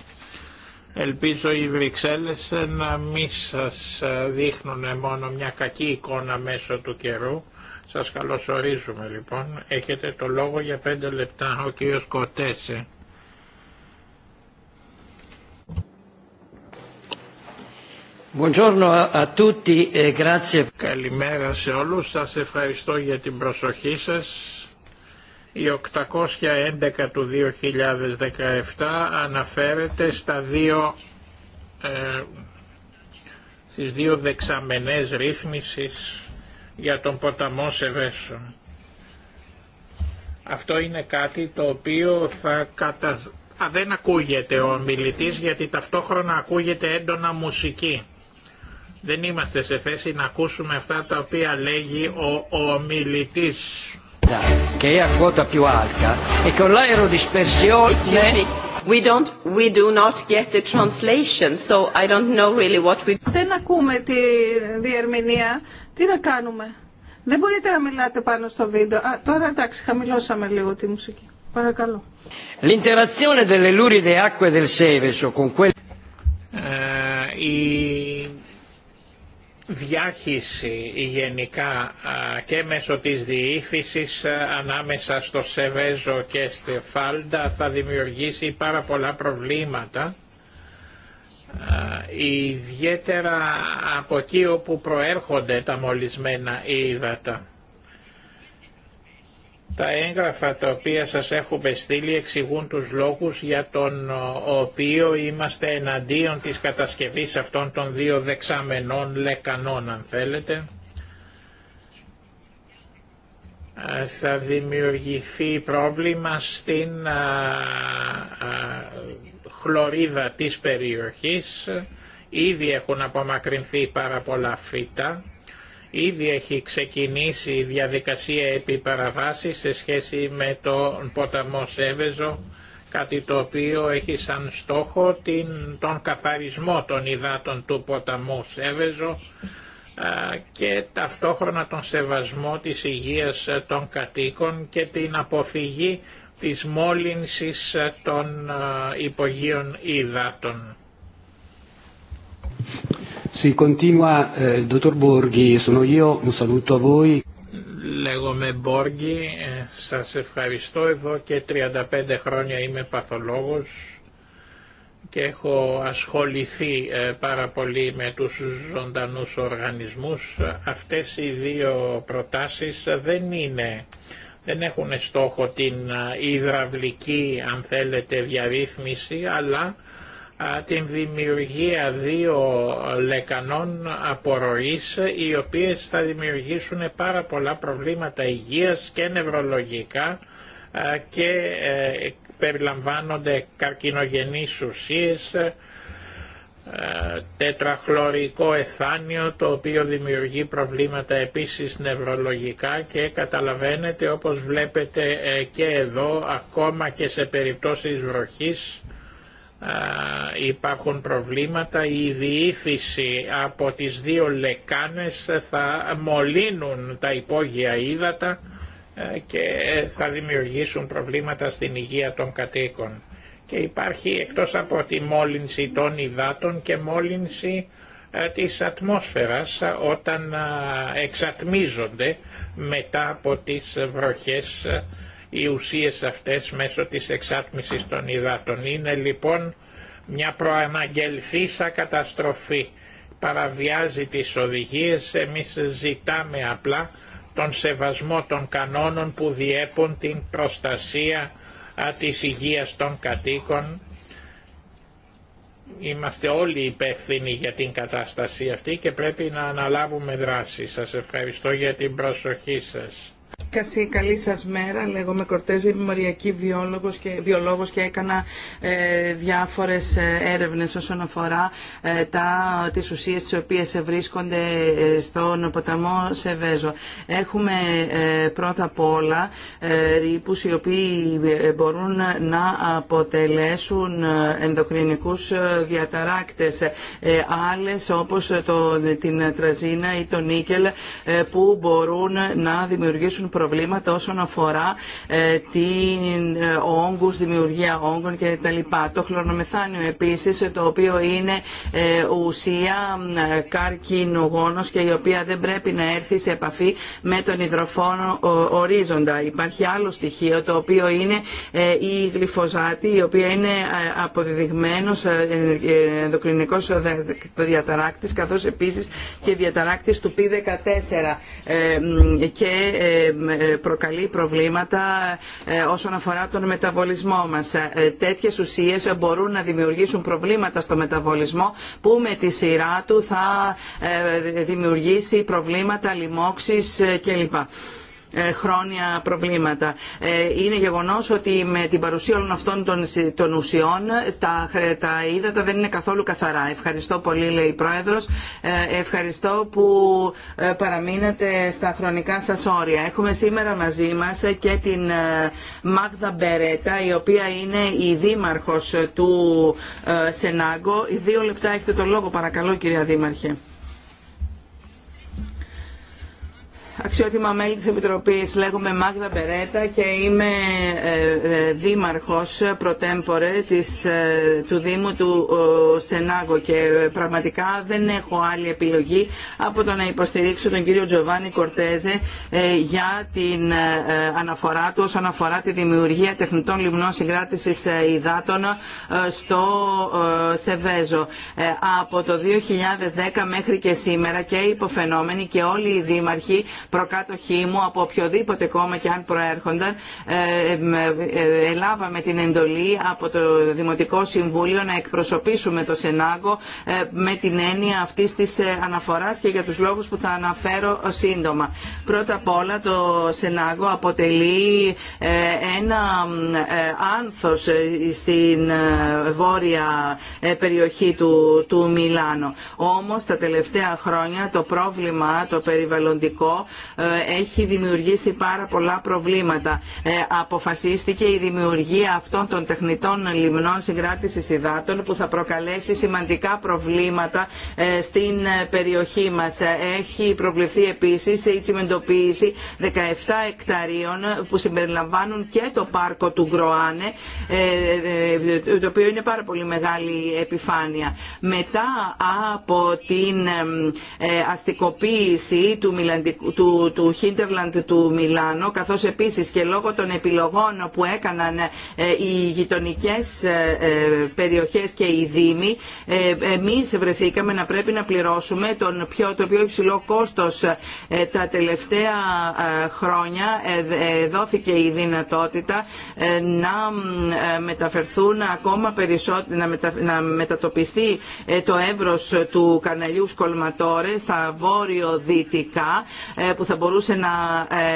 Ελπίζω οι Βρυξέλλες να μην σας ε, δείχνουν μόνο μια κακή εικόνα μέσω του καιρού. Σας καλωσορίζουμε λοιπόν. Έχετε το λόγο για πέντε λεπτά ο κύριος Κοτέσε. E Καλημέρα σε όλους. Σας ευχαριστώ για την προσοχή σας. Η 811 του 2017 αναφέρεται στα δύο, ε, στις δύο δεξαμενές ρύθμισης για τον ποταμό Σεβέσον. Αυτό είναι κάτι το οποίο θα κατα... δεν ακούγεται ο μιλητής γιατί ταυτόχρονα ακούγεται έντονα μουσική. Δεν είμαστε σε θέση να ακούσουμε αυτά τα οποία λέγει ο, ομιλητής che è a quota più alta e con l'aerodispersione We don't, we do not get the translation, so I don't know really what we. Δεν ακούμε τη διερμηνία. Τι να κάνουμε; Δεν μπορείτε να μιλάτε πάνω στο βίντεο. Α, τώρα εντάξει, χαμηλώσαμε λίγο τη μουσική. Παρακαλώ. L'interazione delle luride acque del Seveso con quelle. i διάχυση γενικά και μέσω της διήθησης ανάμεσα στο Σεβέζο και στη Φάλντα θα δημιουργήσει πάρα πολλά προβλήματα ιδιαίτερα από εκεί όπου προέρχονται τα μολυσμένα ύδατα. Τα έγγραφα τα οποία σας έχουμε στείλει εξηγούν τους λόγους για τον οποίο είμαστε εναντίον της κατασκευής αυτών των δύο δεξαμενών λεκανών αν θέλετε. Ε, θα δημιουργηθεί πρόβλημα στην χλωρίδα της περιοχής. Ήδη έχουν απομακρυνθεί πάρα πολλά φύτα Ήδη έχει ξεκινήσει η διαδικασία επί σε σχέση με τον ποταμό Σέβεζο, κάτι το οποίο έχει σαν στόχο την, τον καθαρισμό των υδάτων του ποταμού Σέβεζο και ταυτόχρονα τον σεβασμό της υγείας των κατοίκων και την αποφυγή της μόλυνσης των υπογείων υδάτων. Sì, continua il eh, dottor Borghi, sono io, un saluto a voi. Λέγομαι Μπόργη, ε, σας ευχαριστώ εδώ και 35 χρόνια είμαι παθολόγος και έχω ασχοληθεί ε, πάρα πολύ με τους ζωντανούς οργανισμούς. Αυτές οι δύο προτάσεις δεν είναι, δεν έχουν στόχο την ε, υδραυλική αν θέλετε διαρρύθμιση αλλά την δημιουργία δύο λεκανών απορροής οι οποίες θα δημιουργήσουν πάρα πολλά προβλήματα υγείας και νευρολογικά και ε, περιλαμβάνονται καρκινογενείς ουσίες, τετραχλωρικό εθάνιο το οποίο δημιουργεί προβλήματα επίσης νευρολογικά και καταλαβαίνετε όπως βλέπετε ε, και εδώ ακόμα και σε περιπτώσεις βροχής υπάρχουν προβλήματα, η διήθηση από τις δύο λεκάνες θα μολύνουν τα υπόγεια ύδατα ε, και θα δημιουργήσουν προβλήματα στην υγεία των κατοίκων. Και υπάρχει εκτός από τη μόλυνση των υδάτων και μόλυνση ε, της ατμόσφαιρας ε, όταν εξατμίζονται μετά από τις βροχές οι ουσίες αυτές μέσω της εξάτμισης των υδάτων. Είναι λοιπόν μια προαναγγελθήσα καταστροφή. Παραβιάζει τις οδηγίες, εμείς ζητάμε απλά τον σεβασμό των κανόνων που διέπουν την προστασία της υγείας των κατοίκων. Είμαστε όλοι υπεύθυνοι για την κατάσταση αυτή και πρέπει να αναλάβουμε δράση. Σας ευχαριστώ για την προσοχή σας. Καλή σας μέρα. Λέγομαι Κορτέζη, είμαι μοριακή βιολόγος και, βιολόγος και έκανα ε, διάφορες ε, έρευνες όσον αφορά ε, τα, τις ουσίες τις οποίες βρίσκονται ε, στον ποταμό Σεβέζο. Έχουμε πρώτα απ' όλα ε, οι οποίοι μπορούν να αποτελέσουν ενδοκρινικούς διαταράκτες. άλλες όπως το, την τραζίνα ή το νίκελ που μπορούν να δημιουργήσουν προβλήματα όσον αφορά ε, την ε, όγκους, δημιουργία όγκων κτλ. Το χλωρομεθάνιο επίσης, το οποίο είναι ε, ουσία καρκινογόνος και η οποία δεν πρέπει να έρθει σε επαφή με τον υδροφόνο ορίζοντα. Υπάρχει άλλο στοιχείο το οποίο είναι η γλυφοζάτη, η οποία είναι αποδεδειγμένος ενδοκρινικός διαταράκτης καθώς επίσης και διαταράκτης του P14 και προκαλεί προβλήματα ε, όσον αφορά τον μεταβολισμό μας. Ε, τέτοιες ουσίες μπορούν να δημιουργήσουν προβλήματα στο μεταβολισμό που με τη σειρά του θα ε, δημιουργήσει προβλήματα λοιμώξει κλπ. Ε, χρόνια προβλήματα. Ε, είναι γεγονός ότι με την παρουσία όλων αυτών των ουσιών τα, τα ύδατα δεν είναι καθόλου καθαρά. Ευχαριστώ πολύ λέει η Πρόεδρος. Ε, ευχαριστώ που παραμείνετε στα χρονικά σας όρια. Έχουμε σήμερα μαζί μας και την Μάγδα Μπερέτα η οποία είναι η Δήμαρχος του Σενάγκο. Δύο λεπτά έχετε το λόγο παρακαλώ κυρία Δήμαρχε. Αξιότιμα μέλη της Επιτροπής, λέγομαι Μάγδα Μπερέτα και είμαι ε, ε, δήμαρχος προτέμπορε της, ε, του Δήμου του Σενάγκο και πραγματικά δεν έχω άλλη επιλογή από το να υποστηρίξω τον κύριο Τζοβάνι Κορτέζε για την αναφορά του όσον αφορά τη δημιουργία τεχνητών λιμνών συγκράτησης υδάτων στο Σεβέζο. Από το 2010 μέχρι και σήμερα και οι υποφαινόμενοι και όλοι οι δήμαρχοι προκάτοχή μου από οποιοδήποτε κόμμα και αν προέρχονταν ε, ε, ελάβαμε την εντολή από το Δημοτικό Συμβούλιο να εκπροσωπήσουμε το Σενάγκο ε, με την έννοια αυτής της αναφοράς και για τους λόγους που θα αναφέρω σύντομα. Πρώτα απ' όλα το Σενάγκο αποτελεί ένα άνθος στην βόρεια περιοχή του, του Μιλάνο. Όμως τα τελευταία χρόνια το πρόβλημα το περιβαλλοντικό ε, έχει δημιουργήσει πάρα πολλά προβλήματα. Ε, αποφασίστηκε η δημιουργία αυτών των τεχνητών λιμνών συγκράτησης υδάτων που θα προκαλέσει σημαντικά προβλήματα ε, στην περιοχή μας. Έχει προβληθεί επίσης η τσιμεντοποίηση 17 εκταρίων που συμπεριλαμβάνουν και το πάρκο του Γκροάνε το οποίο είναι πάρα πολύ μεγάλη επιφάνεια. Μετά από την αστικοποίηση του του, του Χίντερλαντ του Μιλάνο καθώς επίσης και λόγω των επιλογών που έκαναν ε, οι γειτονικέ ε, ε, περιοχές και οι δήμοι εμείς βρεθήκαμε να πρέπει να πληρώσουμε τον πιο, το πιο υψηλό κόστος τα τελευταία χρόνια δόθηκε η δυνατότητα να μεταφερθούν ακόμα περισσότερο να, μετα, μετατοπιστεί το εύρος του καναλιού Σκολματόρες στα βόρειο-δυτικά που θα μπορούσε να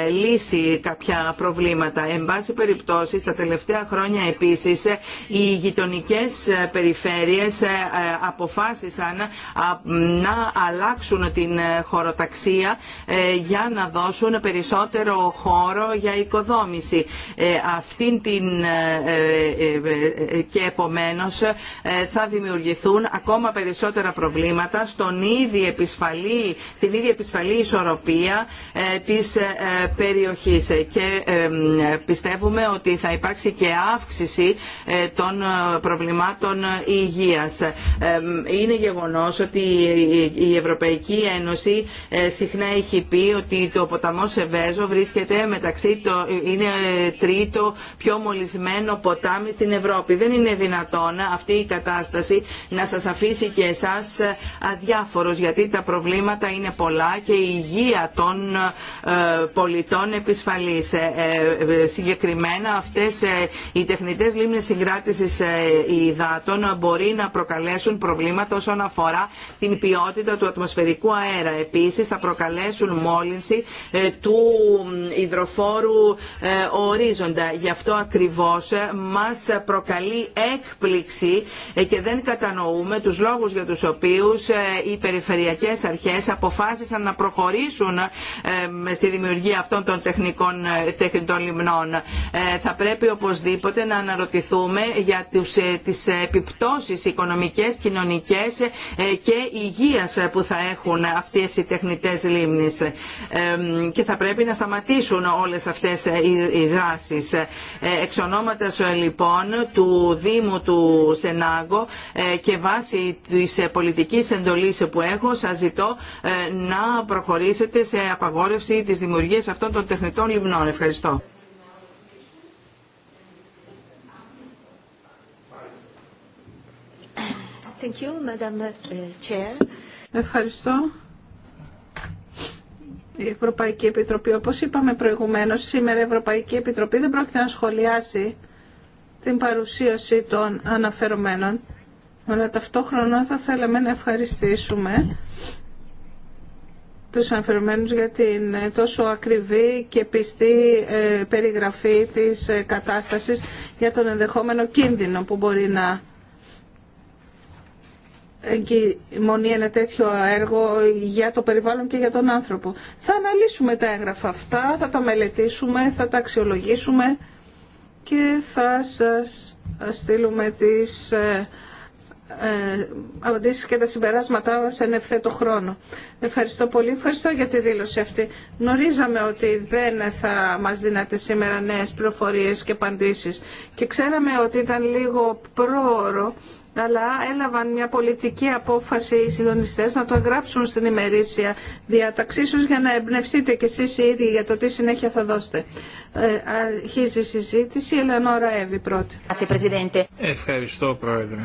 ε, λύσει κάποια προβλήματα. Εν πάση περιπτώσει, τα τελευταία χρόνια επίσης ε, οι γειτονικέ ε, περιφέρειες αποφάσισαν να αλλάξουν την χωροταξία για να δώσουν περισσότερο χώρο για οικοδόμηση. Αυτήν την και επομένως θα δημιουργηθούν ακόμα περισσότερα προβλήματα στον ήδη επισφαλή, στην ίδια επισφαλή ισορροπία ε, της ε, περιοχής και ε, πιστεύουμε ότι θα υπάρξει και αύξηση των προβλημάτων υγείας. Είναι γεγονός ότι η Ευρωπαϊκή Ένωση συχνά έχει πει ότι το ποταμό Σεβέζο βρίσκεται μεταξύ το, είναι τρίτο πιο μολυσμένο ποτάμι στην Ευρώπη. Δεν είναι δυνατόν αυτή η κατάσταση να σας αφήσει και εσάς αδιάφορος γιατί τα προβλήματα είναι πολλά και η υγεία των ε, πολιτών επισφαλής. Ε, ε, συγκεκριμένα αυτές οι τεχνητές λίμνες συγκράτησης υδάτων μπορεί να προκαλέσουν προβλήματα όσον αφορά την ποιότητα του ατμοσφαιρικού αέρα. Επίσης θα προκαλέσουν μόλυνση του υδροφόρου ορίζοντα. Γι' αυτό ακριβώς μας προκαλεί έκπληξη και δεν κατανοούμε τους λόγους για τους οποίους οι περιφερειακές αρχές αποφάσισαν να προχωρήσουν στη δημιουργία αυτών των τεχνικών ε, των λιμνών. Ε, θα πρέπει οπωσδήποτε να αναρωτηθούμε για τι ε, τις επιπτώσεις οικονομικές, κοινωνικές και υγείας που θα έχουν αυτές οι τεχνητές λίμνες. Και θα πρέπει να σταματήσουν όλες αυτές οι δράσεις. Εξ ονόματος, λοιπόν του Δήμου του Σενάγκο και βάσει της πολιτικής εντολής που έχω σας ζητώ να προχωρήσετε σε απαγόρευση της δημιουργίας αυτών των τεχνητών λιμνών. Ευχαριστώ. Uh, Ευχαριστώ. Η Ευρωπαϊκή Επιτροπή, όπως είπαμε προηγουμένως, σήμερα η Ευρωπαϊκή Επιτροπή δεν πρόκειται να σχολιάσει την παρουσίαση των αναφερομένων, αλλά ταυτόχρονα θα θέλαμε να ευχαριστήσουμε τους αναφερομένους για την ε, τόσο ακριβή και πιστή ε, περιγραφή της ε, κατάστασης για τον ενδεχόμενο κίνδυνο που μπορεί να εγκυμονεί ένα τέτοιο έργο για το περιβάλλον και για τον άνθρωπο. Θα αναλύσουμε τα έγγραφα αυτά, θα τα μελετήσουμε, θα τα αξιολογήσουμε και θα σας στείλουμε τις ε, απαντήσεις και τα συμπεράσματά μας εν ευθέτω χρόνο. Ευχαριστώ πολύ. Ευχαριστώ για τη δήλωση αυτή. Γνωρίζαμε ότι δεν θα μας δίνατε σήμερα νέες πληροφορίε και απαντήσεις και ξέραμε ότι ήταν λίγο πρόωρο αλλά έλαβαν μια πολιτική απόφαση οι συντονιστέ να το εγγράψουν στην ημερήσια διάταξή σου για να εμπνευστείτε κι εσεί οι ίδιοι για το τι συνέχεια θα δώσετε. Ε, αρχίζει η συζήτηση. Ελενόρα Εύη πρώτη. Ευχαριστώ, Πρόεδρε.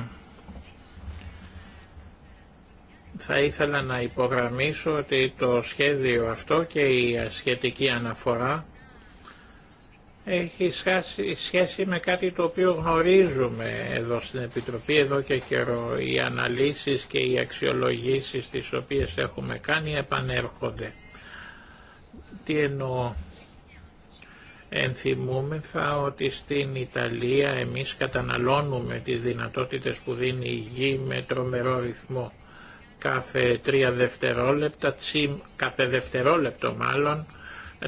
Θα ήθελα να υπογραμμίσω ότι το σχέδιο αυτό και η σχετική αναφορά έχει σχέση με κάτι το οποίο γνωρίζουμε εδώ στην Επιτροπή εδώ και καιρό. Οι αναλύσεις και οι αξιολογήσεις τις οποίες έχουμε κάνει επανέρχονται. Τι εννοώ. Ενθυμούμεθα ότι στην Ιταλία εμείς καταναλώνουμε τις δυνατότητες που δίνει η γη με τρομερό ρυθμό κάθε τρία δευτερόλεπτα, κάθε δευτερόλεπτο μάλλον,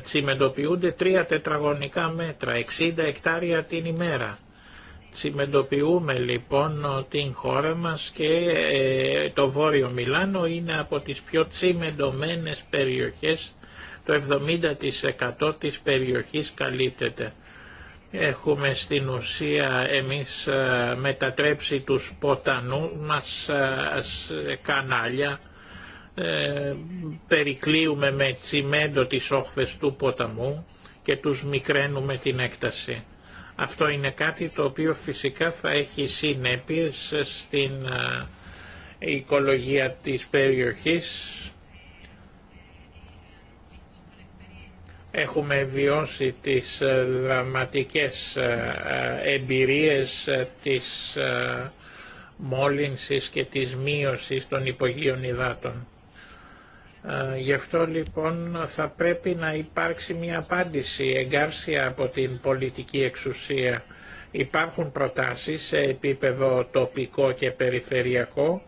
τσιμεντοποιούνται τρία τετραγωνικά μέτρα, 60 εκτάρια την ημέρα. Τσιμεντοποιούμε λοιπόν την χώρα μας και ε, το Βόρειο Μιλάνο είναι από τις πιο τσιμεντομένες περιοχές, το 70% της περιοχής καλύπτεται. Έχουμε στην ουσία εμείς ε, μετατρέψει τους ποτανού μας σε κανάλια. Ε, περικλείουμε με τσιμέντο τις όχθες του ποταμού και τους μικραίνουμε την έκταση. Αυτό είναι κάτι το οποίο φυσικά θα έχει συνέπειες στην ε, οικολογία της περιοχής Έχουμε βιώσει τις ε, δραματικές ε, ε, εμπειρίες της μόλυνσης και της μείωσης των υπογείων υδάτων. Γι' αυτό λοιπόν θα πρέπει να υπάρξει μια απάντηση εγκάρσια από την πολιτική εξουσία. Υπάρχουν προτάσεις σε επίπεδο τοπικό και περιφερειακό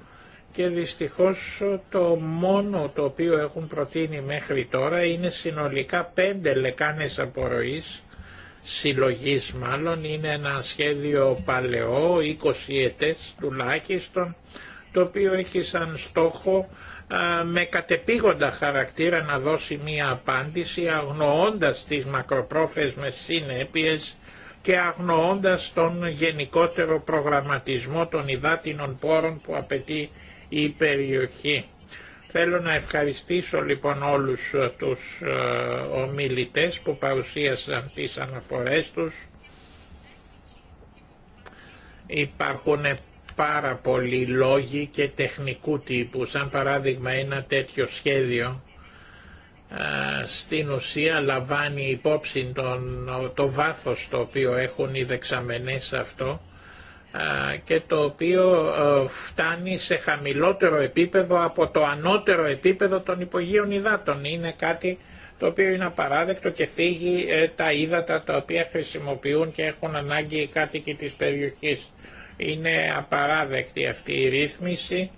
και δυστυχώς το μόνο το οποίο έχουν προτείνει μέχρι τώρα είναι συνολικά πέντε λεκάνες απορροής, συλλογής μάλλον, είναι ένα σχέδιο παλαιό, 20 ετές τουλάχιστον, το οποίο έχει σαν στόχο με κατεπήγοντα χαρακτήρα να δώσει μία απάντηση αγνοώντας τις μακροπρόθεσμες συνέπειες και αγνοώντας τον γενικότερο προγραμματισμό των υδάτινων πόρων που απαιτεί η περιοχή. Θέλω να ευχαριστήσω λοιπόν όλους ε, τους ε, ομιλητές που παρουσίασαν τις αναφορές τους. Υπάρχουν πάρα πολλοί λόγοι και τεχνικού τύπου, σαν παράδειγμα ένα τέτοιο σχέδιο ε, στην ουσία λαμβάνει υπόψη τον, το βάθος το οποίο έχουν οι δεξαμενές αυτό και το οποίο ε, φτάνει σε χαμηλότερο επίπεδο από το ανώτερο επίπεδο των υπογείων υδάτων. Είναι κάτι το οποίο είναι απαράδεκτο και φύγει ε, τα ύδατα τα οποία χρησιμοποιούν και έχουν ανάγκη οι κάτοικοι της περιοχής. Είναι απαράδεκτη αυτή η ρύθμιση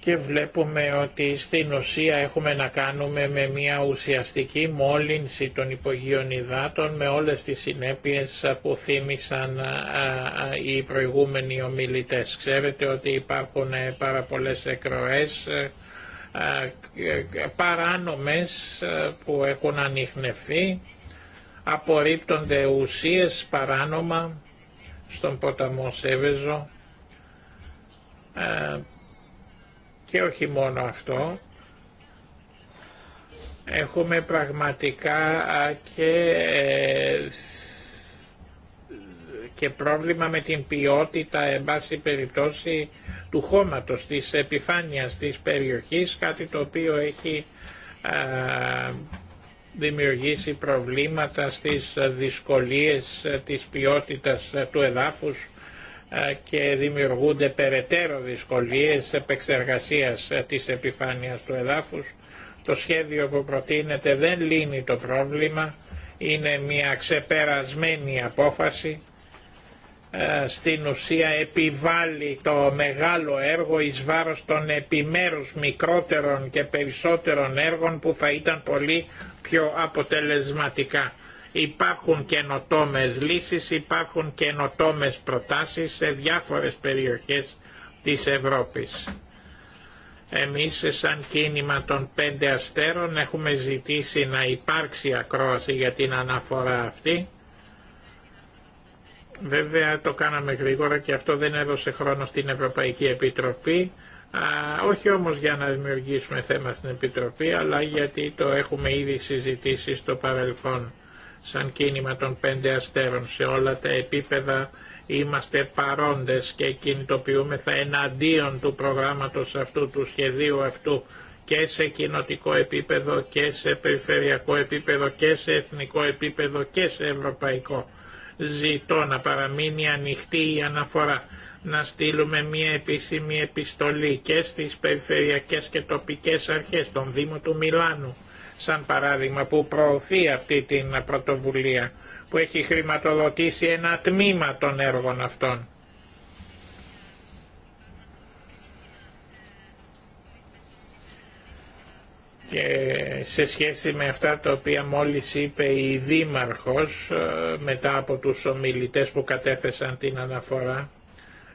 και βλέπουμε ότι στην ουσία έχουμε να κάνουμε με μια ουσιαστική μόλυνση των υπογείων υδάτων με όλες τις συνέπειες που θύμισαν οι προηγούμενοι ομιλητές. Ξέρετε ότι υπάρχουν ε, πάρα πολλές εκροές ε, ε, παράνομες που έχουν ανοιχνευθεί, απορρίπτονται ουσίες παράνομα στον ποταμό Σέβεζο και όχι μόνο αυτό, έχουμε πραγματικά και, ε, και πρόβλημα με την ποιότητα, εν πάση περιπτώσει, του χώματος, της επιφάνειας της περιοχής, κάτι το οποίο έχει δημιουργήσει προβλήματα στις ε, δυσκολίες ε, της ποιότητας του εδάφους και δημιουργούνται περαιτέρω δυσκολίες επεξεργασίας ε, της επιφάνειας του εδάφους. Το σχέδιο που προτείνεται δεν λύνει το πρόβλημα, είναι μια ξεπερασμένη απόφαση. Στην ουσία επιβάλλει το μεγάλο έργο εις βάρος των επιμέρους μικρότερων και περισσότερων έργων που θα ήταν πολύ πιο αποτελεσματικά. Υπάρχουν καινοτόμε λύσεις, υπάρχουν καινοτόμε προτάσεις σε διάφορες περιοχές της Ευρώπης. Εμείς σαν κίνημα των πέντε αστέρων έχουμε ζητήσει να υπάρξει ακρόαση για την αναφορά αυτή. Βέβαια το κάναμε γρήγορα και αυτό δεν έδωσε χρόνο στην Ευρωπαϊκή Επιτροπή. όχι όμως για να δημιουργήσουμε θέμα στην Επιτροπή, αλλά γιατί το έχουμε ήδη συζητήσει στο παρελθόν σαν κίνημα των πέντε αστέρων σε όλα τα επίπεδα είμαστε παρόντες και κινητοποιούμεθα εναντίον του προγράμματος αυτού, του σχεδίου αυτού και σε κοινοτικό επίπεδο και σε περιφερειακό επίπεδο και σε εθνικό επίπεδο και σε ευρωπαϊκό. Ζητώ να παραμείνει ανοιχτή η αναφορά, να στείλουμε μια επίσημη επιστολή και στις περιφερειακές και τοπικές αρχές, των Δήμο του Μιλάνου, σαν παράδειγμα που προωθεί αυτή την πρωτοβουλία που έχει χρηματοδοτήσει ένα τμήμα των έργων αυτών. και σε σχέση με αυτά τα οποία μόλις είπε η Δήμαρχος ε, μετά από τους ομιλητές που κατέθεσαν την αναφορά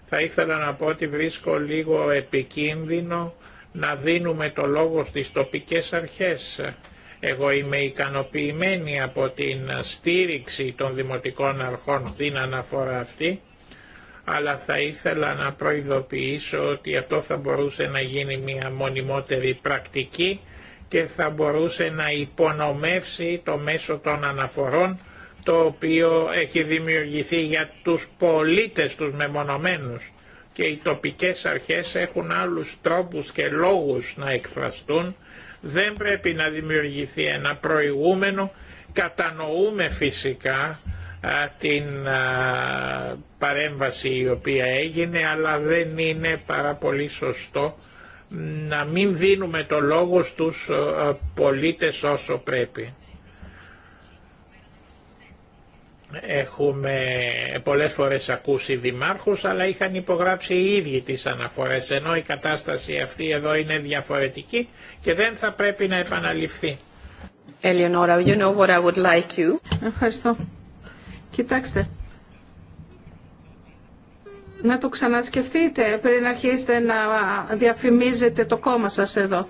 θα ήθελα να πω ότι βρίσκω λίγο επικίνδυνο να δίνουμε το λόγο στις τοπικές αρχές εγώ είμαι ικανοποιημένη από την στήριξη των δημοτικών αρχών στην αναφορά αυτή, αλλά θα ήθελα να προειδοποιήσω ότι αυτό θα μπορούσε να γίνει μια μονιμότερη πρακτική και θα μπορούσε να υπονομεύσει το μέσο των αναφορών το οποίο έχει δημιουργηθεί για τους πολίτες τους μεμονωμένους και οι τοπικές αρχές έχουν άλλους τρόπους και λόγους να εκφραστούν δεν πρέπει να δημιουργηθεί ένα προηγούμενο. Κατανοούμε φυσικά την παρέμβαση η οποία έγινε αλλά δεν είναι πάρα πολύ σωστό να μην δίνουμε το λόγο στους πολίτες όσο πρέπει. Έχουμε πολλές φορές ακούσει δημάρχους, αλλά είχαν υπογράψει οι ίδιοι τις αναφορές, ενώ η κατάσταση αυτή εδώ είναι διαφορετική και δεν θα πρέπει να επαναληφθεί. Eleonora, you know what I would like you. Ευχαριστώ. Κοιτάξτε, να το ξανασκεφτείτε πριν αρχίσετε να διαφημίζετε το κόμμα σας εδώ.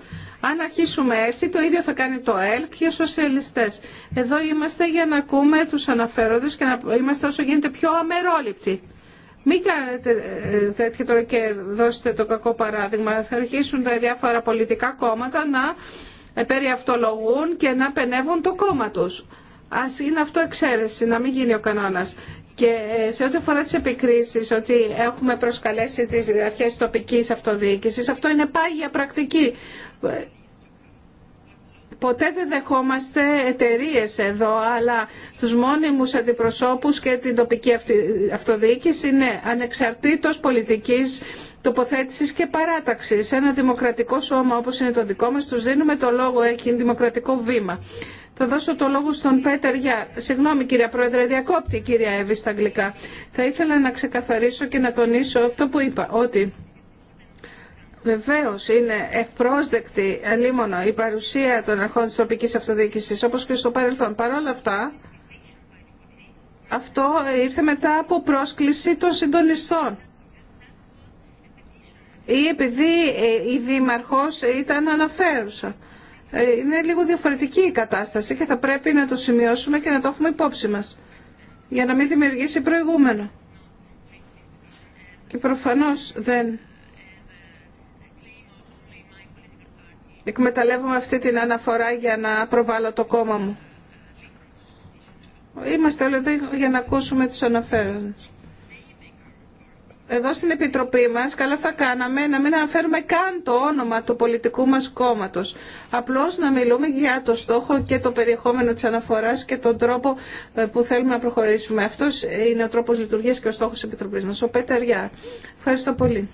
Αν αρχίσουμε έτσι, το ίδιο θα κάνει το ΕΛΚ και οι σοσιαλιστές. Εδώ είμαστε για να ακούμε τους αναφέροντες και να είμαστε όσο γίνεται πιο αμερόληπτοι. Μην κάνετε ε, τέτοια τώρα και δώσετε το κακό παράδειγμα. Θα αρχίσουν τα διάφορα πολιτικά κόμματα να ε, περιαυτολογούν και να πενεύουν το κόμμα τους. Ας είναι αυτό εξαίρεση, να μην γίνει ο κανόνας. Και ε, σε ό,τι αφορά τις επικρίσεις, ότι έχουμε προσκαλέσει τις αρχές τοπικής αυτοδιοίκησης, αυτό είναι πάγια πρακτική. Ποτέ δεν δεχόμαστε εταιρείε εδώ, αλλά τους μόνιμους αντιπροσώπους και την τοπική αυτοδιοίκηση είναι ανεξαρτήτως πολιτικής τοποθέτησης και παράταξης. Ένα δημοκρατικό σώμα όπως είναι το δικό μας, τους δίνουμε το λόγο, έχει δημοκρατικό βήμα. Θα δώσω το λόγο στον Πέτερ για... Συγγνώμη κυρία Πρόεδρε, διακόπτη κυρία Εύη στα αγγλικά. Θα ήθελα να ξεκαθαρίσω και να τονίσω αυτό που είπα, ότι Βεβαίω είναι ευπρόσδεκτη λίμωνο η παρουσία των αρχών της τοπικής αυτοδιοίκησης όπως και στο παρελθόν. Παρ' όλα αυτά, αυτό ήρθε μετά από πρόσκληση των συντονιστών ή επειδή ε, η δήμαρχος ήταν αναφέρουσα. Ε, είναι λίγο διαφορετική η κατάσταση και θα πρέπει να το σημειώσουμε και να το έχουμε υπόψη μας για να μην δημιουργήσει προηγούμενο. Και προφανώς δεν εκμεταλλεύομαι αυτή την αναφορά για να προβάλλω το κόμμα μου. Είμαστε όλοι εδώ για να ακούσουμε τις αναφέροντες. Εδώ στην Επιτροπή μας καλά θα κάναμε να μην αναφέρουμε καν το όνομα του πολιτικού μας κόμματος. Απλώς να μιλούμε για το στόχο και το περιεχόμενο της αναφοράς και τον τρόπο ε, που θέλουμε να προχωρήσουμε. Αυτός είναι ο τρόπος λειτουργίας και ο στόχος της Επιτροπής μας. Ο Πέτερ Γιά. Ευχαριστώ πολύ.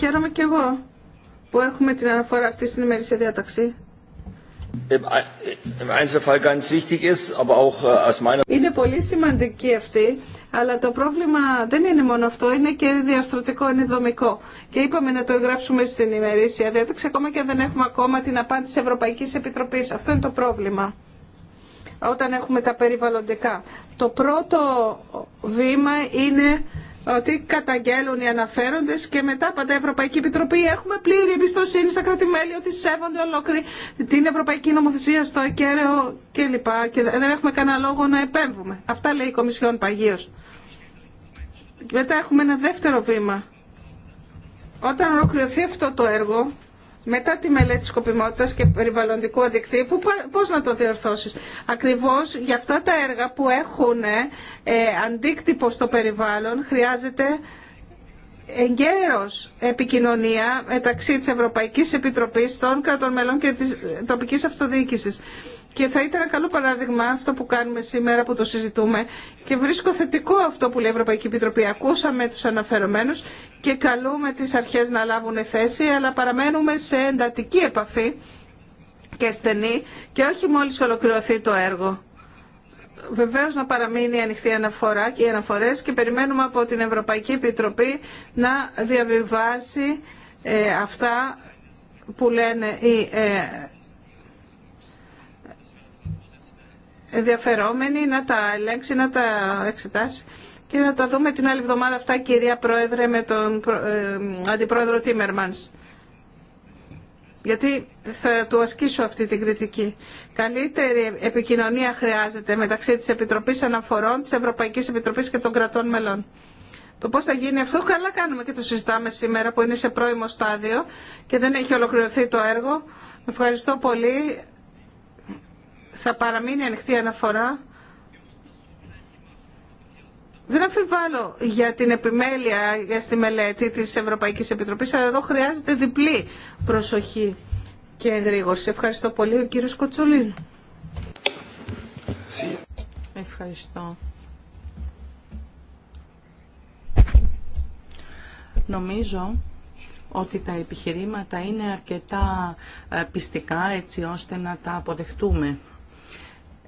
Χαίρομαι και εγώ που έχουμε την αναφορά αυτή στην ημερήσια διάταξη. Äh, είναι πολύ σημαντική αυτή, αλλά το πρόβλημα δεν είναι μόνο αυτό, είναι και διαρθρωτικό, είναι δομικό. Και είπαμε να το εγγράψουμε στην ημερήσια διάταξη, ακόμα και δεν έχουμε ακόμα την απάντηση Ευρωπαϊκής Επιτροπής. Αυτό είναι το πρόβλημα όταν έχουμε τα περιβαλλοντικά. Το πρώτο βήμα είναι ότι καταγγέλουν οι αναφέροντες και μετά πάντα η Ευρωπαϊκή Επιτροπή έχουμε πλήρη εμπιστοσύνη στα κρατημέλη ότι σέβονται ολόκληρη την Ευρωπαϊκή Νομοθεσία στο εκαίρεο κλπ. Και, δεν έχουμε κανένα λόγο να επέμβουμε. Αυτά λέει η Κομισιόν Παγίω. Μετά έχουμε ένα δεύτερο βήμα. Όταν ολοκληρωθεί αυτό το έργο, μετά τη μελέτη σκοπιμότητας και περιβαλλοντικού αντικτύπου, πώς να το διορθώσεις. Ακριβώς για αυτά τα έργα που έχουν ε, αντίκτυπο στο περιβάλλον χρειάζεται εγκαίρως επικοινωνία μεταξύ της Ευρωπαϊκής Επιτροπής των κρατών μελών και της ε, τοπικής αυτοδιοίκησης. Και θα ήταν ένα καλό παράδειγμα αυτό που κάνουμε σήμερα που το συζητούμε και βρίσκω θετικό αυτό που λέει η Ευρωπαϊκή Επιτροπή. Ακούσαμε τους αναφερομένους και καλούμε τις αρχές να λάβουν θέση αλλά παραμένουμε σε εντατική επαφή και στενή και όχι μόλις ολοκληρωθεί το έργο. Βεβαίως να παραμείνει ανοιχτή αναφορά και οι αναφορές και περιμένουμε από την Ευρωπαϊκή Επιτροπή να διαβιβάσει ε, αυτά που λένε οι ε, ενδιαφερόμενοι να τα ελέγξει, να τα εξετάσει και να τα δούμε την άλλη εβδομάδα αυτά κυρία Πρόεδρε με τον ε, Αντιπρόεδρο Τίμερμανς. Γιατί θα του ασκήσω αυτή την κριτική. Καλύτερη επικοινωνία χρειάζεται μεταξύ της Επιτροπής Αναφορών, της Ευρωπαϊκής Επιτροπής και των κρατών μελών. Το πώς θα γίνει αυτό καλά κάνουμε και το συζητάμε σήμερα που είναι σε πρώιμο στάδιο και δεν έχει ολοκληρωθεί το έργο. Ευχαριστώ πολύ θα παραμείνει ανοιχτή αναφορά. Δεν αμφιβάλλω για την επιμέλεια για στη μελέτη της Ευρωπαϊκής Επιτροπής, αλλά εδώ χρειάζεται διπλή προσοχή και εγρήγορση. Ευχαριστώ πολύ, ο κύριος Ευχαριστώ. Νομίζω ότι τα επιχειρήματα είναι αρκετά ε, πιστικά έτσι ώστε να τα αποδεχτούμε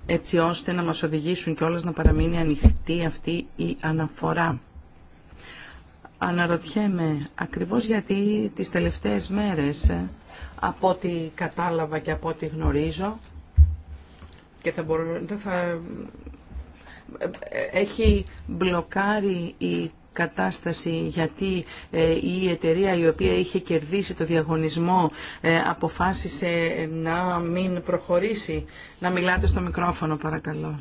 έτσι ώστε να μας οδηγήσουν και όλες να παραμείνει ανοιχτή αυτή η αναφορά. Αναρωτιέμαι ακριβώς γιατί τις τελευταίες μέρες ε, από ό,τι κατάλαβα και από ό,τι γνωρίζω και θα θα ε, ε, έχει μπλοκάρει η κατάσταση γιατί ε, η εταιρεία η οποία είχε κερδίσει το διαγωνισμό ε, αποφάσισε ε, να μην προχωρήσει. Να μιλάτε στο μικρόφωνο παρακαλώ.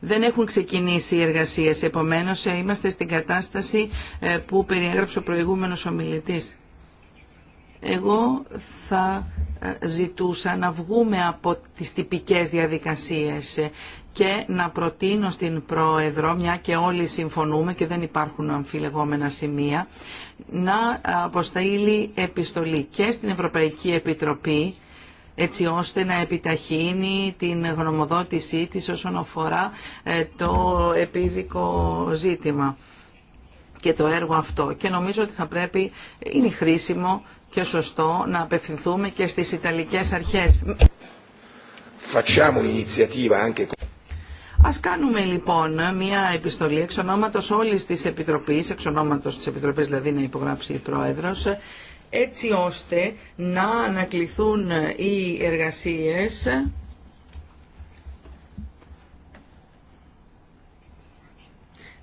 Δεν έχουν ξεκινήσει οι εργασίες, επομένως είμαστε στην κατάσταση που περιέγραψε ο προηγούμενος ομιλητής. Εγώ θα ζητούσα να βγούμε από τις τυπικές διαδικασίες και να προτείνω στην Πρόεδρο, μια και όλοι συμφωνούμε και δεν υπάρχουν αμφιλεγόμενα σημεία, να αποσταείλει επιστολή και στην Ευρωπαϊκή Επιτροπή, έτσι ώστε να επιταχύνει την γνωμοδότησή της όσον αφορά ε, το επίδικο ζήτημα και το έργο αυτό. Και νομίζω ότι θα πρέπει, είναι χρήσιμο και σωστό να απευθυνθούμε και στις Ιταλικές αρχές. Ας κάνουμε λοιπόν μια επιστολή εξ ονόματος όλης της Επιτροπής, εξ ονόματος της Επιτροπής δηλαδή να υπογράψει η Πρόεδρος, έτσι ώστε να ανακληθούν οι εργασίες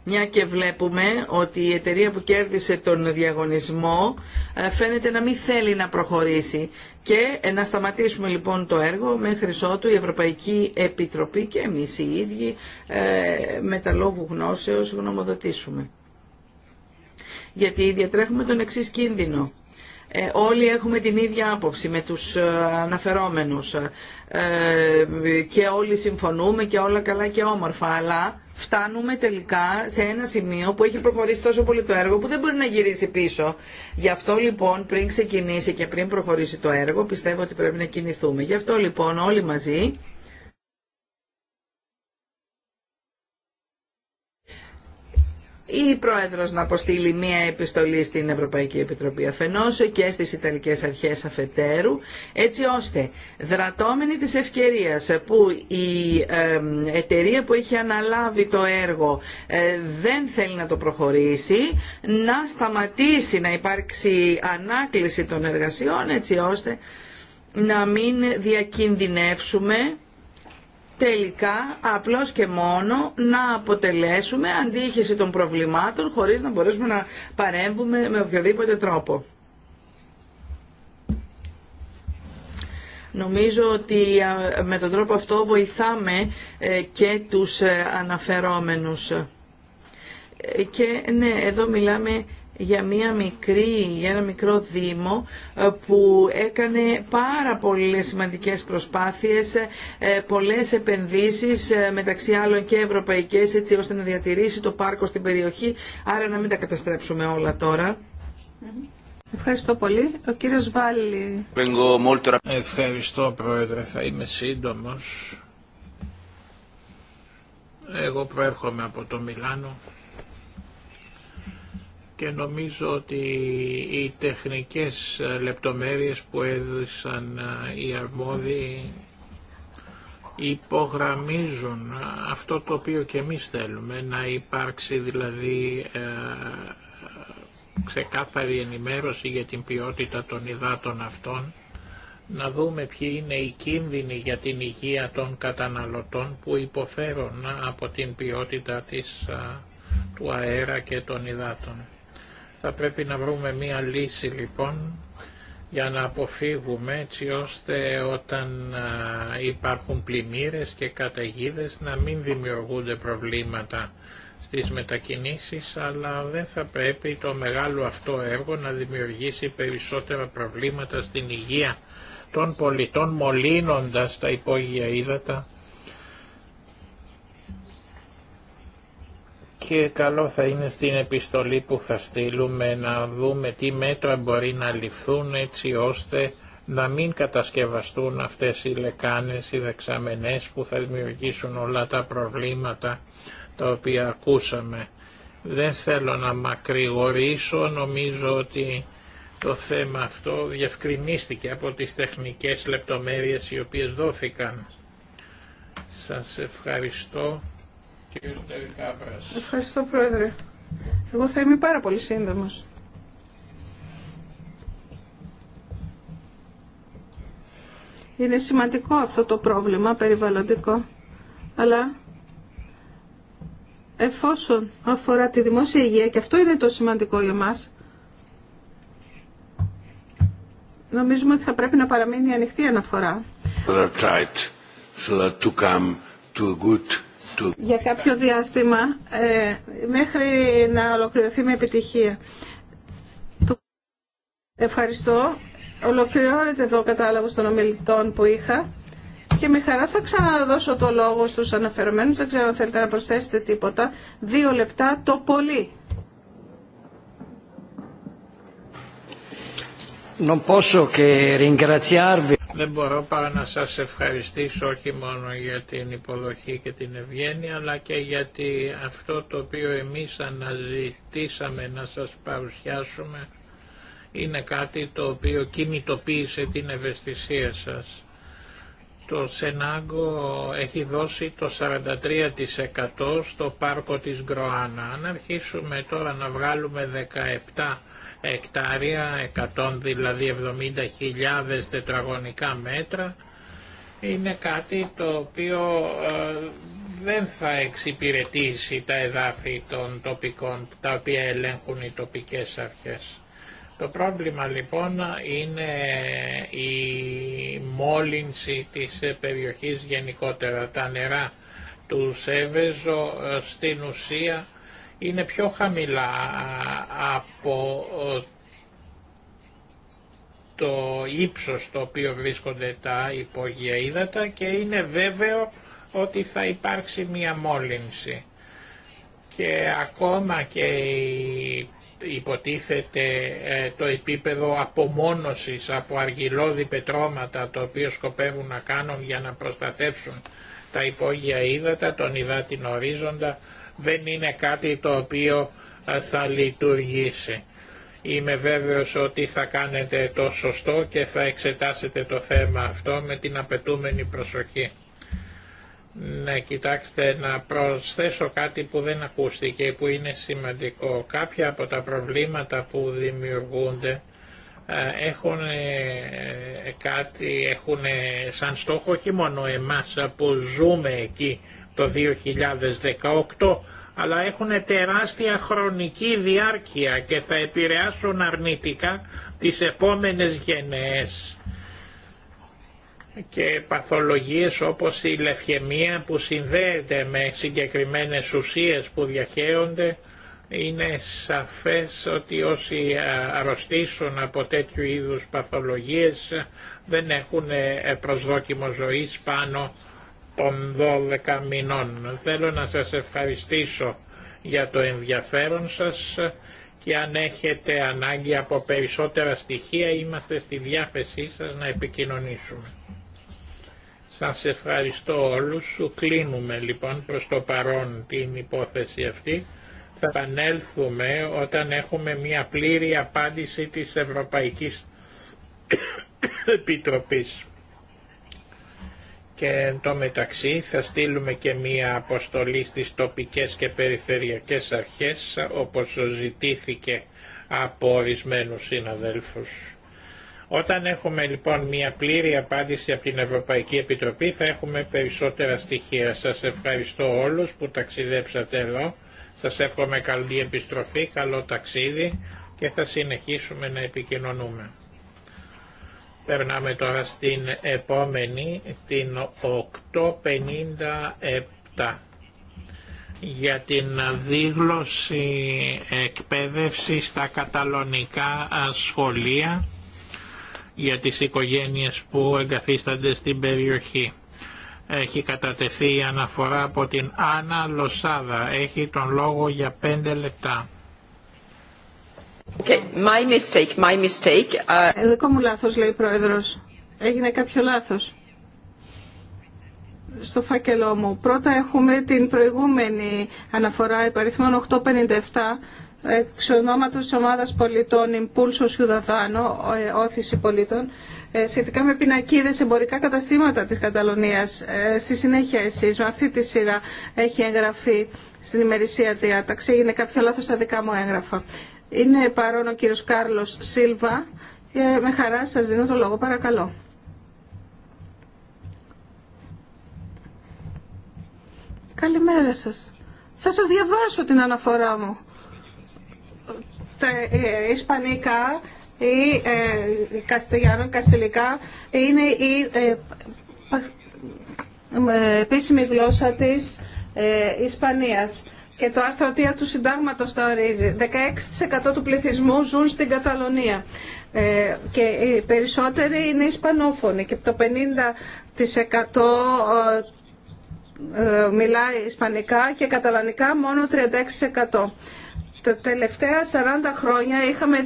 μια και βλέπουμε ότι η εταιρεία που κέρδισε τον διαγωνισμό ε, φαίνεται να μην θέλει να προχωρήσει. Και ε, να σταματήσουμε λοιπόν το έργο μέχρι ότου η Ευρωπαϊκή Επιτροπή και εμείς οι ίδιοι ε, με τα λόγου γνώσεως γνωμοδοτήσουμε. Γιατί διατρέχουμε τον εξής κίνδυνο ε, όλοι έχουμε την ίδια άποψη με τους ε, αναφερόμενους ε, και όλοι συμφωνούμε και όλα καλά και όμορφα, αλλά φτάνουμε τελικά σε ένα σημείο που έχει προχωρήσει τόσο πολύ το έργο που δεν μπορεί να γυρίσει πίσω. Γι' αυτό λοιπόν πριν ξεκινήσει και πριν προχωρήσει το έργο πιστεύω ότι πρέπει να κινηθούμε. Γι' αυτό λοιπόν όλοι μαζί η Πρόεδρος να αποστείλει μία επιστολή στην Ευρωπαϊκή Επιτροπή αφενός και στις Ιταλικές Αρχές αφετέρου, έτσι ώστε δρατώμενη της ευκαιρίας που η εταιρεία που έχει αναλάβει το έργο ε, δεν θέλει να το προχωρήσει, να σταματήσει να υπάρξει ανάκληση των εργασιών έτσι ώστε να μην διακινδυνεύσουμε τελικά απλώς και μόνο να αποτελέσουμε αντίχηση των προβλημάτων χωρίς να μπορέσουμε να παρέμβουμε με οποιοδήποτε τρόπο. Νομίζω ότι με τον τρόπο αυτό βοηθάμε ε, και τους ε, αναφερόμενους. Ε, και ναι, εδώ μιλάμε για, μια μικρή, για ένα μικρό δήμο ε, που έκανε πάρα πολλές σημαντικές προσπάθειες, ε, πολλές επενδύσεις ε, μεταξύ άλλων και ευρωπαϊκές έτσι ώστε να διατηρήσει το πάρκο στην περιοχή, άρα να μην τα καταστρέψουμε όλα τώρα. Ευχαριστώ πολύ. Ο κύριος Βάλλη. Ευχαριστώ Πρόεδρε, θα είμαι σύντομος. Εγώ προέρχομαι από το Μιλάνο και νομίζω ότι οι τεχνικές λεπτομέρειες που έδωσαν οι αρμόδιοι υπογραμμίζουν αυτό το οποίο και εμείς θέλουμε, να υπάρξει δηλαδή ε, ξεκάθαρη ενημέρωση για την ποιότητα των υδάτων αυτών, να δούμε ποιοι είναι οι κίνδυνοι για την υγεία των καταναλωτών που υποφέρουν από την ποιότητα της, του αέρα και των υδάτων. Θα πρέπει να βρούμε μία λύση λοιπόν για να αποφύγουμε έτσι ώστε όταν υπάρχουν πλημμύρες και καταιγίδε να μην δημιουργούνται προβλήματα στις μετακινήσεις αλλά δεν θα πρέπει το μεγάλο αυτό έργο να δημιουργήσει περισσότερα προβλήματα στην υγεία των πολιτών μολύνοντας τα υπόγεια ύδατα και καλό θα είναι στην επιστολή που θα στείλουμε να δούμε τι μέτρα μπορεί να ληφθούν έτσι ώστε να μην κατασκευαστούν αυτές οι λεκάνες, οι δεξαμενές που θα δημιουργήσουν όλα τα προβλήματα τα οποία ακούσαμε. Δεν θέλω να μακρηγορήσω, νομίζω ότι το θέμα αυτό διευκρινίστηκε από τις τεχνικές λεπτομέρειες οι οποίες δόθηκαν. Σας ευχαριστώ. Ευχαριστώ Πρόεδρε. Εγώ θα είμαι πάρα πολύ σύντομος. Είναι σημαντικό αυτό το πρόβλημα περιβαλλοντικό, αλλά εφόσον αφορά τη δημόσια υγεία, και αυτό είναι το σημαντικό για μας, νομίζουμε ότι θα πρέπει να παραμείνει ανοιχτή αναφορά. so that to come to a good για κάποιο διάστημα ε, μέχρι να ολοκληρωθεί με επιτυχία. Ευχαριστώ. Ολοκληρώνεται εδώ ο κατάλογος των ομιλητών που είχα και με χαρά θα ξαναδώσω το λόγο στους αναφερομένους. Δεν ξέρω αν θέλετε να προσθέσετε τίποτα. Δύο λεπτά το πολύ. Non posso che ringraziarvi. Δεν μπορώ παρά να σας ευχαριστήσω όχι μόνο για την υποδοχή και την ευγένεια αλλά και γιατί αυτό το οποίο εμείς αναζητήσαμε να σας παρουσιάσουμε είναι κάτι το οποίο κινητοποίησε την ευαισθησία σας. Το Σενάγκο έχει δώσει το 43% στο πάρκο της Γκροάνα. Αν αρχίσουμε τώρα να βγάλουμε 17 εκτάρια, 100 δηλαδή 70.000 τετραγωνικά μέτρα, είναι κάτι το οποίο ε, δεν θα εξυπηρετήσει τα εδάφη των τοπικών, τα οποία ελέγχουν οι τοπικές αρχές. Το πρόβλημα λοιπόν είναι η μόλυνση της περιοχής γενικότερα. Τα νερά του Σέβεζο ε, στην ουσία είναι πιο χαμηλά από ε, το ύψος το οποίο βρίσκονται τα υπόγεια ύδατα και είναι βέβαιο ότι θα υπάρξει μία μόλυνση. Και ακόμα και υποτίθεται ε, το επίπεδο απομόνωσης από αργυλώδη πετρώματα το οποίο σκοπεύουν να κάνουν για να προστατεύσουν τα υπόγεια ύδατα, τον υδάτινο ορίζοντα δεν είναι κάτι το οποίο ε, θα λειτουργήσει. Είμαι βέβαιος ότι θα κάνετε το σωστό και θα εξετάσετε το θέμα αυτό με την απαιτούμενη προσοχή. να κοιτάξτε να προσθέσω κάτι που δεν ακούστηκε, που είναι σημαντικό. Κάποια από τα προβλήματα που δημιουργούνται ε, έχουν ε, κάτι, έχουν σαν στόχο όχι μόνο εμάς που ζούμε εκεί το 2018 αλλά έχουν τεράστια χρονική διάρκεια και θα επηρεάσουν αρνητικά τις επόμενες γενναίες και παθολογίες όπως η λευχαιμία που συνδέεται με συγκεκριμένες ουσίες που διαχέονται είναι σαφές ότι όσοι αρρωστήσουν από τέτοιου είδους παθολογίες δεν έχουν προσδόκιμο ζωής πάνω των 12 μηνών. Θέλω να σας ευχαριστήσω για το ενδιαφέρον σας και αν έχετε ανάγκη από περισσότερα στοιχεία είμαστε στη διάθεσή σας να επικοινωνήσουμε. Σας ευχαριστώ όλους. Σου κλείνουμε λοιπόν προς το παρόν την υπόθεση αυτή. Θα επανέλθουμε όταν έχουμε μια πλήρη απάντηση της Ευρωπαϊκής Επιτροπής και εν τω μεταξύ θα στείλουμε και μία αποστολή στις τοπικές και περιφερειακές αρχές όπως ζητήθηκε από ορισμένους συναδέλφους. Όταν έχουμε λοιπόν μία πλήρη απάντηση από την Ευρωπαϊκή Επιτροπή θα έχουμε περισσότερα στοιχεία. Σας ευχαριστώ όλους που ταξιδέψατε εδώ. Σας εύχομαι καλή επιστροφή, καλό ταξίδι και θα συνεχίσουμε να επικοινωνούμε. Περνάμε τώρα στην επόμενη, την 857 για την δίγλωση εκπαίδευση στα καταλωνικά σχολεία για τις οικογένειες που εγκαθίστανται στην περιοχή. Έχει κατατεθεί η αναφορά από την Άννα Λοσάδα. Έχει τον λόγο για 5 λεπτά. Okay, my uh, ε, δικό μου λάθος, λέει η Πρόεδρος. Έγινε κάποιο λάθος. Στο φάκελό μου. Πρώτα έχουμε την προηγούμενη αναφορά υπαριθμών 857 εξ ονόματος ομάδας πολιτών Impulso Ciudadano, ε, όθηση πολίτων, ε, σχετικά με πινακίδες εμπορικά καταστήματα της Καταλωνίας. Στη συνέχεια εσείς με αυτή τη σειρά έχει εγγραφεί στην ημερησία διάταξη. Έγινε κάποιο λάθος στα δικά μου έγγραφα. Είναι παρόν ο κύριος Κάρλος Σίλβα. με χαρά σας δίνω το λόγο. Παρακαλώ. Καλημέρα σας. Θα σας διαβάσω την αναφορά μου. Τα ε, ισπανικά ή ε, καστελιάνο, καστελικά είναι η ε, ε, επίσημη γλώσσα της ε, Ισπανίας και το άρθρο 3 του συντάγματος τα ορίζει. 16% του πληθυσμού ζουν στην Καταλωνία ε, και οι περισσότεροι είναι ισπανόφωνοι και το 50% ε, μιλάει ισπανικά και καταλανικά μόνο 36%. Τα τελευταία 40 χρόνια είχαμε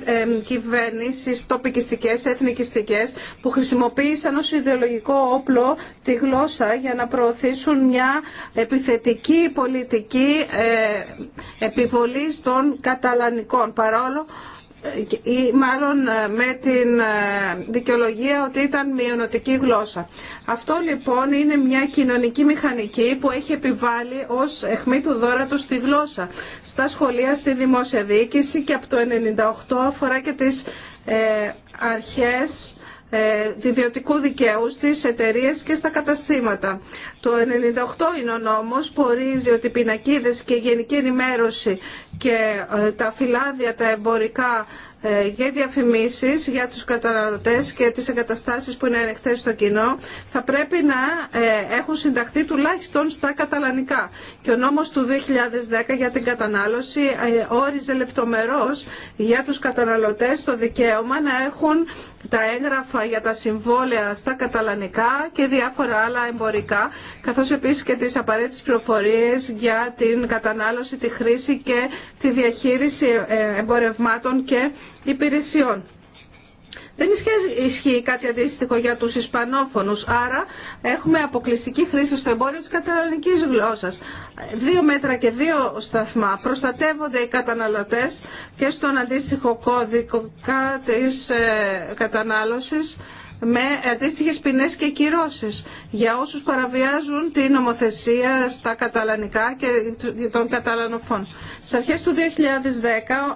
κυβερνήσεις τοπικιστικές, εθνικιστικές που χρησιμοποίησαν ως ιδεολογικό όπλο τη γλώσσα για να προωθήσουν μια επιθετική πολιτική ε, επιβολής των καταλανικών παρόλο ε, ή μάλλον ε, με την ε, δικαιολογία ότι ήταν μειονοτική γλώσσα. Αυτό λοιπόν είναι μια κοινωνική μηχανική που έχει επιβάλει ως αιχμή του του στη γλώσσα στα σχολεία, στη δημόσια διοίκηση και από το 1998 αφορά και τις αρχές του ιδιωτικού δικαίου στις εταιρείες και στα καταστήματα. Το 98 είναι ο νόμος που ορίζει ότι πινακίδες και γενική ενημέρωση και ε, τα φυλάδια, τα εμπορικά ε, και διαφημίσεις για τους καταναλωτές και τις εγκαταστάσεις που είναι ανοιχτές στο κοινό θα πρέπει να ε, έχουν συνταχθεί τουλάχιστον στα καταλανικά. Και ο νόμος του 2010 για την κατανάλωση όριζε λεπτομερώς για τους καταναλωτές το δικαίωμα να έχουν τα έγγραφα για τα συμβόλαια στα καταλανικά και διάφορα άλλα εμπορικά, καθώς επίσης και τις απαραίτητες πληροφορίες για την κατανάλωση, τη χρήση και τη διαχείριση ε, εμπορευμάτων και υπηρεσιών. Δεν ισχύει κάτι αντίστοιχο για τους Ισπανόφωνους, άρα έχουμε αποκλειστική χρήση στο εμπόριο της καταλανικής γλώσσας. Δύο μέτρα και δύο σταθμά. Προστατεύονται οι καταναλωτές και στον αντίστοιχο κώδικο της ε, κατανάλωσης με αντίστοιχε ποινέ και κυρώσει για όσους παραβιάζουν την νομοθεσία στα καταλανικά και των καταλανοφών. Στι αρχές του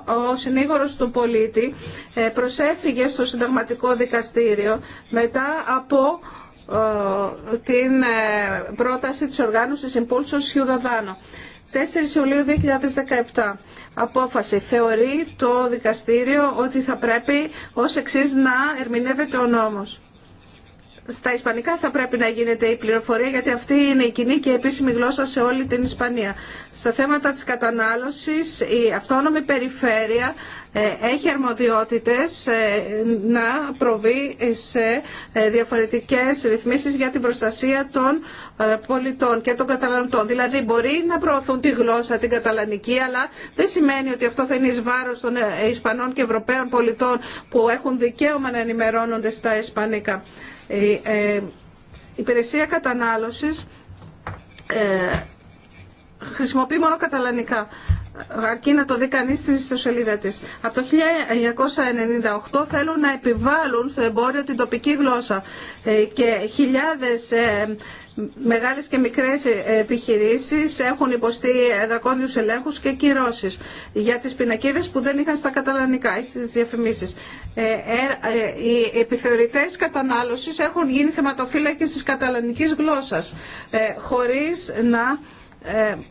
2010 ο συνήγορος του πολίτη ε, προσέφυγε στο συνταγματικό δικαστήριο μετά από ε, την ε, πρόταση της οργάνωσης Impulsos Ciudadano. 4 Ιουλίου 2017. Απόφαση. Θεωρεί το δικαστήριο ότι θα πρέπει ως εξής να ερμηνεύεται ο νόμος στα ισπανικά θα πρέπει να γίνεται η πληροφορία γιατί αυτή είναι η κοινή και επίσημη γλώσσα σε όλη την Ισπανία. Στα θέματα της κατανάλωσης η αυτόνομη περιφέρεια ε, έχει αρμοδιότητες ε, να προβεί σε ε, διαφορετικές ρυθμίσεις για την προστασία των πολιτών και των καταναλωτών. Δηλαδή μπορεί να προωθούν τη γλώσσα την καταλανική αλλά δεν σημαίνει ότι αυτό θα είναι εις βάρος των Ισπανών και Ευρωπαίων πολιτών που έχουν δικαίωμα να ενημερώνονται στα Ισπανικά. Η ε, ε, υπηρεσία κατανάλωσης ε, χρησιμοποιεί μόνο καταλανικά αρκεί να το δει κανείς στην ιστοσελίδα της. Από το 1998 θέλουν να επιβάλλουν στο εμπόριο την τοπική γλώσσα και χιλιάδες Μεγάλες και μικρές επιχειρήσεις έχουν υποστεί δρακόντιους ελέγχους και κυρώσεις για τις πινακίδες που δεν είχαν στα καταλανικά ή στις διαφημίσεις. Ε, ε, ε, οι επιθεωρητές κατανάλωσης έχουν γίνει θεματοφύλακες της καταλανικής γλώσσας χωρίς να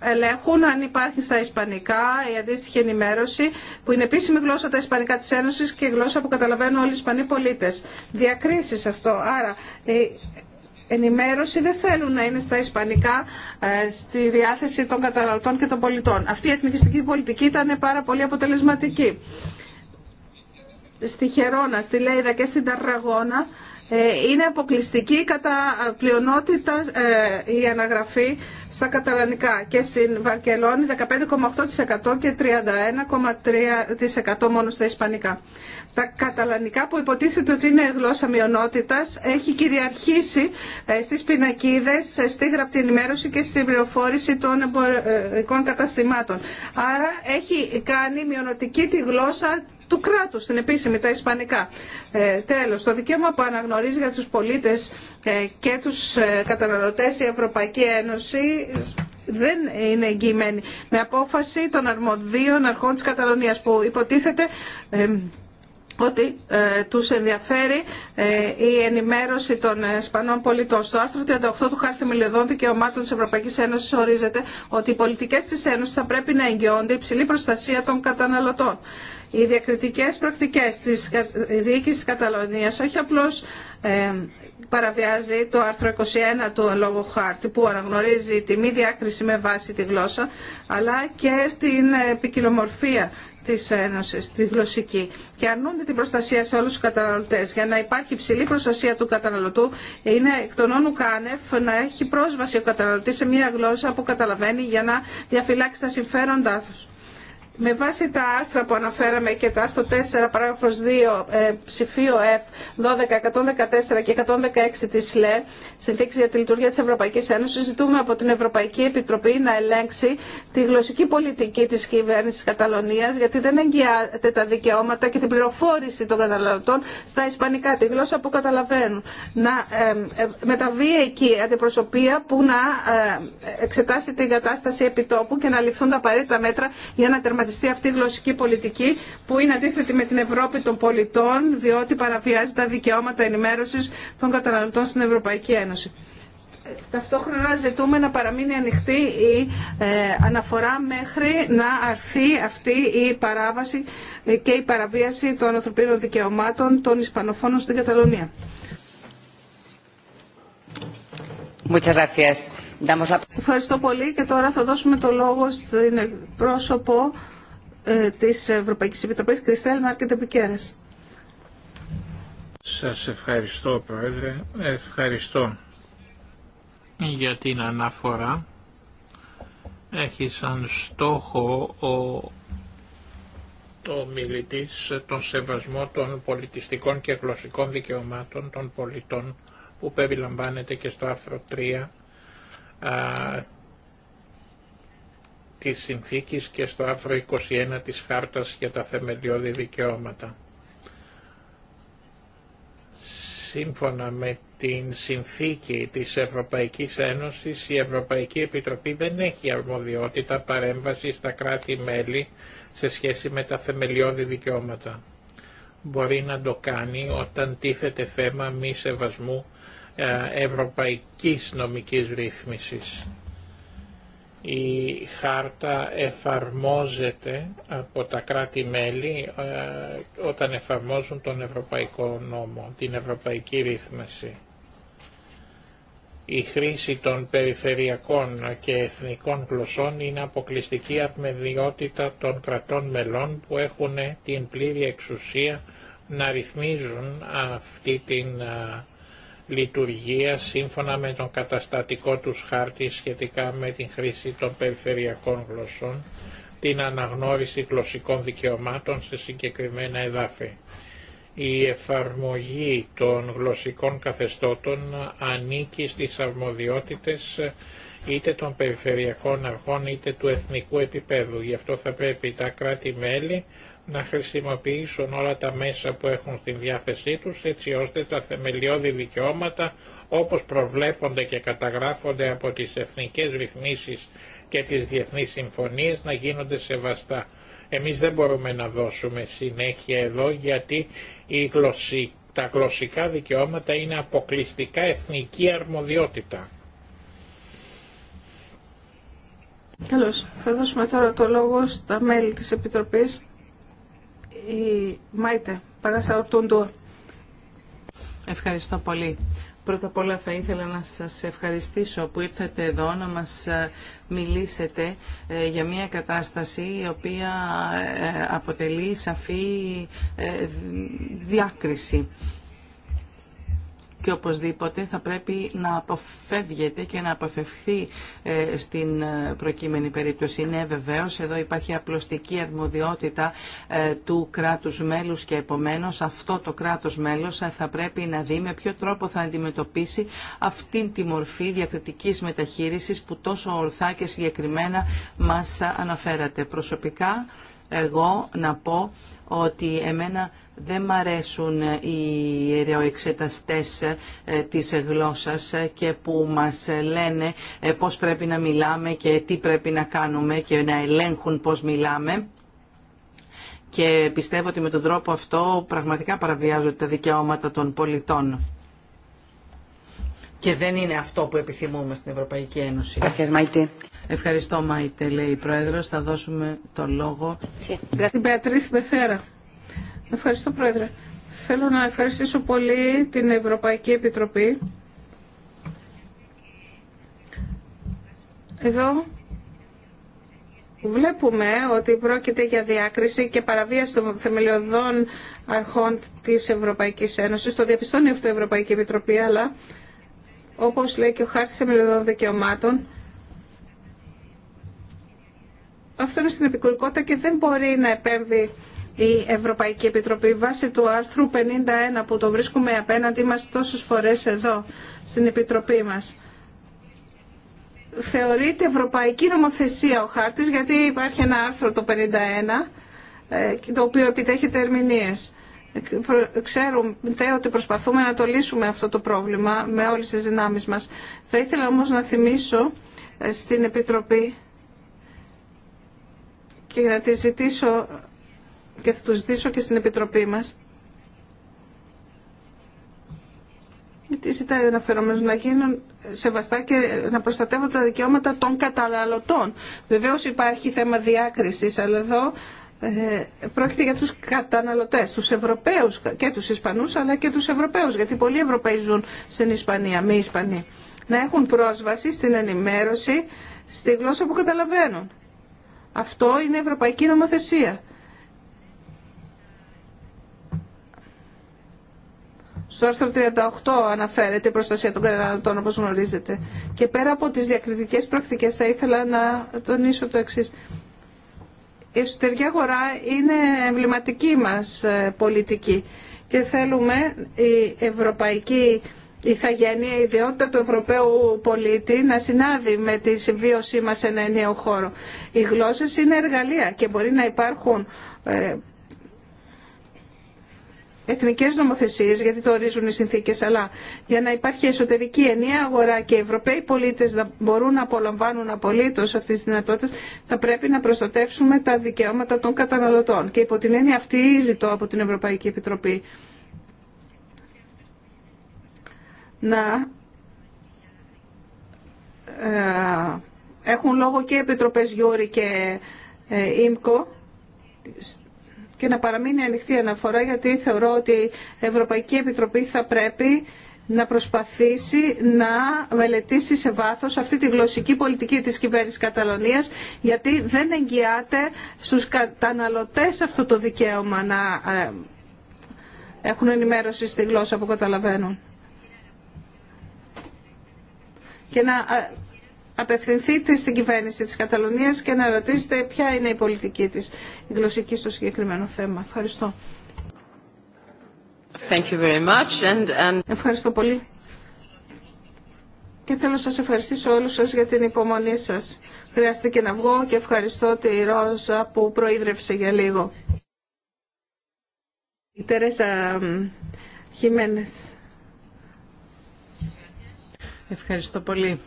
ελέγχουν αν υπάρχει στα ισπανικά η αντίστοιχη ενημέρωση που είναι επίσημη γλώσσα τα ισπανικά της Ένωσης και γλώσσα που καταλαβαίνουν όλοι οι Ισπανοί πολίτες. Διακρίσεις αυτό. Άρα ενημέρωση δεν θέλουν να είναι στα ισπανικά ε, στη διάθεση των καταναλωτών και των πολιτών. Αυτή η εθνικιστική πολιτική ήταν πάρα πολύ αποτελεσματική. Στη Χερόνα, στη Λέιδα και στην Ταραγώνα ε, είναι αποκλειστική κατά πλειονότητα ε, η αναγραφή στα καταλανικά και στην Βαρκελόνη 15,8% και 31,3% μόνο στα ισπανικά. Τα καταλανικά που υποτίθεται ότι είναι γλώσσα μειονότητας έχει κυριαρχήσει ε, στις πινακίδες, στη γραπτή ενημέρωση και στην πληροφόρηση των εμπορικών καταστημάτων. Άρα έχει κάνει μειονοτική τη γλώσσα του κράτου στην επίσημη, τα ισπανικά. Ε, τέλος, το δικαίωμα που αναγνωρίζει για τους πολίτες ε, και τους ε, καταναλωτέ η Ευρωπαϊκή Ένωση δεν είναι εγγυημένη. Με απόφαση των αρμοδίων αρχών της Καταλωνία που υποτίθεται ε, ότι ε, τους ενδιαφέρει ε, η ενημέρωση των Ισπανών πολιτών. Στο άρθρο 38 του Χάρτη Μιλιοδών Δικαιωμάτων της Ευρωπαϊκής Ένωσης ορίζεται ότι οι πολιτικές της Ένωσης θα πρέπει να εγγυώνται υψηλή προστασία των καταναλωτών. Οι διακριτικές πρακτικές της διοίκησης της Καταλωνίας όχι απλώς ε, παραβιάζει το άρθρο 21 του λόγου χάρτη που αναγνωρίζει τη μη διάκριση με βάση τη γλώσσα αλλά και στην ε, ποικιλομορφία Τη Ένωση, τη γλωσσική και αρνούνται την προστασία σε όλου του καταναλωτέ, Για να υπάρχει υψηλή προστασία του καταναλωτού είναι εκ των όνου κάνευ να έχει πρόσβαση ο καταναλωτή σε μια γλώσσα που καταλαβαίνει για να διαφυλάξει τα συμφέροντά του με βάση τα άρθρα που αναφέραμε και το άρθρο 4 παράγραφος 2 ε, ψηφίο F 12, 114 και 116 της ΛΕ συνθήκη για τη λειτουργία της Ευρωπαϊκής Ένωσης ζητούμε από την Ευρωπαϊκή Επιτροπή να ελέγξει τη γλωσσική πολιτική της κυβέρνησης Καταλωνίας γιατί δεν εγγυάται τα δικαιώματα και την πληροφόρηση των καταναλωτών στα ισπανικά, τη γλώσσα που καταλαβαίνουν. Να ε, ε, μεταβεί εκεί αντιπροσωπεία που να ε, εξετάσει την κατάσταση επιτόπου και να ληφθούν τα απαραίτητα μέτρα για να αυτή η γλωσσική πολιτική που είναι αντίθετη με την Ευρώπη των πολιτών διότι παραβιάζει τα δικαιώματα ενημέρωσης των καταναλωτών στην Ευρωπαϊκή Ένωση. Ταυτόχρονα ζητούμε να παραμείνει ανοιχτή η ε, αναφορά μέχρι να αρθεί αυτή η παράβαση και η παραβίαση των ανθρωπίνων δικαιωμάτων των Ισπανοφόνων στην Καταλωνία. Ευχαριστώ πολύ και τώρα θα δώσουμε το λόγο στην πρόσωπο ε, της Ευρωπαϊκής Επιτροπής, Κριστέλ Μάρκετ Επικέρας. Σας ευχαριστώ Πρόεδρε, ευχαριστώ για την αναφορά. Έχει σαν στόχο ο το μιλητής τον σεβασμό των πολιτιστικών και γλωσσικών δικαιωμάτων των πολιτών που περιλαμβάνεται και στο άρθρο 3 της Συνθήκης και στο άρθρο 21 της Χάρτας για τα θεμελιώδη δικαιώματα. Σύμφωνα με την Συνθήκη της Ευρωπαϊκής Ένωσης, η Ευρωπαϊκή Επιτροπή δεν έχει αρμοδιότητα παρέμβαση στα κράτη-μέλη σε σχέση με τα θεμελιώδη δικαιώματα. Μπορεί να το κάνει όταν τίθεται θέμα μη σεβασμού ε, ευρωπαϊκής νομικής ρύθμισης. Η χάρτα εφαρμόζεται από τα κράτη-μέλη ε, όταν εφαρμόζουν τον Ευρωπαϊκό Νόμο, την Ευρωπαϊκή Ρύθμιση. Η χρήση των περιφερειακών και εθνικών γλωσσών είναι αποκλειστική αρμεδιότητα των κρατών μελών που έχουν την πλήρη εξουσία να ρυθμίζουν αυτή την ε, λειτουργία σύμφωνα με τον καταστατικό τους χάρτη σχετικά με την χρήση των περιφερειακών γλωσσών, την αναγνώριση γλωσσικών δικαιωμάτων σε συγκεκριμένα εδάφη. Η εφαρμογή των γλωσσικών καθεστώτων ανήκει στις αρμοδιότητες είτε των περιφερειακών αρχών είτε του εθνικού επίπεδου. Γι' αυτό θα πρέπει τα κράτη-μέλη να χρησιμοποιήσουν όλα τα μέσα που έχουν στην διάθεσή τους έτσι ώστε τα θεμελιώδη δικαιώματα όπως προβλέπονται και καταγράφονται από τις εθνικές ρυθμίσεις και τις διεθνείς συμφωνίες να γίνονται σεβαστά. Εμείς δεν μπορούμε να δώσουμε συνέχεια εδώ γιατί η τα γλωσσικά δικαιώματα είναι αποκλειστικά εθνική αρμοδιότητα. Καλώς. Θα δώσουμε τώρα το λόγο στα μέλη της Επιτροπής η Μάιτε, παρακαλώ, Ευχαριστώ πολύ. Πρώτα απ' όλα θα ήθελα να σας ευχαριστήσω που ήρθατε εδώ να μας ε, μιλήσετε ε, για μια κατάσταση η οποία ε, αποτελεί σαφή διάκριση και οπωσδήποτε θα πρέπει να αποφεύγεται και να αποφευχθεί ε, στην ε, προκείμενη περίπτωση. Ναι, βεβαίω, εδώ υπάρχει απλωστική αρμοδιότητα ε, του κράτου μέλους και επομένως αυτό το κράτος μέλος θα πρέπει να δει με ποιο τρόπο θα αντιμετωπίσει αυτήν τη μορφή διακριτικής μεταχείρισης που τόσο ορθά και συγκεκριμένα μας αναφέρατε. Προσωπικά, εγώ να πω ότι εμένα δεν μ' αρέσουν οι ιερεοεξεταστές ε, της γλώσσας ε, και που μας λένε ε, πώς πρέπει να μιλάμε και τι πρέπει να κάνουμε και να ελέγχουν πώς μιλάμε και πιστεύω ότι με τον τρόπο αυτό πραγματικά παραβιάζονται τα δικαιώματα των πολιτών. Και δεν είναι αυτό που επιθυμούμε στην Ευρωπαϊκή Ένωση. Ευχαριστώ Μάιτε, λέει η Πρόεδρος. Θα δώσουμε το λόγο Ευχαριστώ, Πρόεδρε. Θέλω να ευχαριστήσω πολύ την Ευρωπαϊκή Επιτροπή. Εδώ βλέπουμε ότι πρόκειται για διάκριση και παραβίαση των θεμελιωδών αρχών της Ευρωπαϊκής Ένωσης. Το διαπιστώνει αυτό η Ευρωπαϊκή Επιτροπή, αλλά όπως λέει και ο χάρτης θεμελιωδών δικαιωμάτων, αυτό είναι στην επικουρικότητα και δεν μπορεί να επέμβει η Ευρωπαϊκή Επιτροπή βάσει του άρθρου 51 που το βρίσκουμε απέναντι μας τόσες φορές εδώ στην Επιτροπή μας. Θεωρείται Ευρωπαϊκή Νομοθεσία ο χάρτης γιατί υπάρχει ένα άρθρο το 51 ε, το οποίο επιτέχει ερμηνείες. Ξέρουμε ότι προσπαθούμε να το λύσουμε αυτό το πρόβλημα με όλες τις δυνάμεις μας. Θα ήθελα όμως να θυμίσω ε, στην Επιτροπή και να τη ζητήσω και θα το ζητήσω και στην Επιτροπή μας. Γιατί ζητάει ο αναφερόμενο να γίνουν σεβαστά και να προστατεύονται τα δικαιώματα των καταναλωτών. Βεβαίως υπάρχει θέμα διάκρισης, αλλά εδώ ε, πρόκειται για τους καταναλωτές, τους Ευρωπαίους και τους Ισπανούς, αλλά και τους Ευρωπαίους, γιατί πολλοί Ευρωπαίοι ζουν στην Ισπανία, μη Ισπανοί, να έχουν πρόσβαση στην ενημέρωση στη γλώσσα που καταλαβαίνουν. Αυτό είναι ευρωπαϊκή νομοθεσία. Στο άρθρο 38 αναφέρεται η προστασία των καταναλωτών, όπω γνωρίζετε. Και πέρα από τις διακριτικές πρακτικές θα ήθελα να τονίσω το εξής. Η εσωτερική αγορά είναι εμβληματική μας ε, πολιτική και θέλουμε η ευρωπαϊκή ηθαγένεια, η ιδιότητα του Ευρωπαίου πολίτη να συνάδει με τη συμβίωσή μα σε ένα ενιαίο χώρο. Οι γλώσσε είναι εργαλεία και μπορεί να υπάρχουν ε, εθνικές νομοθεσίες, γιατί το ορίζουν οι συνθήκες, αλλά για να υπάρχει εσωτερική ενιαία αγορά και οι Ευρωπαίοι πολίτες να μπορούν να απολαμβάνουν απολύτως αυτές τις δυνατότητες, θα πρέπει να προστατεύσουμε τα δικαιώματα των καταναλωτών. Και υπό την έννοια αυτή ζητώ από την Ευρωπαϊκή Επιτροπή να ε, έχουν λόγο και επιτροπές Γιούρι και ΙΜΚΟ ε, και να παραμείνει ανοιχτή αναφορά γιατί θεωρώ ότι η Ευρωπαϊκή Επιτροπή θα πρέπει να προσπαθήσει να μελετήσει σε βάθος αυτή τη γλωσσική πολιτική της κυβέρνησης Καταλωνίας γιατί δεν εγγυάται στους καταναλωτές αυτό το δικαίωμα να ε, έχουν ενημέρωση στη γλώσσα που καταλαβαίνουν. Ε, απευθυνθείτε στην κυβέρνηση της Καταλωνίας και να ρωτήσετε ποια είναι η πολιτική της η γλωσσική στο συγκεκριμένο θέμα. Ευχαριστώ. Thank you very much and, and... Ευχαριστώ πολύ. Και θέλω να σας ευχαριστήσω όλους σας για την υπομονή σας. Χρειάστηκε να βγω και ευχαριστώ τη Ρόζα που προείδρευσε για λίγο. Η Τερέσα Χιμένεθ. Ευχαριστώ πολύ.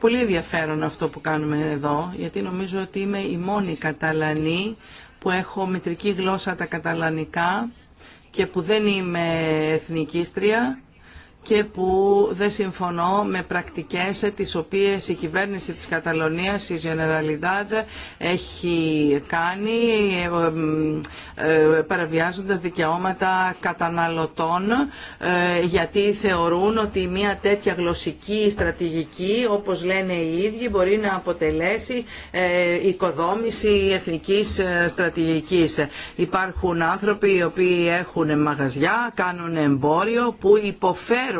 πολύ ενδιαφέρον αυτό που κάνουμε εδώ, γιατί νομίζω ότι είμαι η μόνη Καταλανή που έχω μητρική γλώσσα τα καταλανικά και που δεν είμαι εθνικίστρια και που δεν συμφωνώ με πρακτικές τις οποίες η κυβέρνηση της Καταλωνίας, η Generalidad, έχει κάνει ε, ε, παραβιάζοντας δικαιώματα καταναλωτών ε, γιατί θεωρούν ότι μια τέτοια γλωσσική στρατηγική όπως λένε οι ίδιοι μπορεί να αποτελέσει οικοδόμηση εθνικής στρατηγικής. Υπάρχουν άνθρωποι οι οποίοι έχουν μαγαζιά, κάνουν εμπόριο που υποφέρουν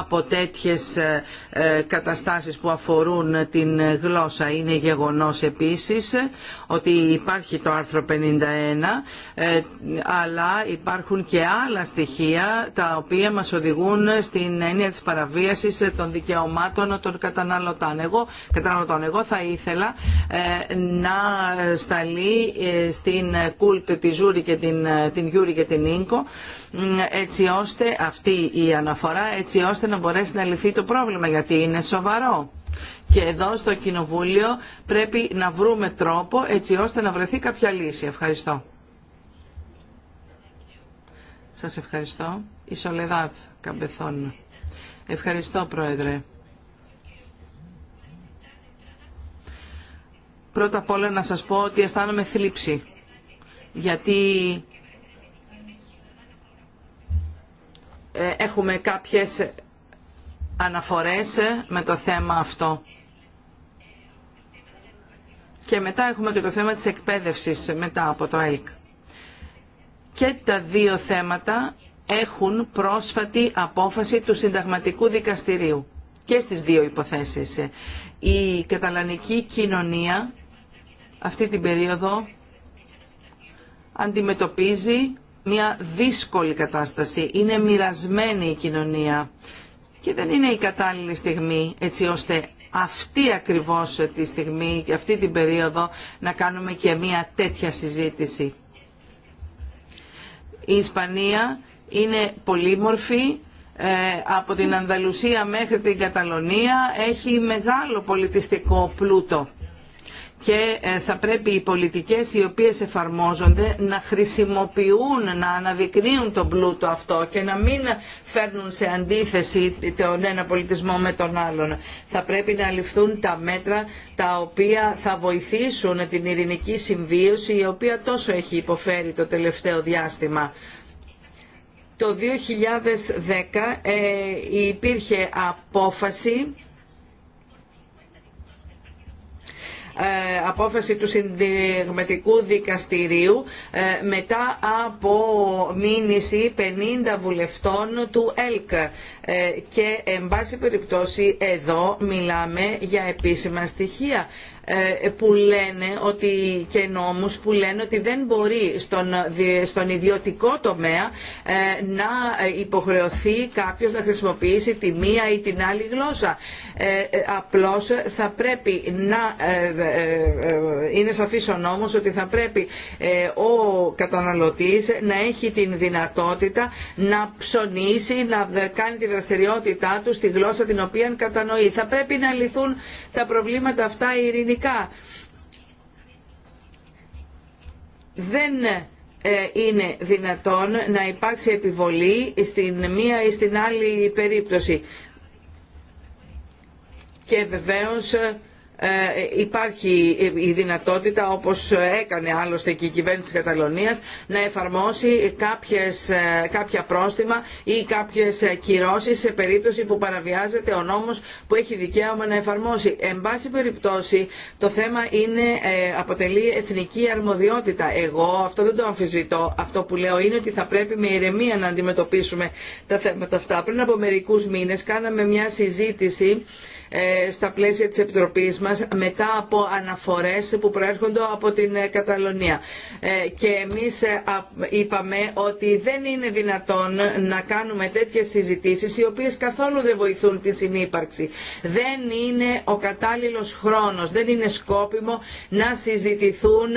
από τέτοιες ε, ε, καταστάσεις που αφορούν την γλώσσα. Είναι γεγονός επίσης ότι υπάρχει το άρθρο 51 ε, αλλά υπάρχουν και άλλα στοιχεία τα οποία μας οδηγούν στην έννοια της παραβίασης των δικαιωμάτων των καταναλωτών. Εγώ, καταναλωτών. Εγώ θα ήθελα να σταλεί στην κούλτ τη Ζούρη και την, την Γιούρη και την Ίνκο έτσι ώστε αυτή η αναφορά έτσι ώστε να μπορέσει να λυθεί το πρόβλημα γιατί είναι σοβαρό. Και εδώ στο Κοινοβούλιο πρέπει να βρούμε τρόπο έτσι ώστε να βρεθεί κάποια λύση. Ευχαριστώ. Σας ευχαριστώ. Η Σολεδάδ Καμπεθών. Ευχαριστώ Πρόεδρε. Πρώτα απ' όλα να σας πω ότι αισθάνομαι θλίψη. Γιατί Ε, έχουμε κάποιες αναφορές με το θέμα αυτό. Και μετά έχουμε και το θέμα της εκπαίδευσης μετά από το ΕΛΚ. Και τα δύο θέματα έχουν πρόσφατη απόφαση του συνταγματικού δικαστηρίου και στις δύο υποθέσεις. Η καταλανική κοινωνία αυτή την περίοδο αντιμετωπίζει μια δύσκολη κατάσταση. Είναι μοιρασμένη η κοινωνία και δεν είναι η κατάλληλη στιγμή έτσι ώστε αυτή ακριβώς τη στιγμή και αυτή την περίοδο να κάνουμε και μια τέτοια συζήτηση. Η Ισπανία είναι πολύμορφη, ε, από την Ανδαλουσία μέχρι την Καταλωνία έχει μεγάλο πολιτιστικό πλούτο και ε, θα πρέπει οι πολιτικές οι οποίες εφαρμόζονται να χρησιμοποιούν, να αναδεικνύουν τον πλούτο αυτό και να μην φέρνουν σε αντίθεση τον ένα πολιτισμό με τον άλλον. Θα πρέπει να ληφθούν τα μέτρα τα οποία θα βοηθήσουν την ειρηνική συμβίωση η οποία τόσο έχει υποφέρει το τελευταίο διάστημα. Το 2010 ε, υπήρχε απόφαση Ε, απόφαση του συνδεγματικού δικαστηρίου ε, μετά από μήνυση 50 βουλευτών του ΕΛΚ. Ε, και εν πάση περιπτώσει εδώ μιλάμε για επίσημα στοιχεία ε, ε, που λένε ότι, και νόμους που λένε ότι δεν μπορεί στον, στον ιδιωτικό τομέα ε, να υποχρεωθεί κάποιος να χρησιμοποιήσει τη μία ή την άλλη γλώσσα. Απλώς θα πρέπει να είναι σαφής ο νόμος ότι θα πρέπει ο καταναλωτής να έχει την δυνατότητα να ψωνίσει, να κάνει τη δραστηριότητά του στη γλώσσα την οποία κατανοεί. Θα πρέπει να λυθούν τα προβλήματα αυτά Ειρήνη, δεν ε, είναι δυνατόν να υπάρξει επιβολή στην μία ή στην άλλη περίπτωση. Και βεβαίως ε, υπάρχει η δυνατότητα όπως έκανε άλλωστε και η κυβέρνηση της Καταλωνίας να εφαρμόσει ε, κάποια πρόστιμα ή κάποιες ε, κυρώσεις σε περίπτωση που παραβιάζεται ο νόμος που έχει δικαίωμα να εφαρμόσει. Εν πάση περιπτώσει το θέμα είναι, αποτελεί εθνική αρμοδιότητα. Εγώ αυτό δεν το αμφισβητώ. Αυτό που λέω είναι ότι θα πρέπει με ηρεμία να αντιμετωπίσουμε τα θέματα αυτά. Πριν από μερικούς μήνες κάναμε μια συζήτηση ε, στα πλαίσια της Επιτροπής μας μετά από αναφορές που προέρχονται από την ε, Καταλωνία. Ε, και εμείς είπαμε ότι δεν είναι δυνατόν να κάνουμε τέτοιες συζητήσεις οι οποίες καθόλου δεν βοηθούν τη συνύπαρξη. Δεν είναι ο κατάλληλος χρόνος, δεν είναι σκόπιμο να συζητηθούν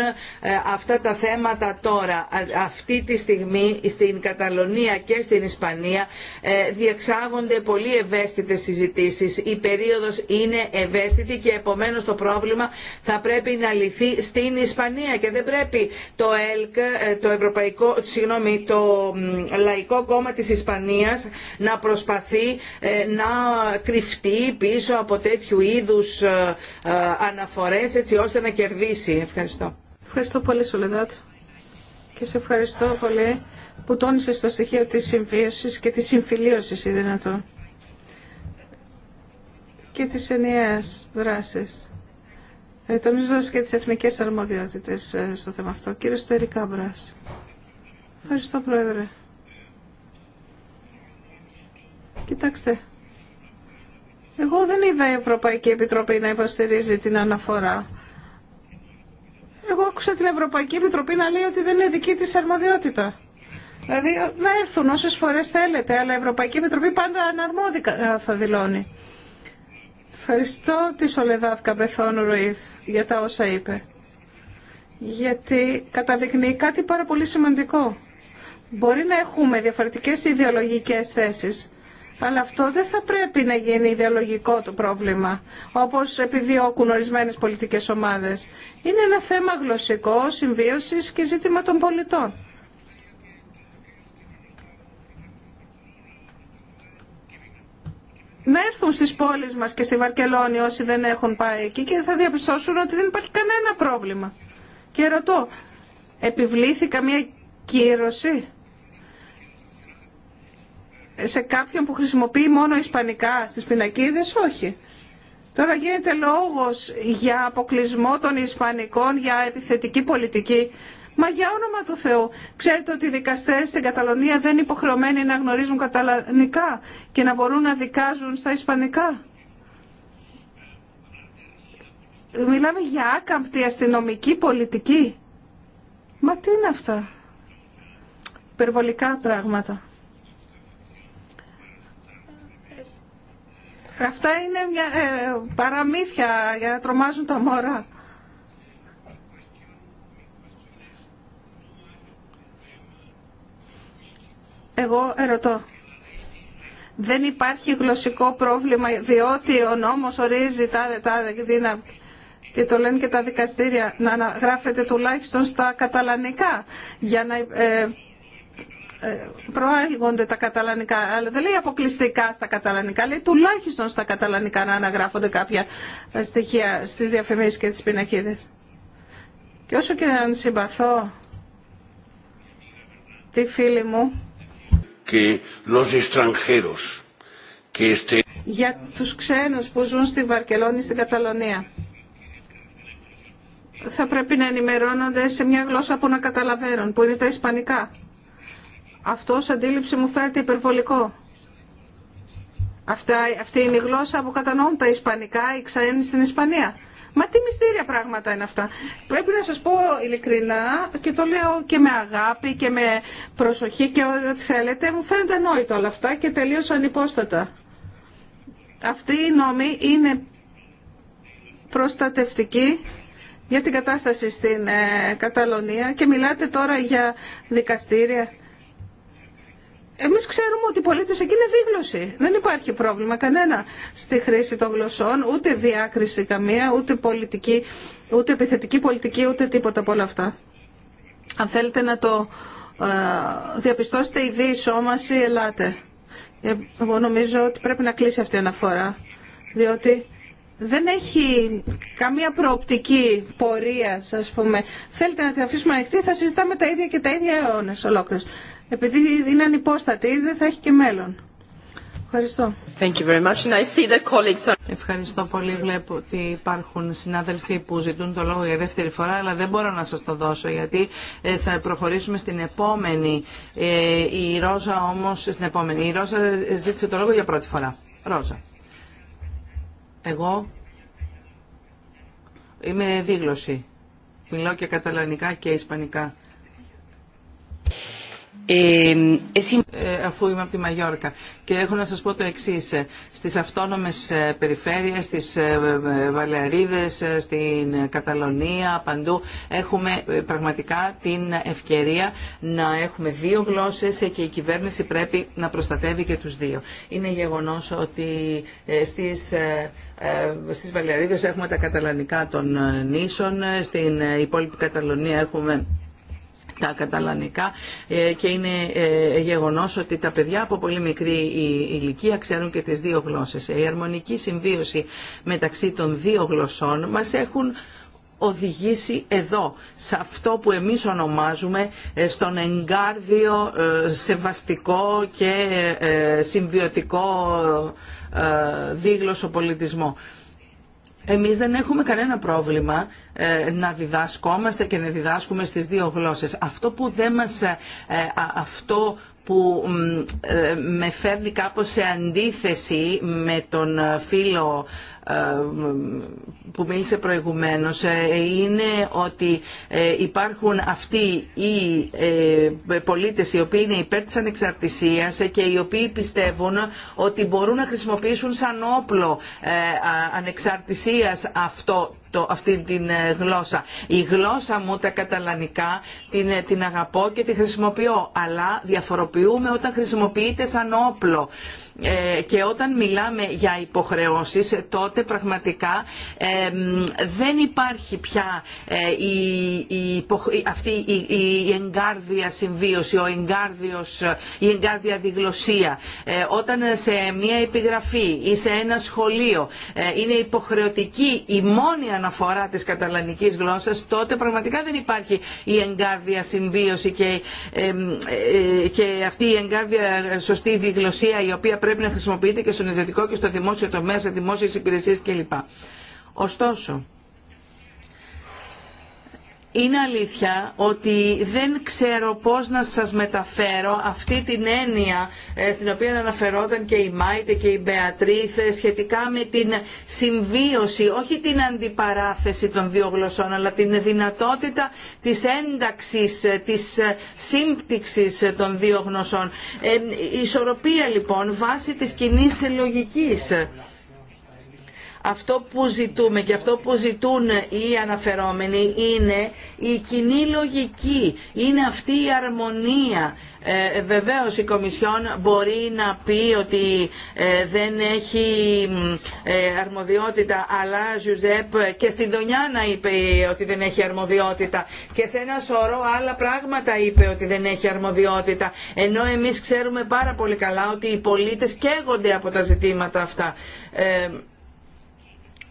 αυτά τα θέματα τώρα. Αυτή τη στιγμή στην Καταλωνία και στην Ισπανία διεξάγονται πολύ ευαίσθητες συζητήσεις. Η περίοδος είναι ευαίσθητη και επομένως το πρόβλημα θα πρέπει να λυθεί στην Ισπανία και δεν πρέπει το ΕΛΚ, ε, το, Ευρωπαϊκό, συγγνώμη, το Λαϊκό Κόμμα της Ισπανίας να προσπαθεί ε, να κρυφτεί πίσω από τέτοιου είδους ε, αναφορές έτσι ώστε να κερδίσει. Ευχαριστώ. Ευχαριστώ πολύ Σολεδάτ και σε ευχαριστώ πολύ που τόνισε στο στοιχείο της συμβίωσης και της συμφιλίωσης ή δυνατόν και τις ενιαίες δράσεις ε, τονίζοντας και τις εθνικές αρμοδιότητες ε, στο θέμα αυτό. Κύριε Στερικά Μπράς. Ευχαριστώ, Πρόεδρε. Κοιτάξτε, εγώ δεν είδα η Ευρωπαϊκή Επιτροπή να υποστηρίζει την αναφορά. Εγώ άκουσα την Ευρωπαϊκή Επιτροπή να λέει ότι δεν είναι δική της αρμοδιότητα. Δηλαδή να έρθουν όσες φορές θέλετε, αλλά η Ευρωπαϊκή Επιτροπή πάντα αναρμόδικα ε, θα δηλώνει. Ευχαριστώ τη Σολεδάδ Καμπεθόν Ρουίθ για τα όσα είπε. Γιατί καταδεικνύει κάτι πάρα πολύ σημαντικό. Μπορεί να έχουμε διαφορετικές ιδεολογικές θέσεις, αλλά αυτό δεν θα πρέπει να γίνει ιδεολογικό το πρόβλημα, όπως επιδιώκουν ορισμένες πολιτικές ομάδες. Είναι ένα θέμα γλωσσικό, συμβίωσης και ζήτημα των πολιτών. να έρθουν στις πόλεις μας και στη Βαρκελόνη όσοι δεν έχουν πάει εκεί και θα διαπιστώσουν ότι δεν υπάρχει κανένα πρόβλημα. Και ρωτώ, επιβλήθη καμία κύρωση σε κάποιον που χρησιμοποιεί μόνο ισπανικά στις πινακίδες, όχι. Τώρα γίνεται λόγος για αποκλεισμό των Ισπανικών για επιθετική πολιτική Μα για όνομα του Θεού, ξέρετε ότι οι δικαστέ στην Καταλωνία δεν είναι υποχρεωμένοι να γνωρίζουν καταλανικά και να μπορούν να δικάζουν στα ισπανικά. Μιλάμε για άκαμπτη αστυνομική πολιτική. Μα τι είναι αυτά. Υπερβολικά πράγματα. Αυτά είναι μια, ε, παραμύθια για να τρομάζουν τα μωρά. Εγώ ερωτώ. Δεν υπάρχει γλωσσικό πρόβλημα διότι ο νόμος ορίζει τάδε τάδε και και το λένε και τα δικαστήρια να αναγράφεται τουλάχιστον στα καταλανικά για να ε, ε, προάγονται τα καταλανικά, αλλά δεν λέει αποκλειστικά στα καταλανικά, λέει τουλάχιστον στα καταλανικά να αναγράφονται κάποια ε, στοιχεία στις διαφημίσεις και τις πινακίδες. Και όσο και αν συμπαθώ τη φίλη μου, για τους ξένους που ζουν στη Βαρκελόνη, στην Καταλωνία. Θα πρέπει να ενημερώνονται σε μια γλώσσα που να καταλαβαίνουν, που είναι τα ισπανικά. Αυτό σε αντίληψη μου φαίνεται υπερβολικό. αυτή είναι η γλώσσα που κατανοούν τα ισπανικά οι ξένοι στην Ισπανία. Μα τι μυστήρια πράγματα είναι αυτά. Πρέπει να σας πω ειλικρινά και το λέω και με αγάπη και με προσοχή και ό,τι θέλετε. Μου φαίνεται ανόητο όλα αυτά και τελείως ανυπόστατα. Αυτή η νόμη είναι προστατευτική για την κατάσταση στην ε, Καταλωνία και μιλάτε τώρα για δικαστήρια εμείς ξέρουμε ότι οι πολίτες εκεί είναι δίγλωση. Δεν υπάρχει πρόβλημα κανένα στη χρήση των γλωσσών, ούτε διάκριση καμία, ούτε πολιτική, ούτε επιθετική πολιτική, ούτε τίποτα από όλα αυτά. Αν θέλετε να το ε, διαπιστώσετε η σώμαση ελάτε. Ε, εγώ νομίζω ότι πρέπει να κλείσει αυτή η αναφορά, διότι δεν έχει καμία προοπτική πορεία, ας πούμε. Θέλετε να την αφήσουμε ανοιχτή, θα συζητάμε τα ίδια και τα ίδια αιώνε ολόκληρες επειδή είναι ανυπόστατη, δεν θα έχει και μέλλον. Ευχαριστώ. Thank you very much. And I see that colleagues Ευχαριστώ πολύ. Βλέπω ότι υπάρχουν συνάδελφοι που ζητούν το λόγο για δεύτερη φορά, αλλά δεν μπορώ να σας το δώσω, γιατί ε, θα προχωρήσουμε στην επόμενη. Ε, η Ρόζα όμως, στην επόμενη. Η Ρόζα ζήτησε το λόγο για πρώτη φορά. Ρόζα. Εγώ είμαι δίγλωση. Μιλώ και καταλανικά και ισπανικά. Ε, αφού είμαι από τη Μαγιόρκα και έχω να σας πω το εξής στις αυτόνομες ε, περιφέρειες στις ε, Βαλεαρίδες στην Καταλωνία παντού έχουμε πραγματικά την ευκαιρία να έχουμε δύο γλώσσες και η κυβέρνηση πρέπει να προστατεύει και τους δύο είναι γεγονός ότι στις στις έχουμε τα καταλανικά των νήσων στην υπόλοιπη Καταλωνία έχουμε τα καταλανικά ε, και είναι ε, γεγονός ότι τα παιδιά από πολύ μικρή ηλικία ξέρουν και τις δύο γλώσσες. Η αρμονική συμβίωση μεταξύ των δύο γλωσσών μας έχουν οδηγήσει εδώ, σε αυτό που εμείς ονομάζουμε ε, στον εγκάρδιο, σεβαστικό και συμβιωτικό δίγλωσο πολιτισμό. Εμείς δεν έχουμε κανένα πρόβλημα ε, να διδασκόμαστε και να διδάσκουμε στις δύο γλώσσες. Αυτό που δεν μας... Ε, αυτό που ε, με φέρνει κάπως σε αντίθεση με τον φίλο που μίλησε προηγουμένως ε, είναι ότι ε, υπάρχουν αυτοί οι ε, πολίτες οι οποίοι είναι υπέρ της ανεξαρτησίας και οι οποίοι πιστεύουν ότι μπορούν να χρησιμοποιήσουν σαν όπλο ανεξαρτησίας αυτό το, αυτή την γλώσσα. Η γλώσσα μου, τα καταλανικά, την, την αγαπώ και τη χρησιμοποιώ, αλλά διαφοροποιούμε όταν χρησιμοποιείται σαν όπλο. Ε, και όταν μιλάμε για υποχρεώσεις ε, τότε πραγματικά ε, δεν υπάρχει πια η, αυτή η, εγκάρδια συμβίωση, ο η εγκάρδια διγλωσία. όταν σε μια επιγραφή ή σε ένα σχολείο είναι υποχρεωτική η μόνη αναφορά της καταλανικής γλώσσας, τότε πραγματικά δεν υπάρχει η εγκάρδια συμβίωση και, αυτή η εγκάρδια σωστή διγλωσία η οποία πρέπει να χρησιμοποιείται και στον ιδιωτικό και στο δημόσιο τομέα, σε δημόσιες υπηρεσίες κλπ. Ωστόσο, είναι αλήθεια ότι δεν ξέρω πώς να σας μεταφέρω αυτή την έννοια ε, στην οποία αναφερόταν και η Μάιτε και η Μπεατρίθε σχετικά με την συμβίωση, όχι την αντιπαράθεση των δύο γλωσσών, αλλά την δυνατότητα της ένταξης, ε, της ε, σύμπτυξης των δύο γλωσσών. Ε, ισορροπία λοιπόν βάσει της κοινή λογικής αυτό που ζητούμε και αυτό που ζητούν οι αναφερόμενοι είναι η κοινή λογική, είναι αυτή η αρμονία. Ε, βεβαίως η Κομισιόν μπορεί να πει ότι ε, δεν έχει ε, αρμοδιότητα αλλά Ζουζέπ και στην Δονιάνα είπε ότι δεν έχει αρμοδιότητα και σε ένα σωρό άλλα πράγματα είπε ότι δεν έχει αρμοδιότητα ενώ εμείς ξέρουμε πάρα πολύ καλά ότι οι πολίτες καίγονται από τα ζητήματα αυτά. Ε,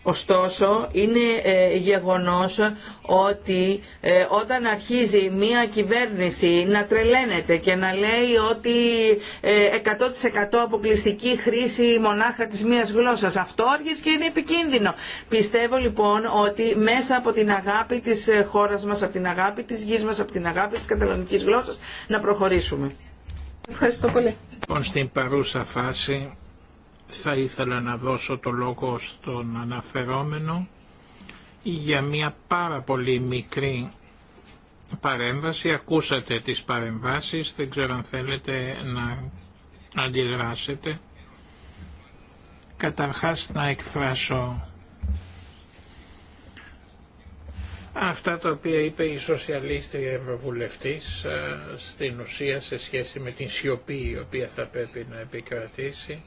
Ωστόσο, είναι ε, γεγονός ότι ε, όταν αρχίζει μία κυβέρνηση να τρελαίνεται και να λέει ότι 100% ε, αποκλειστική χρήση μονάχα της μίας γλώσσας, αυτό αρχίζει και είναι επικίνδυνο. Πιστεύω λοιπόν ότι μέσα από την αγάπη της χώρας μας, από την αγάπη της γης μας, από την αγάπη της καταλανικής γλώσσας να προχωρήσουμε. Ευχαριστώ πολύ. Λοιπόν, στην παρούσα φάση θα ήθελα να δώσω το λόγο στον αναφερόμενο για μια πάρα πολύ μικρή παρέμβαση. Ακούσατε τις παρεμβάσεις, δεν ξέρω αν θέλετε να αντιδράσετε. Καταρχάς να εκφράσω αυτά τα οποία είπε η σοσιαλίστρια Ευρωβουλευτής ε, στην ουσία σε σχέση με την σιωπή η οποία θα πρέπει να επικρατήσει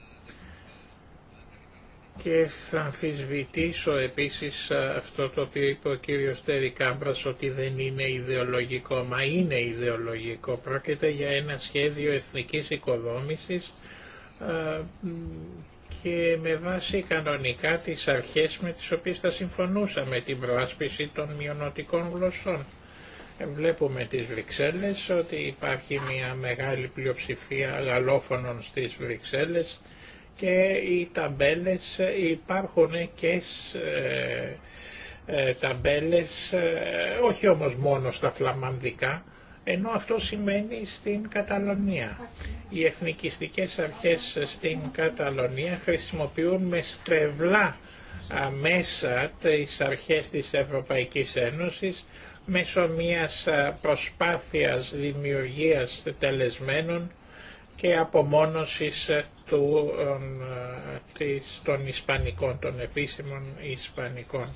και θα αμφισβητήσω επίσης αυτό το οποίο είπε ο κύριος Κάμπρας ότι δεν είναι ιδεολογικό, μα είναι ιδεολογικό. Πρόκειται για ένα σχέδιο εθνικής οικοδόμησης ε, και με βάση κανονικά τις αρχές με τις οποίες θα συμφωνούσαμε την προάσπιση των μειονοτικών γλωσσών. Βλέπουμε τις Βρυξέλλες ότι υπάρχει μια μεγάλη πλειοψηφία γαλλόφωνων στις Βρυξέλλες και οι ταμπέλες υπάρχουν και ε, ε, ταμπέλες, ε, όχι όμως μόνο στα φλαμανδικά, ενώ αυτό σημαίνει στην Καταλωνία. Οι εθνικιστικές αρχές στην Καταλωνία χρησιμοποιούν με στρεβλά μέσα τις αρχές της Ευρωπαϊκής Ένωσης μέσω μιας προσπάθειας δημιουργίας τελεσμένων και απομόνωσης του, της, των Ισπανικών, των επίσημων Ισπανικών.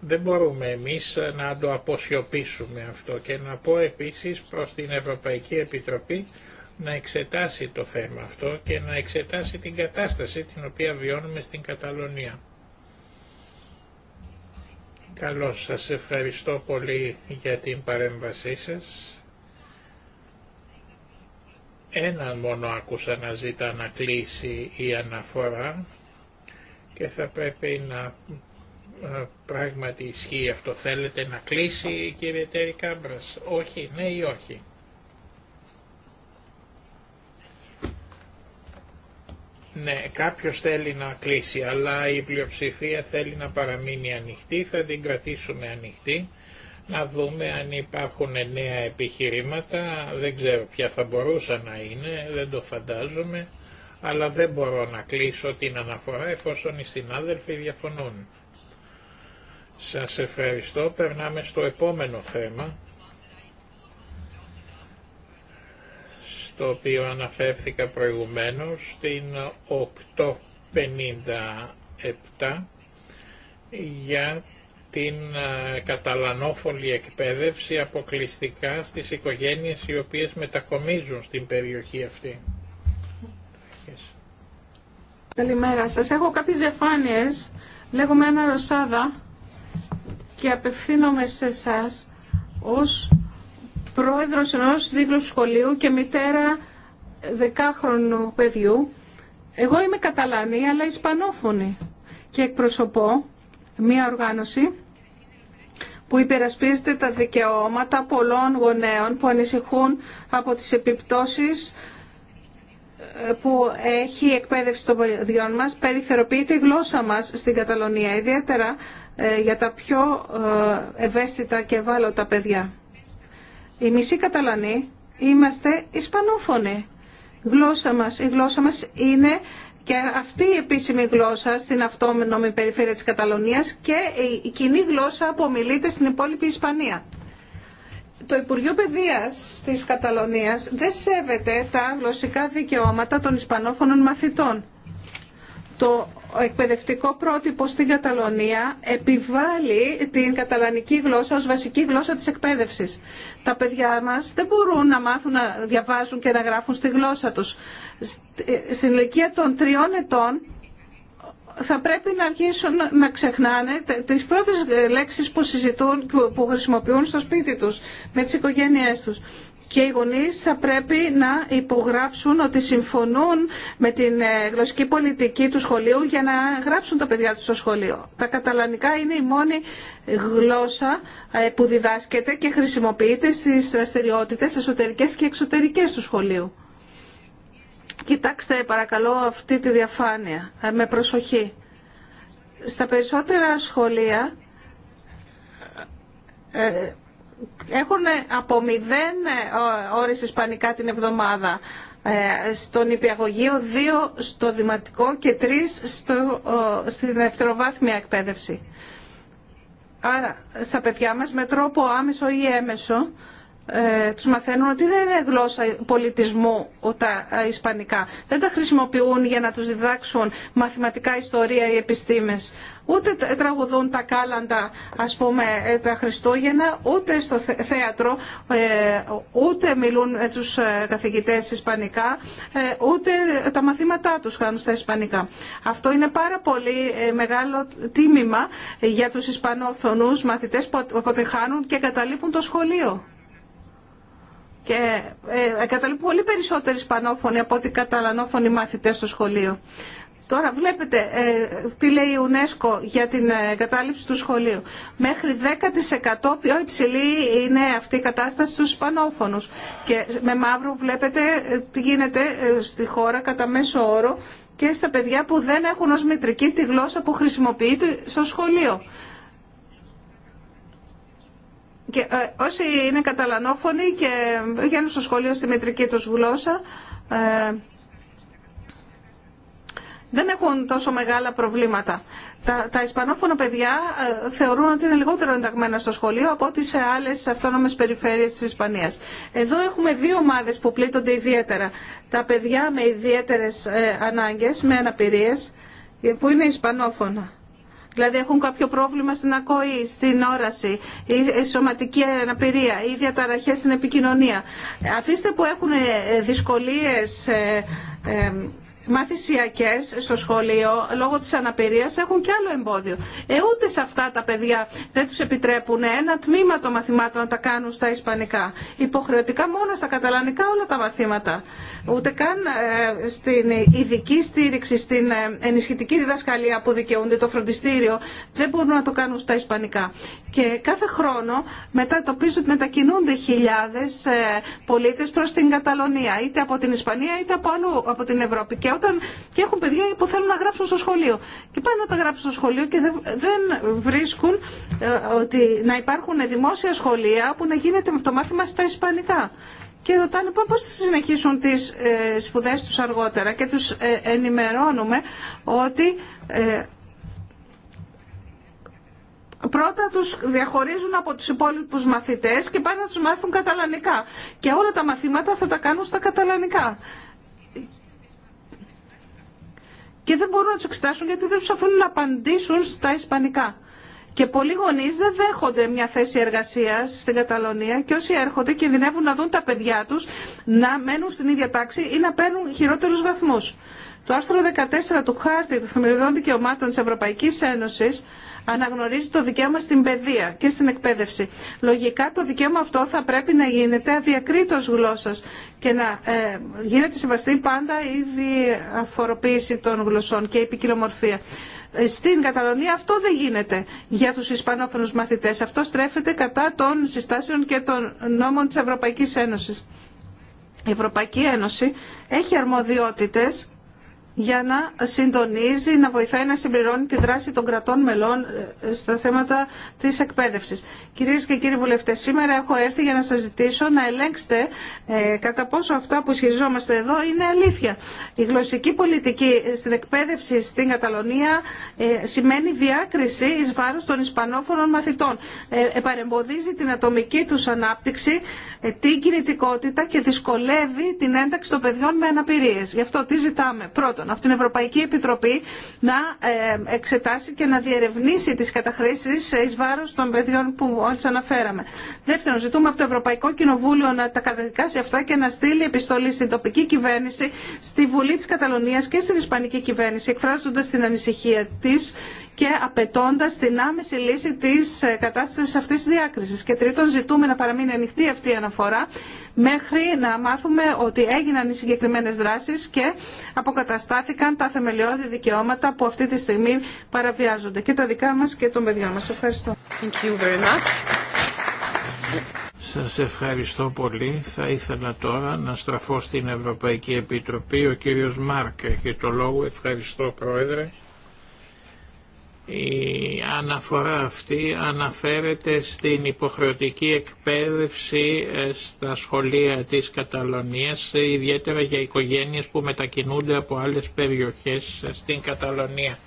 Δεν μπορούμε εμείς να το αποσιωπήσουμε αυτό και να πω επίσης προς την Ευρωπαϊκή Επιτροπή να εξετάσει το θέμα αυτό και να εξετάσει την κατάσταση την οποία βιώνουμε στην Καταλωνία. Καλώς σας ευχαριστώ πολύ για την παρέμβασή σας ένα μόνο άκουσα να ζητά να κλείσει η αναφορά και θα πρέπει να ε, πράγματι ισχύει αυτό. Θέλετε να κλείσει κύριε Τέρη Κάμπρας. Όχι, ναι ή όχι. Ναι, κάποιος θέλει να κλείσει, αλλά η πλειοψηφία θέλει να παραμείνει ανοιχτή, θα την κρατήσουμε ανοιχτή να δούμε αν υπάρχουν νέα επιχειρήματα, δεν ξέρω ποια θα μπορούσαν να είναι, δεν το φαντάζομαι, αλλά δεν μπορώ να κλείσω την αναφορά εφόσον οι συνάδελφοι διαφωνούν. Σας ευχαριστώ, περνάμε στο επόμενο θέμα, στο οποίο αναφέρθηκα προηγουμένως, στην 857 για την ε, καταλανόφωνη εκπαίδευση αποκλειστικά στις οικογένειες οι οποίες μετακομίζουν στην περιοχή αυτή. Καλημέρα σας. Έχω κάποιες διαφάνειες. Λέγομαι ένα Ρωσάδα και απευθύνομαι σε εσά ως πρόεδρος ενός δίκλου σχολείου και μητέρα δεκάχρονου παιδιού. Εγώ είμαι Καταλανή αλλά Ισπανόφωνη και εκπροσωπώ μία οργάνωση που υπερασπίζεται τα δικαιώματα πολλών γονέων που ανησυχούν από τις επιπτώσεις ε, που έχει η εκπαίδευση των παιδιών μας, περιθεροποιείται η γλώσσα μας στην Καταλωνία, ιδιαίτερα ε, για τα πιο ε, ευαίσθητα και ευάλωτα παιδιά. Οι μισοί Καταλανοί είμαστε Ισπανόφωνοι. μας, η γλώσσα μας είναι και αυτή η επίσημη γλώσσα στην αυτόνομη περιφέρεια της Καταλωνίας και η κοινή γλώσσα που στην υπόλοιπη Ισπανία. Το Υπουργείο Παιδείας της Καταλωνίας δεν σέβεται τα γλωσσικά δικαιώματα των Ισπανόφωνων μαθητών. Το ο εκπαιδευτικό πρότυπο στην Καταλωνία επιβάλλει την καταλανική γλώσσα ως βασική γλώσσα της εκπαίδευσης. Τα παιδιά μας δεν μπορούν να μάθουν να διαβάζουν και να γράφουν στη γλώσσα τους. Στην ηλικία των τριών ετών θα πρέπει να αρχίσουν να ξεχνάνε τις πρώτες λέξεις που συζητούν, που χρησιμοποιούν στο σπίτι τους, με τις οικογένειές τους και οι γονείς θα πρέπει να υπογράψουν ότι συμφωνούν με την ε, γλωσσική πολιτική του σχολείου για να γράψουν τα παιδιά τους στο σχολείο. Τα καταλανικά είναι η μόνη γλώσσα ε, που διδάσκεται και χρησιμοποιείται στις δραστηριότητε, εσωτερικές και εξωτερικές του σχολείου. Κοιτάξτε παρακαλώ αυτή τη διαφάνεια ε, με προσοχή. Στα περισσότερα σχολεία έχουν από μηδέν ε, ώρες ισπανικά την εβδομάδα ε, στον υπηαγωγείο, δύο στο δηματικό και τρεις στο, στην δευτεροβάθμια εκπαίδευση. Άρα, στα παιδιά μας με τρόπο άμεσο ή έμεσο ε, τους μαθαίνουν ότι δεν είναι γλώσσα πολιτισμού τα ισπανικά. Δεν τα χρησιμοποιούν για να τους διδάξουν μαθηματικά ιστορία ή επιστήμες. Ούτε τραγουδούν τα κάλαντα, ας πούμε, ε, τα Χριστούγεννα, ούτε στο θέατρο, ε, ούτε μιλούν με τους ε, καθηγητές ισπανικά, ούτε τα μαθήματά τους κάνουν στα ισπανικά. Αυτό είναι πάρα πολύ μεγάλο τίμημα για τους ισπανόφωνους μαθητές που αποτεχάνουν και καταλείπουν το σχολείο και ε, εγκαταλείπουν πολύ περισσότεροι ισπανόφωνοι από ότι καταλανόφωνοι μάθητες στο σχολείο. Τώρα βλέπετε ε, τι λέει η UNESCO για την ε, κατάληψη του σχολείου. Μέχρι 10% πιο υψηλή είναι αυτή η κατάσταση στους Ισπανόφωνους. Και με μαύρο βλέπετε τι γίνεται στη χώρα κατά μέσο όρο και στα παιδιά που δεν έχουν ως μητρική τη γλώσσα που χρησιμοποιείται στο σχολείο. Και ε, όσοι είναι καταλανόφωνοι και βγαίνουν στο σχολείο στη μετρική τους γλώσσα, ε, δεν έχουν τόσο μεγάλα προβλήματα. Τα, τα ισπανόφωνα παιδιά ε, θεωρούν ότι είναι λιγότερο ενταγμένα στο σχολείο από ότι σε άλλε αυτόνομε περιφέρειες τη Ισπανία. Εδώ έχουμε δύο ομάδε που πλήττονται ιδιαίτερα. Τα παιδιά με ιδιαίτερε ε, ανάγκε, με αναπηρίε, που είναι ισπανόφωνα δηλαδή έχουν κάποιο πρόβλημα στην ακοή, στην όραση, η σωματική αναπηρία ή διαταραχές στην επικοινωνία. Αφήστε που έχουν ε, δυσκολίες ε, ε, Μαθησιακέ στο σχολείο λόγω τη αναπηρία έχουν κι άλλο εμπόδιο. Ε, ούτε σε αυτά τα παιδιά δεν του επιτρέπουν ένα τμήμα των μαθημάτων να τα κάνουν στα ισπανικά. Υποχρεωτικά μόνο στα καταλανικά όλα τα μαθήματα. Ούτε καν ε, στην ειδική στήριξη, στην ε, ενισχυτική διδασκαλία που δικαιούνται το φροντιστήριο δεν μπορούν να το κάνουν στα ισπανικά. Και κάθε χρόνο μετά το πίσω ότι μετακινούνται χιλιάδε ε, πολίτες προς την Καταλωνία είτε από την Ισπανία είτε από αλλού από την Ευρώπη όταν... και έχουν παιδιά που θέλουν να γράψουν στο σχολείο. Και πάνε να τα γράψουν στο σχολείο και δεν βρίσκουν ε, ότι να υπάρχουν δημόσια σχολεία που να γίνεται με το μάθημα στα ισπανικά. Και ρωτάνε πώς θα συνεχίσουν τις ε, σπουδές τους αργότερα και τους ε, ενημερώνουμε ότι πρώτα τους διαχωρίζουν από τους υπόλοιπους μαθητές και πάνε να τους μάθουν καταλανικά. Και όλα τα μαθήματα θα τα κάνουν στα καταλανικά και δεν μπορούν να του εξετάσουν γιατί δεν του αφήνουν να απαντήσουν στα ισπανικά. Και πολλοί γονεί δεν δέχονται μια θέση εργασία στην Καταλωνία και όσοι έρχονται κινδυνεύουν να δουν τα παιδιά του να μένουν στην ίδια τάξη ή να παίρνουν χειρότερου βαθμού. Το άρθρο 14 του Χάρτη των Θεμελιωδών Δικαιωμάτων της Ευρωπαϊκής Ένωσης αναγνωρίζει το δικαίωμα στην παιδεία και στην εκπαίδευση. Λογικά το δικαίωμα αυτό θα πρέπει να γίνεται αδιακρίτω γλώσσα και να ε, γίνεται σεβαστή πάντα η διαφοροποίηση των γλωσσών και η ποικιλομορφία. Ε, στην Καταλωνία αυτό δεν γίνεται για τους Ισπανόφωνους μαθητές. Αυτό στρέφεται κατά των συστάσεων και των νόμων της Ευρωπαϊκής Ένωσης. Η Ευρωπαϊκή Ένωση έχει αρμοδιότητες για να συντονίζει, να βοηθάει να συμπληρώνει τη δράση των κρατών μελών ε, στα θέματα της εκπαίδευσης. Κυρίες και κύριοι βουλευτές, σήμερα έχω έρθει για να σας ζητήσω να ελέγξετε ε, κατά πόσο αυτά που ισχυριζόμαστε εδώ είναι αλήθεια. Η γλωσσική πολιτική στην εκπαίδευση στην Καταλωνία ε, σημαίνει διάκριση εις βάρος των ισπανόφωνων μαθητών. Ε, επαρεμποδίζει την ατομική του ανάπτυξη, την κινητικότητα και δυσκολεύει την ένταξη των παιδιών με αναπηρίε. Γι' αυτό τι ζητάμε. Πρώτον, από την Ευρωπαϊκή Επιτροπή να ε, εξετάσει και να διερευνήσει τις καταχρήσεις εις βάρος των παιδιών που όλες αναφέραμε. Δεύτερον, ζητούμε από το Ευρωπαϊκό Κοινοβούλιο να τα καταδικάσει αυτά και να στείλει επιστολή στην τοπική κυβέρνηση, στη Βουλή της Καταλωνίας και στην Ισπανική κυβέρνηση, εκφράζοντας την ανησυχία της και απαιτώντα την άμεση λύση τη ε, κατάσταση αυτή τη διάκριση. Και τρίτον, ζητούμε να παραμείνει ανοιχτή αυτή η αναφορά μέχρι να μάθουμε ότι έγιναν οι συγκεκριμένε δράσει και αποκαταστάσει αποκαταστάθηκαν τα θεμελιώδη δικαιώματα που αυτή τη στιγμή παραβιάζονται και τα δικά μας και των παιδιών μας. Ευχαριστώ. Thank very much. Σας ευχαριστώ πολύ. Θα ήθελα τώρα να στραφώ στην Ευρωπαϊκή Επιτροπή. Ο κύριος Μάρκ έχει το λόγο. Ευχαριστώ Πρόεδρε. Η αναφορά αυτή αναφέρεται στην υποχρεωτική εκπαίδευση ε, στα σχολεία της Καταλωνίας, ιδιαίτερα για οικογένειες που μετακινούνται από άλλες περιοχές ε, στην Καταλωνία.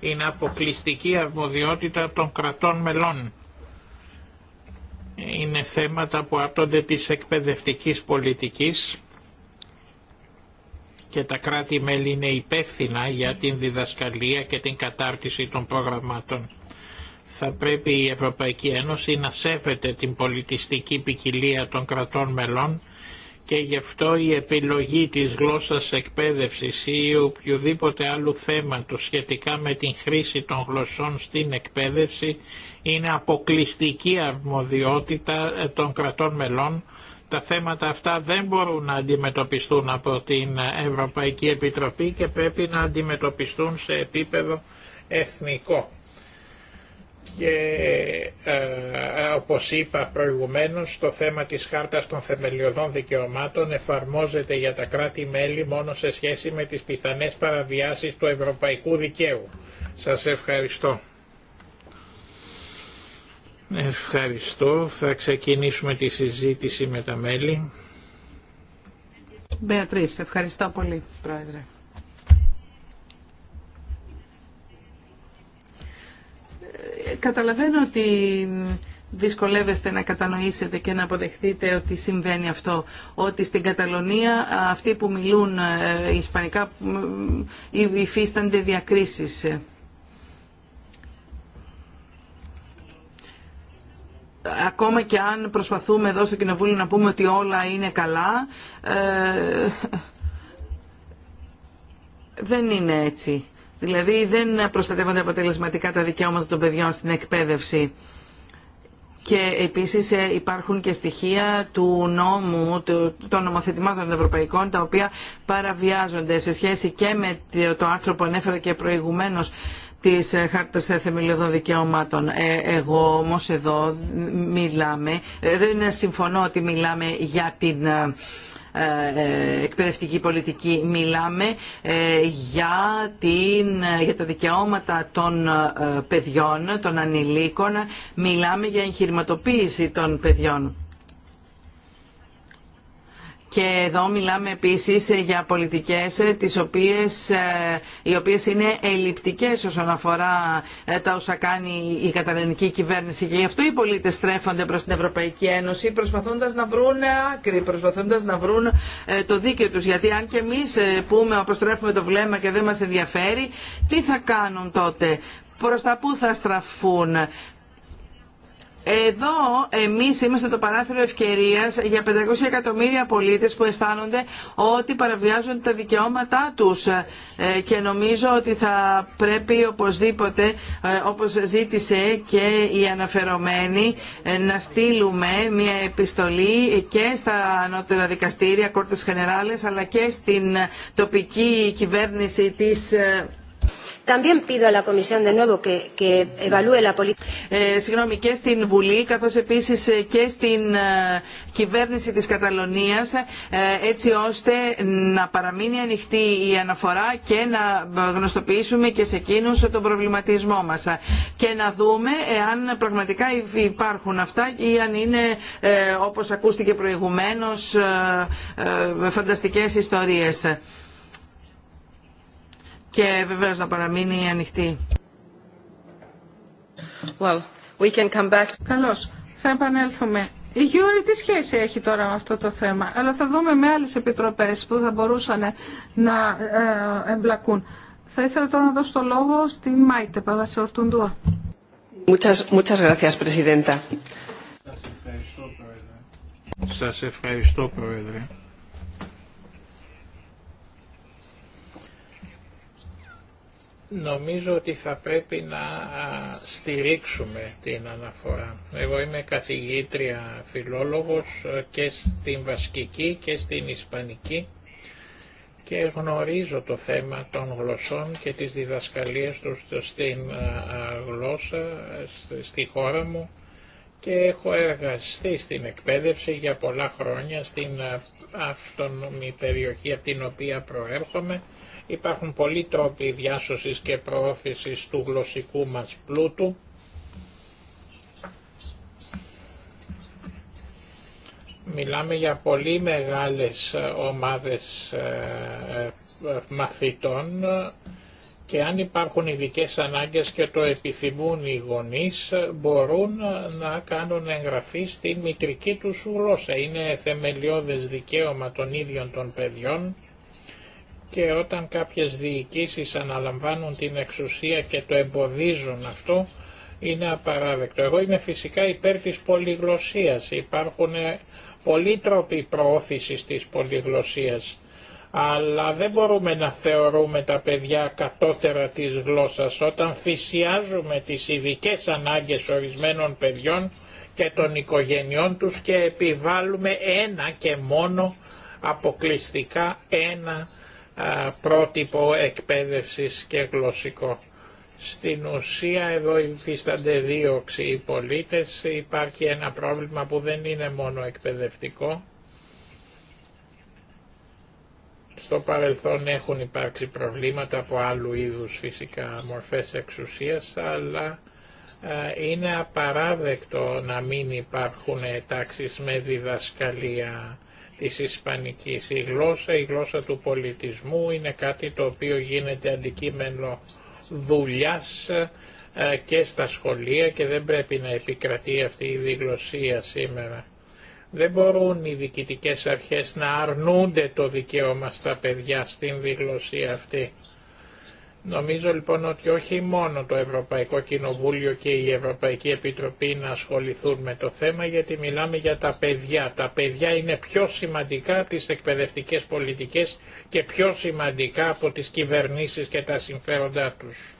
Είναι αποκλειστική αρμοδιότητα των κρατών μελών. Είναι θέματα που άπτονται της εκπαιδευτικής πολιτικής και τα κράτη-μέλη είναι υπεύθυνα για την διδασκαλία και την κατάρτιση των προγραμμάτων. Θα πρέπει η Ευρωπαϊκή Ένωση να σέβεται την πολιτιστική ποικιλία των κρατών μελών και γι' αυτό η επιλογή της γλώσσας εκπαίδευσης ή οποιοδήποτε άλλου θέματος σχετικά με την χρήση των γλωσσών στην εκπαίδευση είναι αποκλειστική αρμοδιότητα ε, των κρατών μελών τα θέματα αυτά δεν μπορούν να αντιμετωπιστούν από την Ευρωπαϊκή Επιτροπή και πρέπει να αντιμετωπιστούν σε επίπεδο εθνικό. Και ε, ε, όπως είπα προηγουμένως, το θέμα της Χάρτας των Θεμελιωδών Δικαιωμάτων εφαρμόζεται για τα κράτη-μέλη μόνο σε σχέση με τις πιθανές παραβιάσεις του ευρωπαϊκού δικαίου. Σας ευχαριστώ. Ευχαριστώ. Θα ξεκινήσουμε τη συζήτηση με τα μέλη. Μπεατρίς, ευχαριστώ πολύ, Πρόεδρε. Ε, καταλαβαίνω ότι δυσκολεύεστε να κατανοήσετε και να αποδεχτείτε ότι συμβαίνει αυτό. Ότι στην Καταλωνία αυτοί που μιλούν ε, ισπανικά υφίστανται διακρίσεις. ακόμα και αν προσπαθούμε εδώ στο Κοινοβούλιο να πούμε ότι όλα είναι καλά, ε, δεν είναι έτσι. Δηλαδή δεν προστατεύονται αποτελεσματικά τα δικαιώματα των παιδιών στην εκπαίδευση. Και επίσης ε, υπάρχουν και στοιχεία του νόμου, των νομοθετημάτων ευρωπαϊκών, τα οποία παραβιάζονται σε σχέση και με το άνθρωπο, που ανέφερα και προηγουμένως τη ε, χάρτα Θεμελιωδών Δικαιωμάτων. Ε, εγώ όμω εδώ μιλάμε, ε, δεν συμφωνώ ότι μιλάμε για την εκπαιδευτική πολιτική μιλάμε για, την, για τα δικαιώματα των παιδιών, των ανηλίκων, μιλάμε για εγχειρηματοποίηση των παιδιών. Και εδώ μιλάμε επίσης για πολιτικές ε, τις οποίες, ε, οι οποίες είναι ελλειπτικές όσον αφορά ε, τα όσα κάνει η καταναλική κυβέρνηση. Και γι' αυτό οι πολίτες στρέφονται προς την Ευρωπαϊκή Ένωση προσπαθώντας να βρουν άκρη, προσπαθώντας να βρουν το δίκαιο τους. Γιατί αν και εμείς πούμε αποστρέφουμε το βλέμμα και δεν μας ενδιαφέρει, τι θα κάνουν τότε προς τα που θα στραφούν εδώ εμείς είμαστε το παράθυρο ευκαιρίας για 500 εκατομμύρια πολίτες που αισθάνονται ότι παραβιάζουν τα δικαιώματά τους ε, και νομίζω ότι θα πρέπει οπωσδήποτε ε, όπως ζήτησε και η αναφερομένη ε, να στείλουμε μια επιστολή και στα ανώτερα δικαστήρια Κόρτες χενεράλες αλλά και στην τοπική κυβέρνηση της También συγγνώμη, και στην Βουλή, καθώς επίσης και στην κυβέρνηση της Καταλωνίας, έτσι ώστε να παραμείνει ανοιχτή η αναφορά και να γνωστοποιήσουμε και σε εκείνους τον προβληματισμό μας. Και να δούμε εάν πραγματικά υπάρχουν αυτά ή αν είναι, όπως ακούστηκε προηγουμένως, φανταστικές ιστορίες και βεβαίως να παραμείνει ανοιχτή. Well, Καλώς. Θα επανέλθουμε. Η Γιούρη τι σχέση έχει τώρα με αυτό το θέμα, αλλά θα δούμε με άλλες επιτροπές που θα μπορούσαν να ε, εμπλακούν. Θα ήθελα τώρα να δώσω το λόγο στη Μάιτε Παπασορτούντουα. Muchas, muchas gracias, Presidenta. Σας ευχαριστώ, Πρόεδρε. Νομίζω ότι θα πρέπει να στηρίξουμε την αναφορά. Εγώ είμαι καθηγήτρια φιλόλογος ε, και στην Βασκική και στην Ισπανική και γνωρίζω το θέμα των γλωσσών και τις διδασκαλίες τους στην γλώσσα στη χώρα μου και έχω εργαστεί στην εκπαίδευση για πολλά χρόνια στην αυτονομή περιοχή από την οποία προέρχομαι Υπάρχουν πολλοί τρόποι διάσωσης και προώθησης του γλωσσικού μας πλούτου. Μιλάμε για πολύ μεγάλες ε, ομάδες ε, ε, μαθητών και αν υπάρχουν ειδικέ ανάγκες και το επιθυμούν οι γονείς μπορούν να κάνουν εγγραφή στη μητρική τους γλώσσα. Είναι θεμελιώδες δικαίωμα των ίδιων των παιδιών και όταν κάποιες διοικήσεις αναλαμβάνουν την εξουσία και το εμποδίζουν αυτό είναι απαράδεκτο. Εγώ είμαι φυσικά υπέρ της πολυγλωσσίας. Υπάρχουν ε, πολλοί τρόποι προώθησης της πολυγλωσσίας. Αλλά δεν μπορούμε να θεωρούμε τα παιδιά κατώτερα της γλώσσας όταν φυσιάζουμε τις ειδικέ ανάγκες ορισμένων παιδιών και των οικογενειών τους και επιβάλλουμε ένα και μόνο αποκλειστικά ένα πρότυπο εκπαίδευσης και γλωσσικό. Στην ουσία εδώ υφίστανται δίωξη οι πολίτες, υπάρχει ένα πρόβλημα που δεν είναι μόνο εκπαιδευτικό. Στο παρελθόν έχουν υπάρξει προβλήματα από άλλου είδους φυσικά μορφές εξουσίας, αλλά είναι απαράδεκτο να μην υπάρχουν τάξεις με διδασκαλία της ισπανικής. Η γλώσσα, η γλώσσα του πολιτισμού είναι κάτι το οποίο γίνεται αντικείμενο δουλειάς ε, και στα σχολεία και δεν πρέπει να επικρατεί αυτή η διγλωσία σήμερα. Δεν μπορούν οι διοικητικές αρχές να αρνούνται το δικαίωμα στα παιδιά στην διγλωσία αυτή. Νομίζω λοιπόν ότι όχι μόνο το Ευρωπαϊκό Κοινοβούλιο και η Ευρωπαϊκή Επιτροπή να ασχοληθούν με το θέμα γιατί μιλάμε για τα παιδιά. Τα παιδιά είναι πιο σημαντικά από τις εκπαιδευτικές πολιτικές και πιο σημαντικά από τις κυβερνήσεις και τα συμφέροντά τους.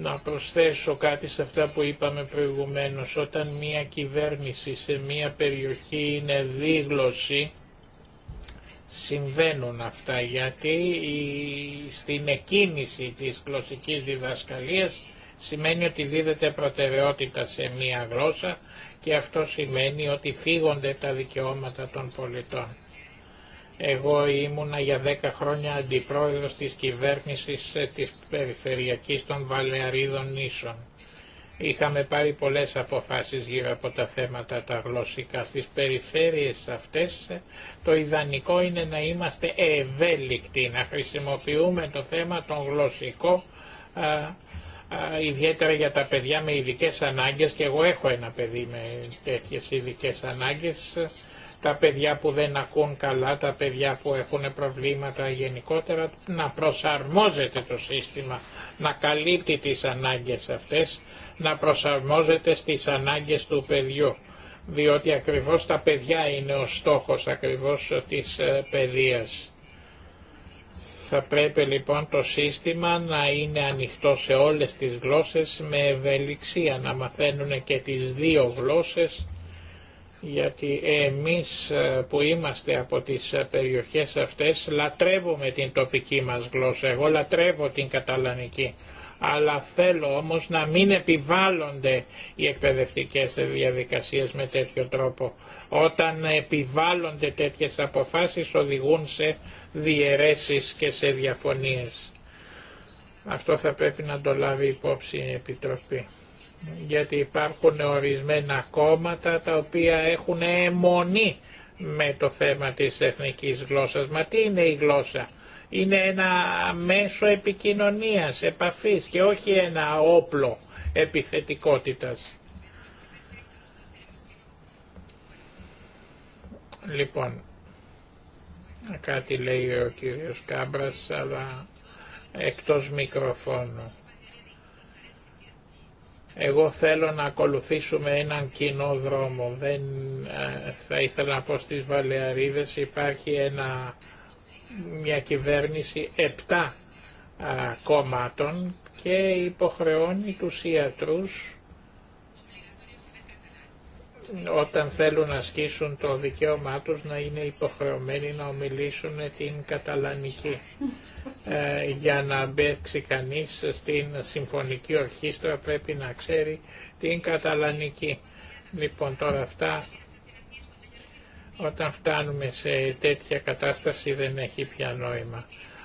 να προσθέσω κάτι σε αυτά που είπαμε προηγουμένως. Όταν μια κυβέρνηση σε μια περιοχή είναι δίγλωση, συμβαίνουν αυτά γιατί στην εκκίνηση της γλωσσικής διδασκαλίας σημαίνει ότι δίδεται προτεραιότητα σε μία γλώσσα και αυτό σημαίνει ότι φύγονται τα δικαιώματα των πολιτών. Εγώ ήμουνα για 10 χρόνια αντιπρόεδρος της κυβέρνησης ε, της Περιφερειακής των Βαλεαρίδων Νήσων Είχαμε πάρει πολλές αποφάσεις γύρω από τα θέματα τα γλωσσικά. Στις περιφέρειες αυτές το ιδανικό είναι να είμαστε ευέλικτοι, να χρησιμοποιούμε το θέμα των γλωσσικό, ιδιαίτερα για τα παιδιά με ειδικέ ανάγκες και εγώ έχω ένα παιδί με τέτοιες ειδικέ ανάγκες, τα παιδιά που δεν ακούν καλά, τα παιδιά που έχουν προβλήματα γενικότερα, να προσαρμόζεται το σύστημα, να καλύπτει τις ανάγκες αυτές να προσαρμόζεται στις ανάγκες του παιδιού, διότι ακριβώς τα παιδιά είναι ο στόχος ακριβώς της ε, παιδείας. Θα πρέπει λοιπόν το σύστημα να είναι ανοιχτό σε όλες τις γλώσσες με ευελιξία, να μαθαίνουν και τις δύο γλώσσες, γιατί εμείς ε, που είμαστε από τις ε, περιοχές αυτές λατρεύουμε την τοπική μας γλώσσα. Εγώ λατρεύω την καταλανική αλλά θέλω όμως να μην επιβάλλονται οι εκπαιδευτικές διαδικασίες με τέτοιο τρόπο. Όταν επιβάλλονται τέτοιες αποφάσεις οδηγούν σε διαιρέσεις και σε διαφωνίες. Αυτό θα πρέπει να το λάβει υπόψη η Επιτροπή. Γιατί υπάρχουν ορισμένα κόμματα τα οποία έχουν αιμονή με το θέμα της εθνικής γλώσσας. Μα τι είναι η γλώσσα είναι ένα μέσο επικοινωνίας, επαφής και όχι ένα όπλο επιθετικότητας. Λοιπόν, κάτι λέει ο κύριος Κάμπρας, αλλά εκτός μικροφώνου. Εγώ θέλω να ακολουθήσουμε έναν κοινό δρόμο. Δεν ε, θα ήθελα να πω στις Βαλεαρίδες υπάρχει ένα μια κυβέρνηση 7 κομμάτων και υποχρεώνει τους ιατρούς όταν θέλουν να ασκήσουν το δικαίωμά τους να είναι υποχρεωμένοι να ομιλήσουν την καταλανική ε, για να μπέξει κανείς στην συμφωνική ορχήστρα πρέπει να ξέρει την καταλανική λοιπόν τώρα αυτά όταν φτάνουμε σε τέτοια κατάσταση δεν έχει πια νόημα.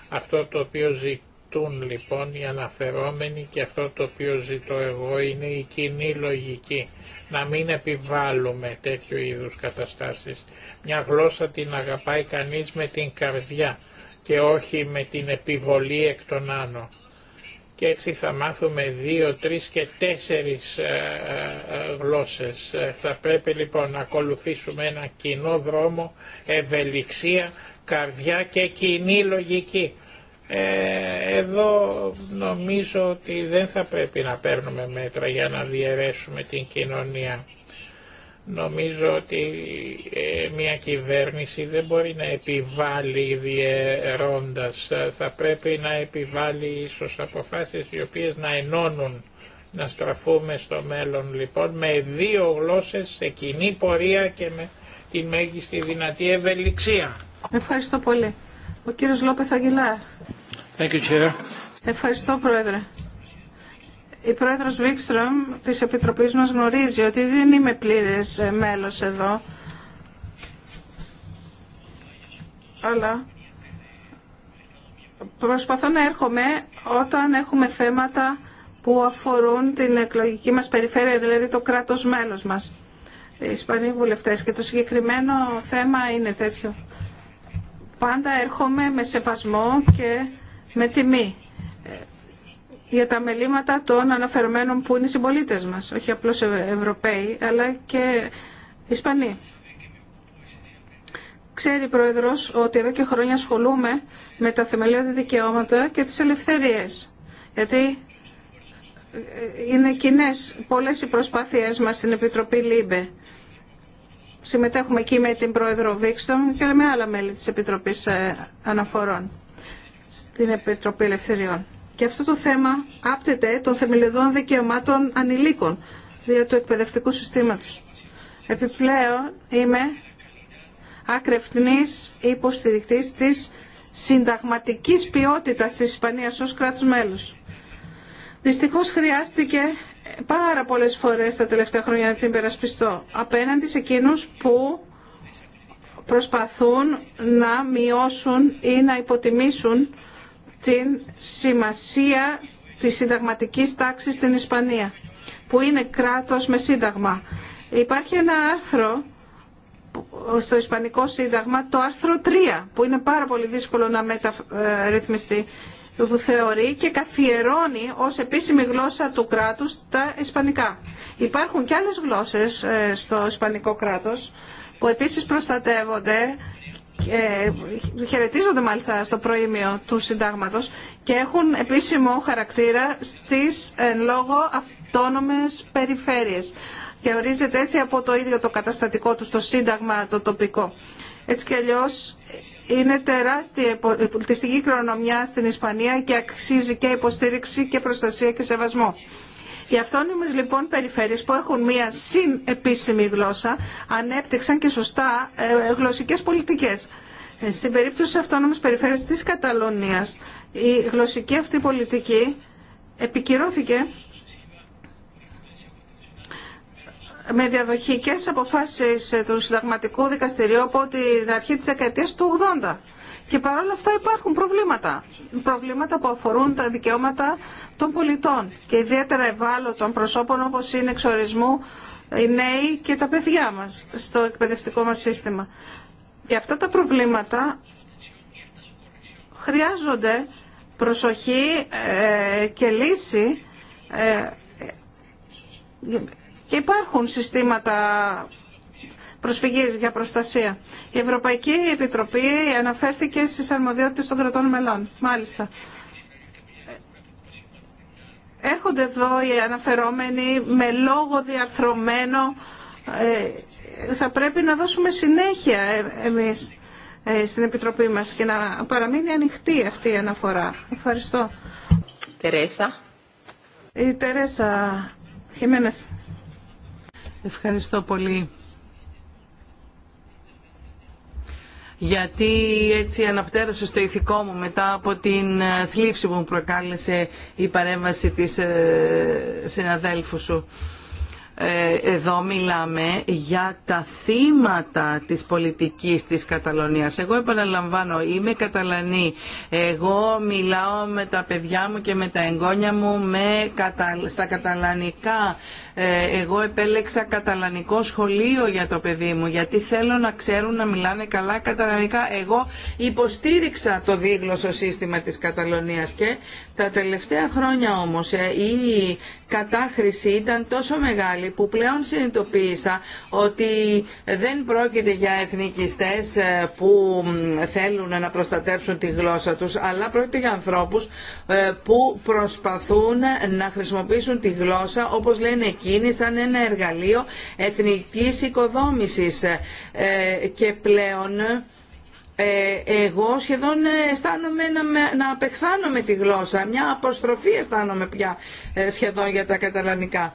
Αυτό το οποίο ζητούν λοιπόν οι αναφερόμενοι και αυτό το οποίο ζητώ εγώ είναι η κοινή λογική. Να μην επιβάλλουμε τέτοιου είδους καταστάσεις. Μια γλώσσα την αγαπάει κανείς με την καρδιά και όχι με την επιβολή εκ των άνω και έτσι θα μάθουμε δύο, τρεις και τέσσερις ε, ε, ε, γλώσσες. Θα πρέπει λοιπόν να ακολουθήσουμε ένα κοινό δρόμο, ευελιξία, καρδιά και κοινή λογική. Εδώ νομίζω ότι δεν θα πρέπει να παίρνουμε μέτρα για να διαιρέσουμε την κοινωνία. Νομίζω ότι ε, μια κυβέρνηση δεν μπορεί να επιβάλλει διαιρώντας, θα πρέπει να επιβάλλει ίσως αποφάσεις οι οποίες να ενώνουν, να στραφούμε στο μέλλον λοιπόν με δύο γλώσσες σε κοινή πορεία και με τη μέγιστη δυνατή ευελιξία. Ευχαριστώ πολύ. Ο κύριος Λόπεθ Αγγελάρ. Ευχαριστώ Πρόεδρε. Η πρόεδρος Βίξτρομ της Επιτροπής μας γνωρίζει ότι δεν είμαι πλήρες ε, μέλος εδώ. Αλλά προσπαθώ να έρχομαι όταν έχουμε θέματα που αφορούν την εκλογική μας περιφέρεια, δηλαδή το κράτος μέλος μας. Οι Ισπανοί βουλευτές και το συγκεκριμένο θέμα είναι τέτοιο. Πάντα έρχομαι με σεβασμό και με τιμή για τα μελήματα των αναφερμένων που είναι συμπολίτε μας, όχι απλώς Ευρωπαίοι, αλλά και Ισπανοί. Ξέρει, Πρόεδρο ότι εδώ και χρόνια ασχολούμαι με τα θεμελιώδη δικαιώματα και τι ελευθερίε, Γιατί ε, είναι κοινέ πολλές οι προσπάθειές μας στην Επιτροπή ΛΥΜΠΕ. Συμμετέχουμε εκεί με την Πρόεδρο Βίξτον και με άλλα μέλη της Επιτροπής ε, Αναφορών στην Επιτροπή Ελευθεριών. Και αυτό το θέμα άπτεται των θεμελιωδών δικαιωμάτων ανηλίκων δια του εκπαιδευτικού συστήματος. Επιπλέον είμαι άκρευτνής υποστηρικτής της συνταγματικής ποιότητας της Ισπανίας ως κράτους μέλους. Δυστυχώς χρειάστηκε πάρα πολλές φορές τα τελευταία χρόνια να την περασπιστώ απέναντι σε εκείνους που προσπαθούν να μειώσουν ή να υποτιμήσουν την σημασία της συνταγματικής τάξης στην Ισπανία, που είναι κράτος με σύνταγμα. Υπάρχει ένα άρθρο στο Ισπανικό Σύνταγμα, το άρθρο 3, που είναι πάρα πολύ δύσκολο να μεταρρυθμιστεί, που θεωρεί και καθιερώνει ως επίσημη γλώσσα του κράτους τα Ισπανικά. Υπάρχουν και άλλες γλώσσες ε, στο Ισπανικό κράτος, που επίσης προστατεύονται ε, χαιρετίζονται μάλιστα στο προήμιο του συντάγματος και έχουν επίσημο χαρακτήρα στις λόγω αυτόνομες περιφέρειες και ορίζεται έτσι από το ίδιο το καταστατικό του το σύνταγμα το τοπικό. Έτσι κι αλλιώ είναι τεράστια η πολιτιστική κληρονομιά στην Ισπανία και αξίζει και υποστήριξη και προστασία και σεβασμό. Οι αυτόνομες λοιπόν περιφέρειες που έχουν μία συνεπίσημη γλώσσα ανέπτυξαν και σωστά ε, γλωσσικές πολιτικές. Ε, στην περίπτωση της αυτόνομης περιφέρειας της Καταλωνίας η γλωσσική αυτή πολιτική επικυρώθηκε με διαδοχικές αποφάσεις του Συνταγματικού Δικαστηρίου από την αρχή της δεκαετίας του 80. Και παρόλα αυτά υπάρχουν προβλήματα. Προβλήματα που αφορούν τα δικαιώματα των πολιτών και ιδιαίτερα ευάλωτων προσώπων όπως είναι εξορισμού οι νέοι και τα παιδιά μας στο εκπαιδευτικό μας σύστημα. Και αυτά τα προβλήματα χρειάζονται προσοχή ε, και λύση ε, και υπάρχουν συστήματα προσφυγής για προστασία. Η Ευρωπαϊκή Επιτροπή αναφέρθηκε στις αρμοδιότητες των κρατών μελών. Μάλιστα. Έρχονται εδώ οι αναφερόμενοι με λόγο διαρθρωμένο. Ε, θα πρέπει να δώσουμε συνέχεια ε, εμείς ε, στην Επιτροπή μας και να παραμείνει ανοιχτή αυτή η αναφορά. Ευχαριστώ. Τερέσα. Η Τερέσα Χιμένεθ. Ευχαριστώ πολύ. γιατί έτσι αναπτέρωσε στο ηθικό μου μετά από την ε, θλίψη που μου προκάλεσε η παρέμβαση της ε, συναδέλφου σου. Ε, εδώ μιλάμε για τα θύματα της πολιτικής της Καταλωνίας. Εγώ επαναλαμβάνω, είμαι Καταλανή. Εγώ μιλάω με τα παιδιά μου και με τα εγγόνια μου με, στα καταλανικά. Ε, εγώ επέλεξα καταλανικό σχολείο για το παιδί μου γιατί θέλω να ξέρουν να μιλάνε καλά καταλανικά. Εγώ υποστήριξα το δίγλωσσο σύστημα της Καταλωνίας και τα τελευταία χρόνια όμως ε, η κατάχρηση ήταν τόσο μεγάλη που πλέον συνειδητοποίησα ότι δεν πρόκειται για εθνικιστές ε, που θέλουν να προστατεύσουν τη γλώσσα τους αλλά πρόκειται για ανθρώπους που προσπαθούν να χρησιμοποιήσουν τη γλώσσα όπως λένε γίνει σαν ένα εργαλείο εθνικής οικοδόμησης ε, και πλέον ε, εγώ σχεδόν αισθάνομαι να, να απεχθάνομαι τη γλώσσα. Μια αποστροφή αισθάνομαι πια ε, σχεδόν για τα καταλανικά.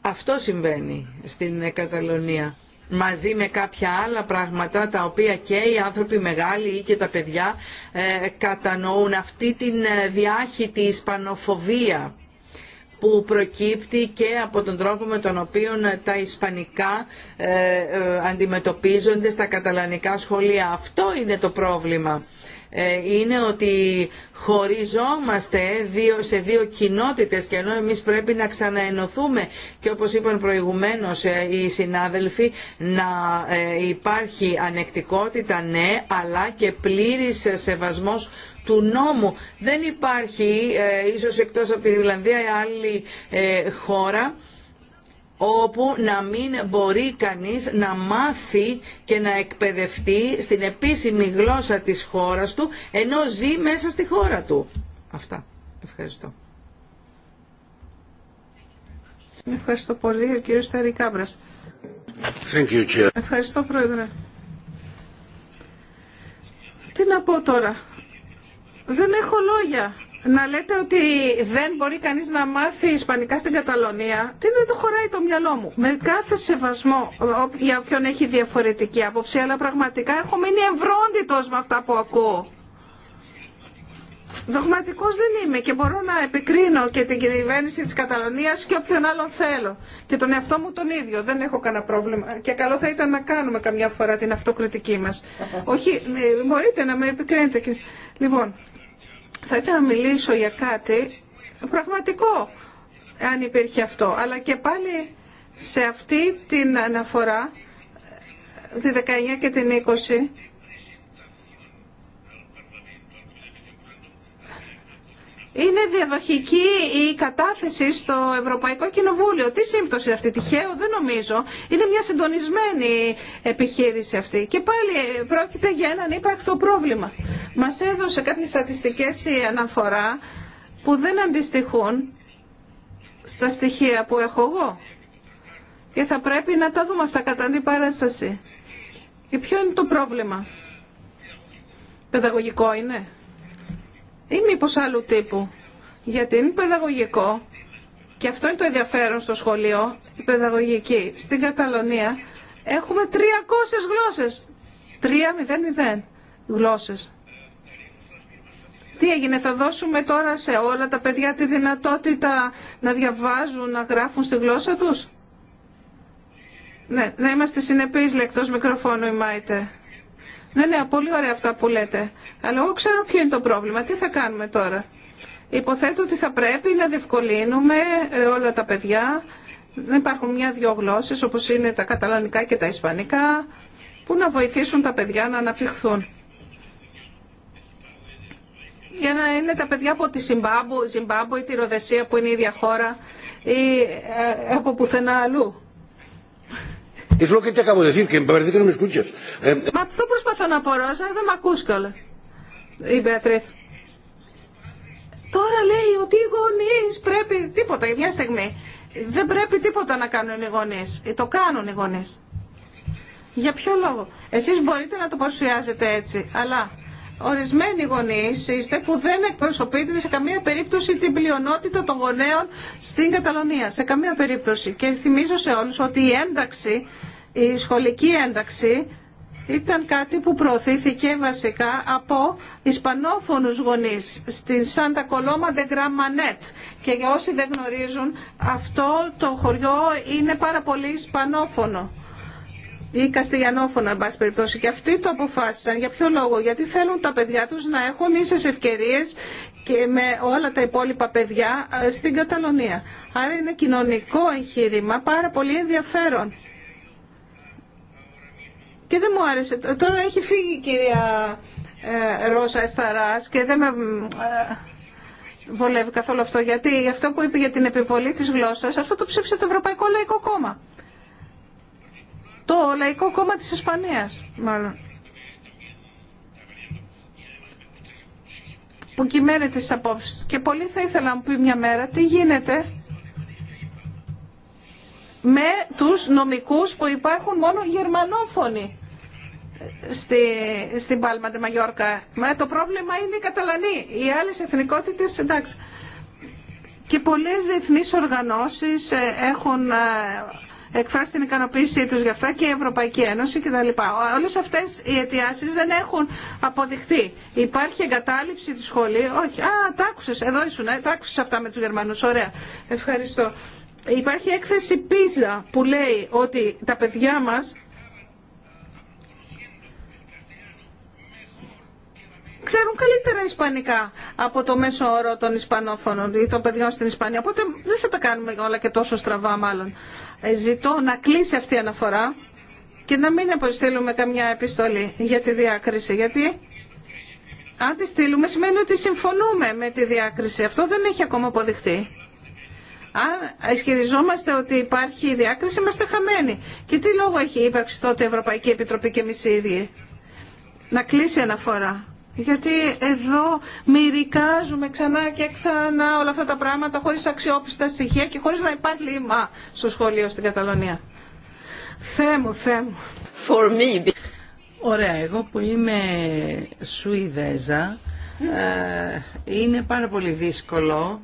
Αυτό συμβαίνει στην Καταλωνία. Μαζί με κάποια άλλα πράγματα τα οποία και οι άνθρωποι μεγάλοι ή και τα παιδιά κατανοούν αυτή την διάχυτη ισπανοφοβία που προκύπτει και από τον τρόπο με τον οποίο τα ισπανικά ε, ε, αντιμετωπίζονται στα καταλανικά σχολεία. Αυτό είναι το πρόβλημα ε, είναι ότι χωριζόμαστε δύο, σε δύο κοινότητες και ενώ εμείς πρέπει να ξαναενωθούμε και όπως είπαν προηγουμένως οι συνάδελφοι να υπάρχει ανεκτικότητα ναι αλλά και πλήρης σεβασμός του νόμου. Δεν υπάρχει, ε, ίσως εκτός από τη Ιρλανδία, άλλη ε, χώρα όπου να μην μπορεί κανείς να μάθει και να εκπαιδευτεί στην επίσημη γλώσσα της χώρας του, ενώ ζει μέσα στη χώρα του. Αυτά. Ευχαριστώ. Ευχαριστώ πολύ, ο κύριος Ευχαριστώ, Πρόεδρε. Τι να πω τώρα. Δεν έχω λόγια. Να λέτε ότι δεν μπορεί κανείς να μάθει Ισπανικά στην Καταλωνία, τι δεν το χωράει το μυαλό μου. Με κάθε σεβασμό για όποιον έχει διαφορετική άποψη, αλλά πραγματικά έχω μείνει ευρώντιτος με αυτά που ακούω. Δογματικός δεν είμαι και μπορώ να επικρίνω και την κυβέρνηση της Καταλωνίας και όποιον άλλον θέλω. Και τον εαυτό μου τον ίδιο. Δεν έχω κανένα πρόβλημα. Και καλό θα ήταν να κάνουμε καμιά φορά την αυτοκριτική μας. Όχι, ε, μπορείτε να με επικρίνετε. Λοιπόν, θα ήθελα να μιλήσω για κάτι πραγματικό, αν υπήρχε αυτό. Αλλά και πάλι σε αυτή την αναφορά, τη 19 και την 20, Είναι διαδοχική η κατάθεση στο Ευρωπαϊκό Κοινοβούλιο. Τι σύμπτωση είναι αυτή, τυχαίο, δεν νομίζω. Είναι μια συντονισμένη επιχείρηση αυτή. Και πάλι πρόκειται για έναν ύπαρκτο πρόβλημα. Μας έδωσε κάποιες στατιστικές η αναφορά που δεν αντιστοιχούν στα στοιχεία που έχω εγώ. Και θα πρέπει να τα δούμε αυτά κατά αντιπαράσταση. Και ποιο είναι το πρόβλημα. Παιδαγωγικό είναι ή μήπως άλλου τύπου. Γιατί είναι παιδαγωγικό και αυτό είναι το ενδιαφέρον στο σχολείο, η μηπω αλλου τυπου γιατι ειναι παιδαγωγικο και αυτο ειναι το ενδιαφερον στο σχολειο η παιδαγωγικη Στην Καταλωνία έχουμε 300 γλώσσες. 3-0-0 γλώσσες. Τι έγινε, θα δώσουμε τώρα σε όλα τα παιδιά τη δυνατότητα να διαβάζουν, να γράφουν στη γλώσσα τους. Ναι, να είμαστε συνεπείς λεκτός μικροφώνου η Μάιτε. Ναι, ναι, πολύ ωραία αυτά που λέτε. Αλλά εγώ ξέρω ποιο είναι το πρόβλημα. Τι θα κάνουμε τώρα. Υποθέτω ότι θα πρέπει να διευκολύνουμε ε, όλα τα παιδιά. Δεν υπάρχουν μια-δυο γλώσσε όπω είναι τα καταλανικά και τα ισπανικά που να βοηθήσουν τα παιδιά να αναπτυχθούν. Για να είναι τα παιδιά από τη Ζιμπάμπου, Ζιμπάμπου ή η ίδια χώρα ή ε, ε, από πουθενά αλλού. Es lo que te acabo de decir, que me parece que no me escuchas. Μα αυτό προσπαθώ να πω, Ρώσα, δεν με ακούς κιόλα. Η Μπεατρίτ. Τώρα λέει ότι οι γονείς πρέπει τίποτα, για μια στιγμή. Δεν πρέπει τίποτα να κάνουν οι γονείς. Ε, το κάνουν οι γονείς. Για ποιο λόγο. Εσείς μπορείτε να το παρουσιάζετε έτσι, αλλά ορισμένοι γονείς είστε που δεν εκπροσωπείτε σε καμία περίπτωση την πλειονότητα των γονέων στην Καταλωνία. Σε καμία περίπτωση. Και θυμίζω σε όλους ότι η ένταξη η σχολική ένταξη ήταν κάτι που προωθήθηκε βασικά από Ισπανόφωνους γονείς στην Σάντα Κολόμα de και για όσοι δεν γνωρίζουν αυτό το χωριό είναι πάρα πολύ Ισπανόφωνο ή Καστιγιανόφωνο εν πάση περιπτώσει και αυτοί το αποφάσισαν για ποιο λόγο γιατί θέλουν τα παιδιά τους να έχουν ίσες ευκαιρίες και με όλα τα υπόλοιπα παιδιά ε, στην Καταλωνία άρα είναι κοινωνικό εγχείρημα πάρα πολύ ενδιαφέρον και δεν μου άρεσε. Τώρα έχει φύγει η κυρία ε, Ρώσα Εσταράς και δεν με ε, βολεύει καθόλου αυτό. Γιατί αυτό που είπε για την επιβολή της γλώσσας, αυτό το ψήφισε το Ευρωπαϊκό Λαϊκό Κόμμα. Το Λαϊκό Κόμμα της Ισπανίας, μάλλον. Που κυμαίνεται τις απόψεις. Και πολύ θα ήθελα να μου πει μια μέρα τι γίνεται με τους νομικούς που υπάρχουν μόνο γερμανόφωνοι στη, στην Πάλμα τη Μαγιόρκα. Μα το πρόβλημα είναι οι Καταλανοί, οι άλλες εθνικότητες εντάξει. Και πολλές διεθνείς οργανώσεις ε, έχουν ε, εκφράσει την ικανοποίησή τους για αυτά και η Ευρωπαϊκή Ένωση κτλ. Όλες αυτές οι αιτιάσεις δεν έχουν αποδειχθεί. Υπάρχει εγκατάλειψη του σχολείου. Όχι. Α, τα άκουσες. Εδώ ήσουν. Ε, αυτά με τους Γερμανούς. Ωραία. Ευχαριστώ. Υπάρχει έκθεση πίζα που λέει ότι τα παιδιά μας ξέρουν καλύτερα ισπανικά από το μέσο όρο των Ισπανόφωνων ή των παιδιών στην Ισπανία. Οπότε δεν θα τα κάνουμε όλα και τόσο στραβά μάλλον. Ε, ζητώ να κλείσει αυτή η αναφορά και να μην αποστείλουμε καμιά επιστολή για τη διάκριση. Γιατί αν τη στείλουμε σημαίνει ότι συμφωνούμε με τη διάκριση. Αυτό δεν έχει ακόμα αποδειχθεί. Αν ισχυριζόμαστε ότι υπάρχει η διάκριση, είμαστε χαμένοι. Και τι λόγο έχει ύπαρξη τότε η Ευρωπαϊκή Επιτροπή και εμεί οι ίδιοι. Να κλείσει αναφορά. Γιατί εδώ μυρικάζουμε ξανά και ξανά όλα αυτά τα πράγματα χωρίς αξιόπιστα στοιχεία και χωρίς να υπάρχει λίμα στο σχολείο στην Καταλωνία. Θεέ μου, Θεέ μου. For me. Ωραία, εγώ που είμαι Σουηδέζα, ναι. ε, είναι πάρα πολύ δύσκολο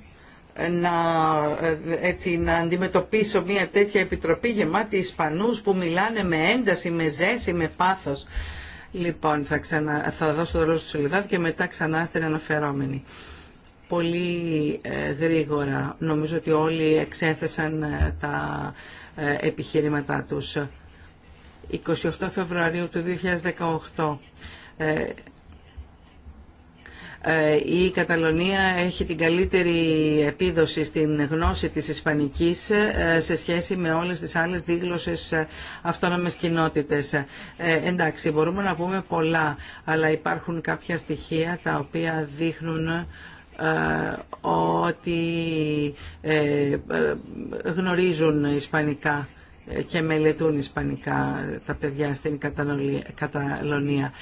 να, έτσι, να αντιμετωπίσω μια τέτοια επιτροπή γεμάτη Ισπανούς που μιλάνε με ένταση, με ζέση, με πάθος. Λοιπόν, θα, ξανα, θα δώσω το ρόλο στο Σολιδάδη και μετά ξανά στην αναφερόμενη. Πολύ ε, γρήγορα. Νομίζω ότι όλοι εξέθεσαν ε, τα ε, επιχειρήματά τους. 28 Φεβρουαρίου του 2018 ε, η Καταλωνία έχει την καλύτερη επίδοση στην γνώση της Ισπανικής ε, σε σχέση με όλες τις άλλες δίγλωσες ε, αυτόνομες κοινότητες. εντάξει, μπορούμε να πούμε πολλά, αλλά υπάρχουν κάποια στοιχεία τα οποία δείχνουν ότι γνωρίζουν Ισπανικά και μελετούν Ισπανικά τα παιδιά στην Καταλωνία.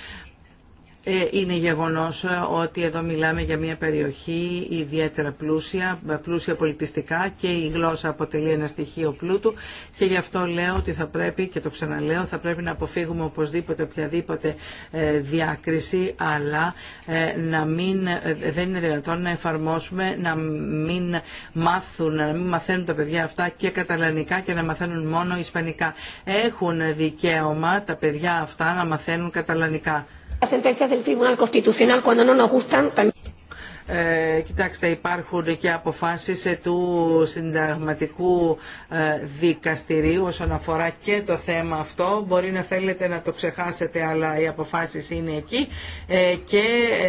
Ε, είναι γεγονός ε, ότι εδώ μιλάμε για μια περιοχή ιδιαίτερα πλούσια, ε, πλούσια πολιτιστικά και η γλώσσα αποτελεί ένα στοιχείο πλούτου και γι' αυτό λέω ότι θα πρέπει και το ξαναλέω θα πρέπει να αποφύγουμε οπωσδήποτε οποιαδήποτε διάκριση αλλά να μην, δεν είναι δυνατόν να εφαρμόσουμε να μην μάθουν, να μην μαθαίνουν τα παιδιά αυτά και καταλανικά και να μαθαίνουν μόνο ισπανικά. Έχουν δικαίωμα τα παιδιά αυτά να μαθαίνουν καταλανικά. Ε, κοιτάξτε, υπάρχουν και αποφάσεις του συνταγματικού ε, δικαστηρίου όσον αφορά και το θέμα αυτό. Μπορεί να θέλετε να το ξεχάσετε, αλλά οι αποφάσεις είναι εκεί. Ε, και,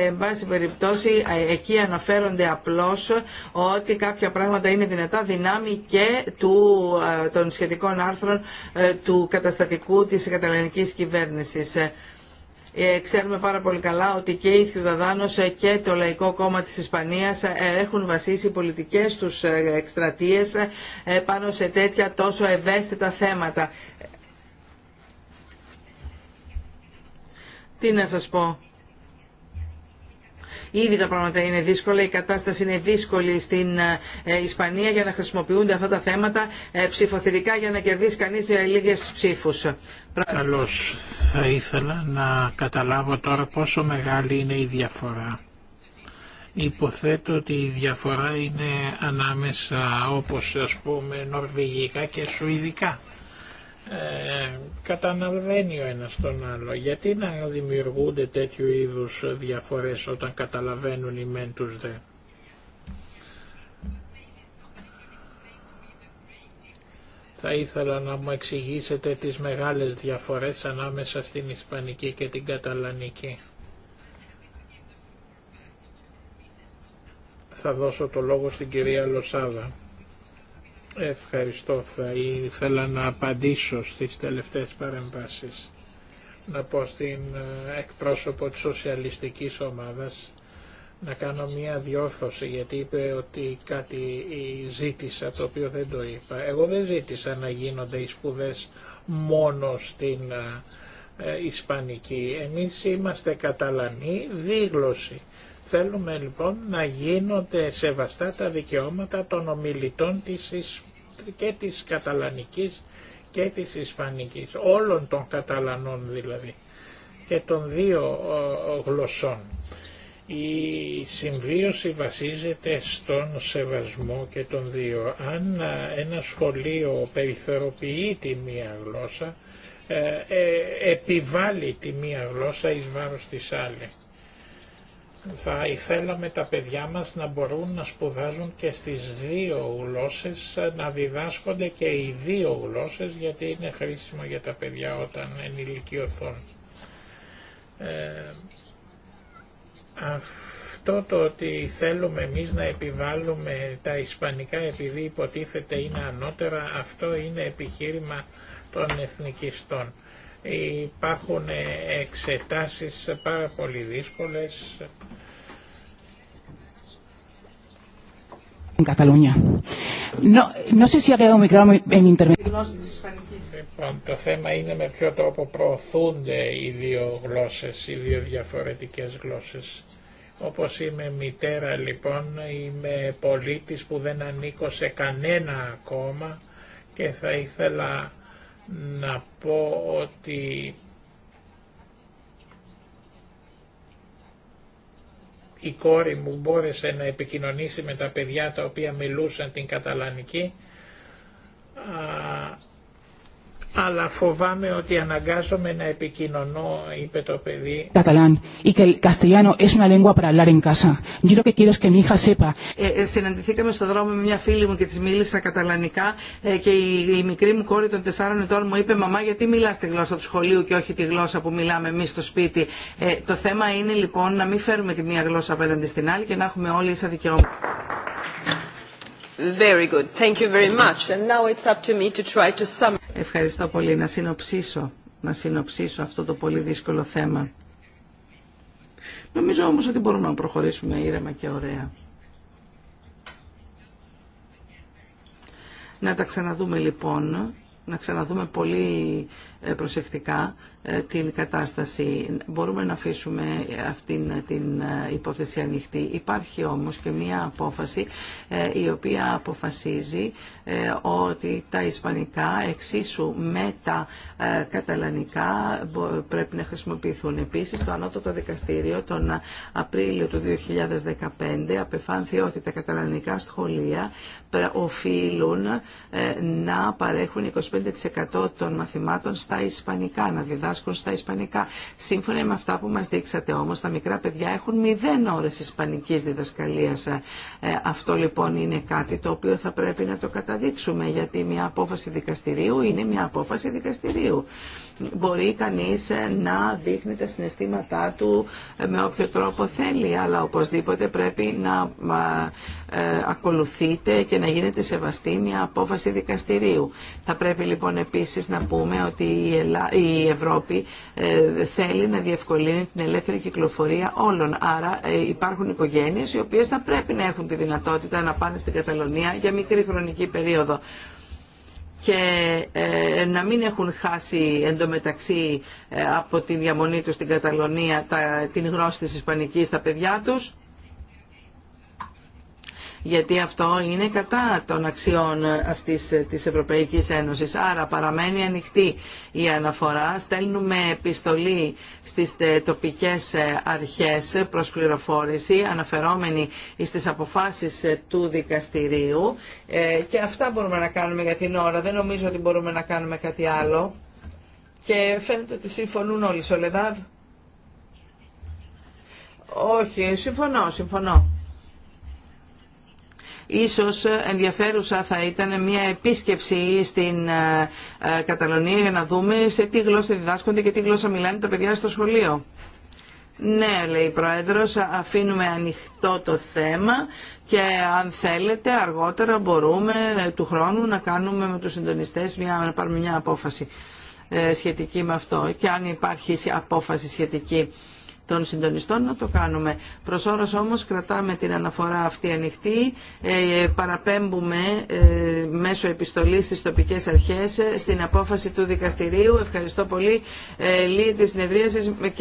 εν πάση περιπτώσει, εκεί αναφέρονται απλώς ότι κάποια πράγματα είναι δυνατά δυνάμει και του, των σχετικών άρθρων του καταστατικού της καταλανικής κυβέρνησης. Ε, ξέρουμε πάρα πολύ καλά ότι και η Θιουδαδάνος και το Λαϊκό Κόμμα της Ισπανίας ε, έχουν βασίσει πολιτικές τους ε, εκστρατείες πάνω σε τέτοια τόσο ευαίσθητα θέματα. Τι να σας πω. Ήδη τα πράγματα είναι δύσκολα, η κατάσταση είναι δύσκολη στην ε, Ισπανία για να χρησιμοποιούνται αυτά τα θέματα ε, ψηφοθυρικά για να κερδίσει κανείς ε, λίγες ψήφους. Καλώς. Θα ήθελα να καταλάβω τώρα πόσο μεγάλη είναι η διαφορά. Υποθέτω ότι η διαφορά είναι ανάμεσα όπως ας πούμε νορβηγικά και σουηδικά ε, καταναλβαίνει ο ένας τον άλλο. Γιατί να δημιουργούνται τέτοιου είδους διαφορές όταν καταλαβαίνουν οι μεν τους δε. Θα ήθελα να μου εξηγήσετε τις μεγάλες διαφορές ανάμεσα στην Ισπανική και την Καταλανική. Θα δώσω το λόγο στην κυρία Λοσάδα. Ευχαριστώ. Θα ήθελα να απαντήσω στις τελευταίες παρεμβάσεις. Να πω στην ε, εκπρόσωπο της σοσιαλιστικής ομάδας να κάνω μια διόρθωση γιατί είπε ότι κάτι ζήτησα το οποίο δεν το είπα. Εγώ δεν ζήτησα να γίνονται οι σπουδές μόνο στην ε, ε, Ισπανική. Εμείς είμαστε Καταλανοί δίγλωση Θέλουμε λοιπόν να γίνονται σεβαστά τα δικαιώματα των ομιλητών της, και της καταλανικής και της ισπανικής, όλων των καταλανών δηλαδή και των δύο γλωσσών. Η συμβίωση βασίζεται στον σεβασμό και των δύο. Αν ε, ένα σχολείο περιθωροποιεί τη μία γλώσσα, ε, ε, επιβάλλει τη μία γλώσσα εις βάρος της άλλης θα ήθελαμε τα παιδιά μας να μπορούν να σπουδάζουν και στις δύο γλώσσες, να διδάσκονται και οι δύο γλώσσες γιατί είναι χρήσιμο για τα παιδιά όταν ενηλικιωθούν. Ε, αυτό το ότι θέλουμε εμείς να επιβάλλουμε τα ισπανικά επειδή υποτίθεται είναι ανώτερα, αυτό είναι επιχείρημα των εθνικιστών. Υπάρχουν ε, εξετάσεις πάρα πολύ δύσκολες. Λοιπόν, το θέμα είναι με ποιο τρόπο προωθούνται οι δύο γλώσσες, οι δύο διαφορετικές γλώσσες. Όπως είμαι μητέρα λοιπόν, είμαι πολίτης που δεν ανήκω σε κανένα ακόμα και θα ήθελα να πω ότι η κόρη μου μπόρεσε να επικοινωνήσει με τα παιδιά τα οποία μιλούσαν την καταλανική αλλά φοβάμαι ότι αναγκάζομαι να επικοινωνώ, είπε το παιδί. Καταλάν, Ή και castellano es para hablar en casa. Yo lo que quiero συναντηθήκαμε στο δρόμο με μια φίλη μου και τη μίλησα καταλανικά ε, και η, η, μικρή μου κόρη των τεσσάρων ετών μου είπε «Μαμά, γιατί μιλά τη γλώσσα του σχολείου και όχι τη γλώσσα που μιλάμε εμεί στο σπίτι». Ε, το θέμα είναι λοιπόν να μην φέρουμε τη μία γλώσσα απέναντι στην άλλη και να έχουμε όλοι ίσα δικαιώματα. Ευχαριστώ πολύ να συνοψίσω, να συνοψίσω αυτό το πολύ δύσκολο θέμα. Νομίζω όμως ότι μπορούμε να προχωρήσουμε ήρεμα και ωραία. Να τα ξαναδούμε λοιπόν, να ξαναδούμε πολύ ε, προσεκτικά ε, την κατάσταση. Μπορούμε να αφήσουμε αυτήν την ε, υπόθεση ανοιχτή. Υπάρχει όμως και μία απόφαση η οποία αποφασίζει ότι τα ισπανικά εξίσου με τα καταλανικά πρέπει να χρησιμοποιηθούν. Επίσης το ανώτατο δικαστήριο τον Απρίλιο του 2015 απεφάνθη ότι τα καταλανικά σχολεία οφείλουν να παρέχουν 25% των μαθημάτων στα στα ισπανικά, να διδάσκουν στα ισπανικά. Σύμφωνα με αυτά που μας δείξατε όμως, τα μικρά παιδιά έχουν μηδέν ώρες ισπανικής διδασκαλίας. Ε, ε, αυτό λοιπόν είναι κάτι το οποίο θα πρέπει να το καταδείξουμε, γιατί μια απόφαση δικαστηρίου είναι μια απόφαση δικαστηρίου. Μπορεί κανείς ε, να δείχνει τα συναισθήματά του με όποιο τρόπο θέλει, αλλά οπωσδήποτε πρέπει να ε, ακολουθείτε και να γίνεται σεβαστή μια απόφαση δικαστηρίου. Θα πρέπει λοιπόν επίσης να πούμε ότι η Ευρώπη ε, θέλει να διευκολύνει την ελεύθερη κυκλοφορία όλων. Άρα ε, υπάρχουν οικογένειες οι οποίες θα πρέπει να έχουν τη δυνατότητα να πάνε στην Καταλωνία για μικρή χρονική περίοδο και να μην έχουν χάσει εντωμεταξύ από τη διαμονή τους στην Καταλωνία την γνώση της Ισπανικής στα παιδιά τους γιατί αυτό είναι κατά των αξιών αυτής της Ευρωπαϊκής Ένωσης. Άρα παραμένει ανοιχτή η αναφορά. Στέλνουμε επιστολή στις ε, τοπικές ε, αρχές προς πληροφόρηση αναφερόμενη στις αποφάσεις ε, του δικαστηρίου και αυτά μπορούμε να κάνουμε για την ώρα. Δεν νομίζω ότι μπορούμε να κάνουμε κάτι άλλο. Και φαίνεται ότι συμφωνούν όλοι, Σολεδάδ. Όχι, συμφωνώ, συμφωνώ. Ίσως ενδιαφέρουσα θα ήταν μια επίσκεψη στην ε, ε, Καταλωνία για να δούμε σε τι γλώσσα διδάσκονται και τι γλώσσα μιλάνε τα παιδιά στο σχολείο. Ναι, λέει η Πρόεδρος, αφήνουμε ανοιχτό το θέμα και αν θέλετε αργότερα μπορούμε του χρόνου να κάνουμε με τους συντονιστές μια, να πάρουμε μια απόφαση ε, σχετική με αυτό και αν υπάρχει απόφαση σχετική των συντονιστών να το κάνουμε. Προς όρος όμως κρατάμε την αναφορά αυτή ανοιχτή, ε, παραπέμπουμε ε, μέσω επιστολής στις τοπικές αρχές ε, στην απόφαση του δικαστηρίου. Ευχαριστώ πολύ. λίγη τη συνεδρίασης.